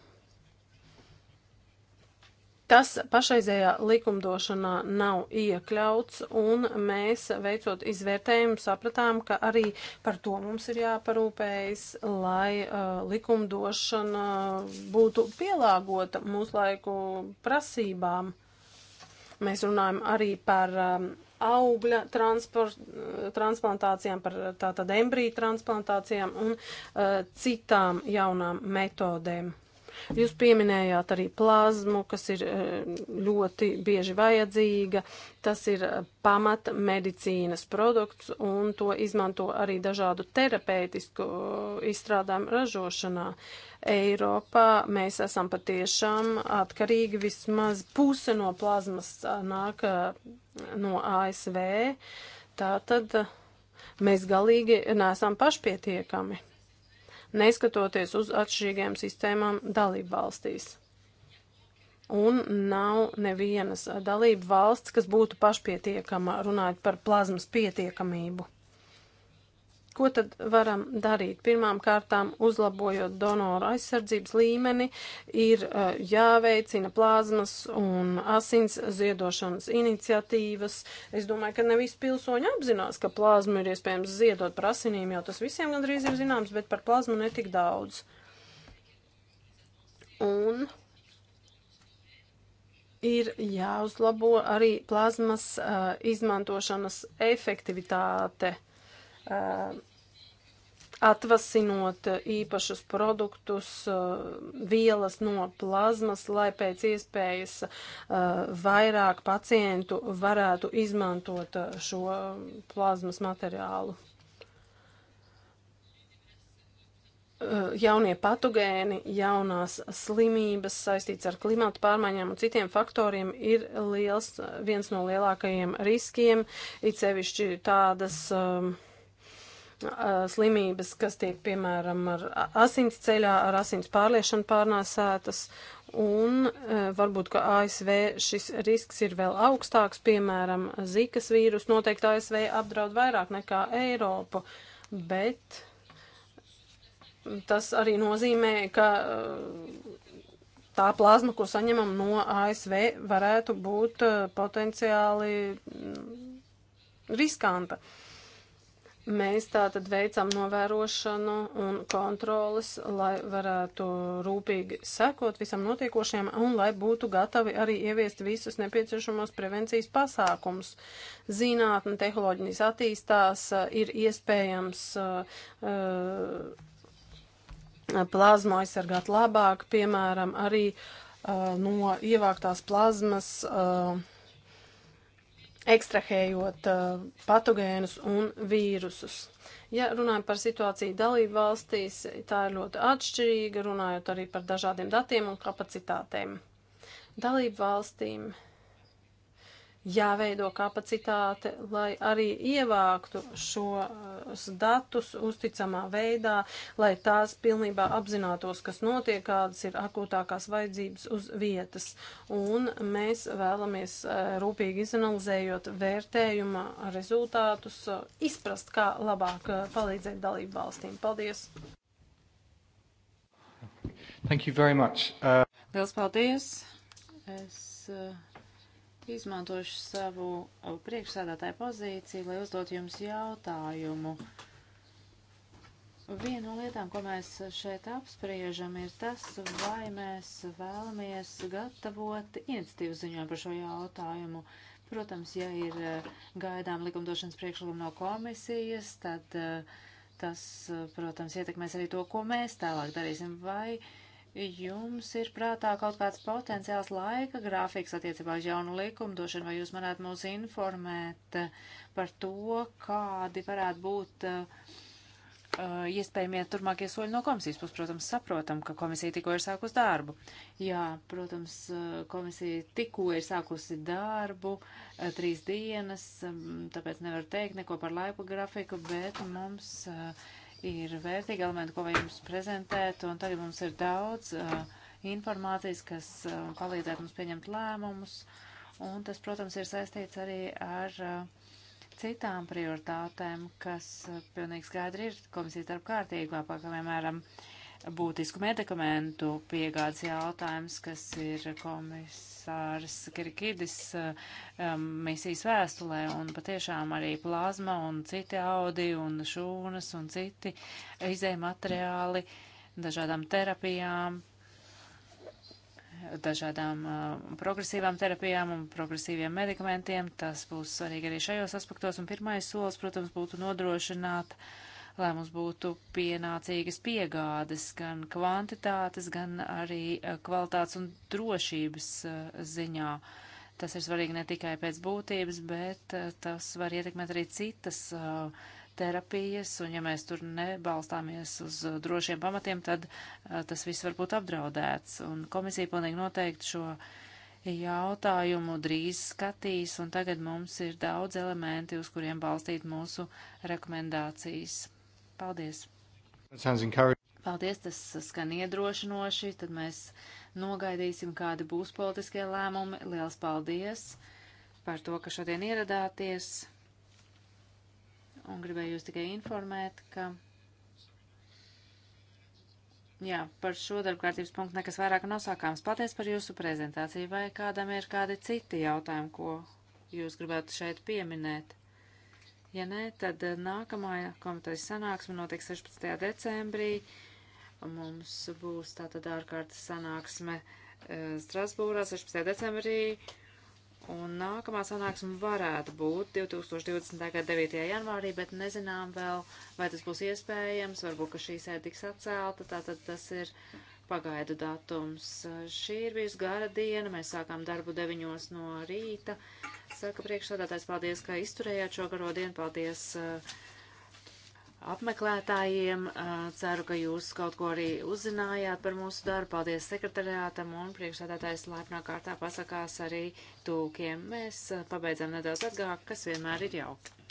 Tas pašreizējā likumdošanā nav iekļauts, un mēs, veicot izvērtējumu, sapratām, ka arī par to mums ir jāparūpējas, lai uh, likumdošana būtu pielāgota mūslaiku prasībām. Mēs runājam arī par um, augļa transplantācijām, par tātad embriju transplantācijām un uh, citām jaunām metodēm. Jūs pieminējāt arī plazmu, kas ir eh, ļoti bieži vajadzīga. Tas ir eh, pamat medicīnas produkts un to izmanto arī dažādu terapeitisku eh, izstrādājumu ražošanā. Eiropā mēs esam patiešām atkarīgi vismaz puse no plazmas nāk no ASV. Tātad mēs galīgi nesam pašpietiekami neskatoties uz atšķirīgajām sistēmām dalību valstīs. Un nav nevienas dalību valsts, kas būtu pašpietiekama runājot par plazmas pietiekamību. Ko tad varam darīt? Pirmām kārtām, uzlabojot donoru aizsardzības līmeni, ir eh, jāveicina plāzmas un asins ziedošanas iniciatīvas. Es domāju, ka ne visi pilsoņi apzinās, ka plāzmu ir iespējams ziedot par asinīm, jau tas visiem gandrīz ir zināms, bet par plāzmu netik daudz. Un ir jāuzlabo arī plazmas uh, izmantošanas efektivitāte. Uh, atvasinot īpašus produktus, vielas no plazmas, lai pēc iespējas vairāk pacientu varētu izmantot šo plazmas materiālu. Jaunie patogēni, jaunās slimības saistīts ar klimatu pārmaiņām un citiem faktoriem ir liels, viens no lielākajiem riskiem, it sevišķi tādas uh, slimības, kas tiek piemēram ar asins ceļā, ar asins pārliešanu pārnēsētas, un varbūt, ka ASV šis risks ir vēl augstāks, piemēram, zikas vīrus noteikti ASV apdraud vairāk nekā Eiropu, bet tas arī nozīmē, ka tā plazma, ko saņemam no ASV, varētu būt potenciāli riskanta. Uh, Mēs tātad veicam novērošanu un kontrolas, lai varētu rūpīgi sekot visam notiekošajam un lai būtu gatavi arī ieviest visus nepieciešamos prevencijas pasākums. Zinātne, tehnoloģijas attīstās, ir iespējams uh, uh plazmu aizsargāt labāk, piemēram, arī uh, no ievāktās plazmas. Uh, ekstrahējot uh, patogēnus un vīrusus. Ja runājam par situāciju dalību valstīs, tā ir ļoti atšķirīga, runājot arī par dažādiem datiem un kapacitātēm. Dalību valstīm jāveido kapacitāte, lai arī ievāktu šos datus uzticamā veidā, lai tās pilnībā apzinātos, kas notiek, kādas ir akūtākās vajadzības uz vietas. Un mēs vēlamies eh, rūpīgi izanalizējot vērtējuma rezultātus, izprast, kā labāk eh, palīdzēt dalību valstīm. Paldies! Thank you very much. Uh... Liels paldies! Es, uh... Izmantošu savu priekšsēdētāju pozīciju, lai uzdot jums jautājumu. Viena no lietām, ko mēs šeit apspriežam, ir tas, vai mēs vēlamies gatavot iniciatīvu ziņojumu par šo jautājumu. Protams, ja ir gaidām likumdošanas priekšlikumu no komisijas, tad tas, protams, ietekmēs arī to, ko mēs tālāk darīsim. Vai uh, jums ir prātā kaut kāds potenciāls laika grafiks attiecībā uz jaunu likumdošanu, vai jūs varētu mūs informēt eh, par to, kādi varētu būt uh, iespējamie turmākie soļi no komisijas puses, protams, saprotam, ka komisija tikko ir sākusi darbu. Jā, protams, eh, komisija tikko ir sākusi darbu, trīs dienas, mm, tāpēc nevar teikt neko par laipu grafiku, bet mums uh, ir vērtīgi elementi, ko var jums prezentēt, un tagad mums ir daudz uh, informācijas, kas uh, palīdzētu mums pieņemt lēmumus, un tas, protams, ir saistīts arī ar uh, citām prioritātēm, kas uh, pilnīgi skaidri ir komisijas darba kārtībā, kā piemēram, uh, būtisku medikamentu piegādes jautājums, kas ir komisārs Kirikidis um, misijas vēstulē, un patiešām arī plazma un citi audi un šūnas un citi izēja materiāli dažādām terapijām dažādām uh, progresīvām terapijām un progresīviem medikamentiem. Tas būs svarīgi arī šajos aspektos. Un pirmais solis, protams, būtu nodrošināt uh, lai mums būtu pienācīgas piegādes, gan kvantitātes, gan arī eh, kvalitātes un drošības eh, ziņā. Tas ir svarīgi ne tikai pēc būtības, bet eh, tas var ietekmēt arī citas terapijas, un ja mēs tur nebalstāmies uz drošiem pamatiem, tad tas viss var būt apdraudēts. Un komisija pilnīgi noteikti šo jautājumu drīz skatīs, un tagad mums ir daudz elementi, uz kuriem balstīt mūsu rekomendācijas. Paldies! Paldies, tas skan iedrošinoši, tad mēs nogaidīsim, kādi būs politiskie lēmumi. Liels paldies par to, ka šodien ieradāties. Un gribēju jūs tikai informēt, ka. Jā, par šo darbkārtības punktu nekas vairāk nav sākāms. Paties par jūsu prezentāciju, vai kādam ir kādi citi jautājumi, ko jūs gribētu šeit pieminēt? Ja nē, tad eh, nākamā komitejas sanāksme notiek 16. decembrī. Mums būs tātad ārkārtas sanāksme eh, Strasbūrā 16. decembrī. Un nākamā sanāksme varētu būt 2020. gada 9. janvārī, bet nezinām vēl, vai tas būs iespējams, varbūt, ka šī sēde tiks atcelta, tātad tas ir pagaidu datums. Šī ir bijusi gara diena, mēs sākām darbu 9 no rīta. Saka priekšsādātājs, paldies, ka izturējāt šo garo dienu, paldies uh, apmeklētājiem. Uh, ceru, ka jūs kaut ko arī uzzinājāt par mūsu darbu. Paldies sekretariātam un priekšsādātājs laipnā kārtā pasakās arī tūkiem. Mēs uh, pabeidzam nedaudz atgāk, kas vienmēr ir jauki.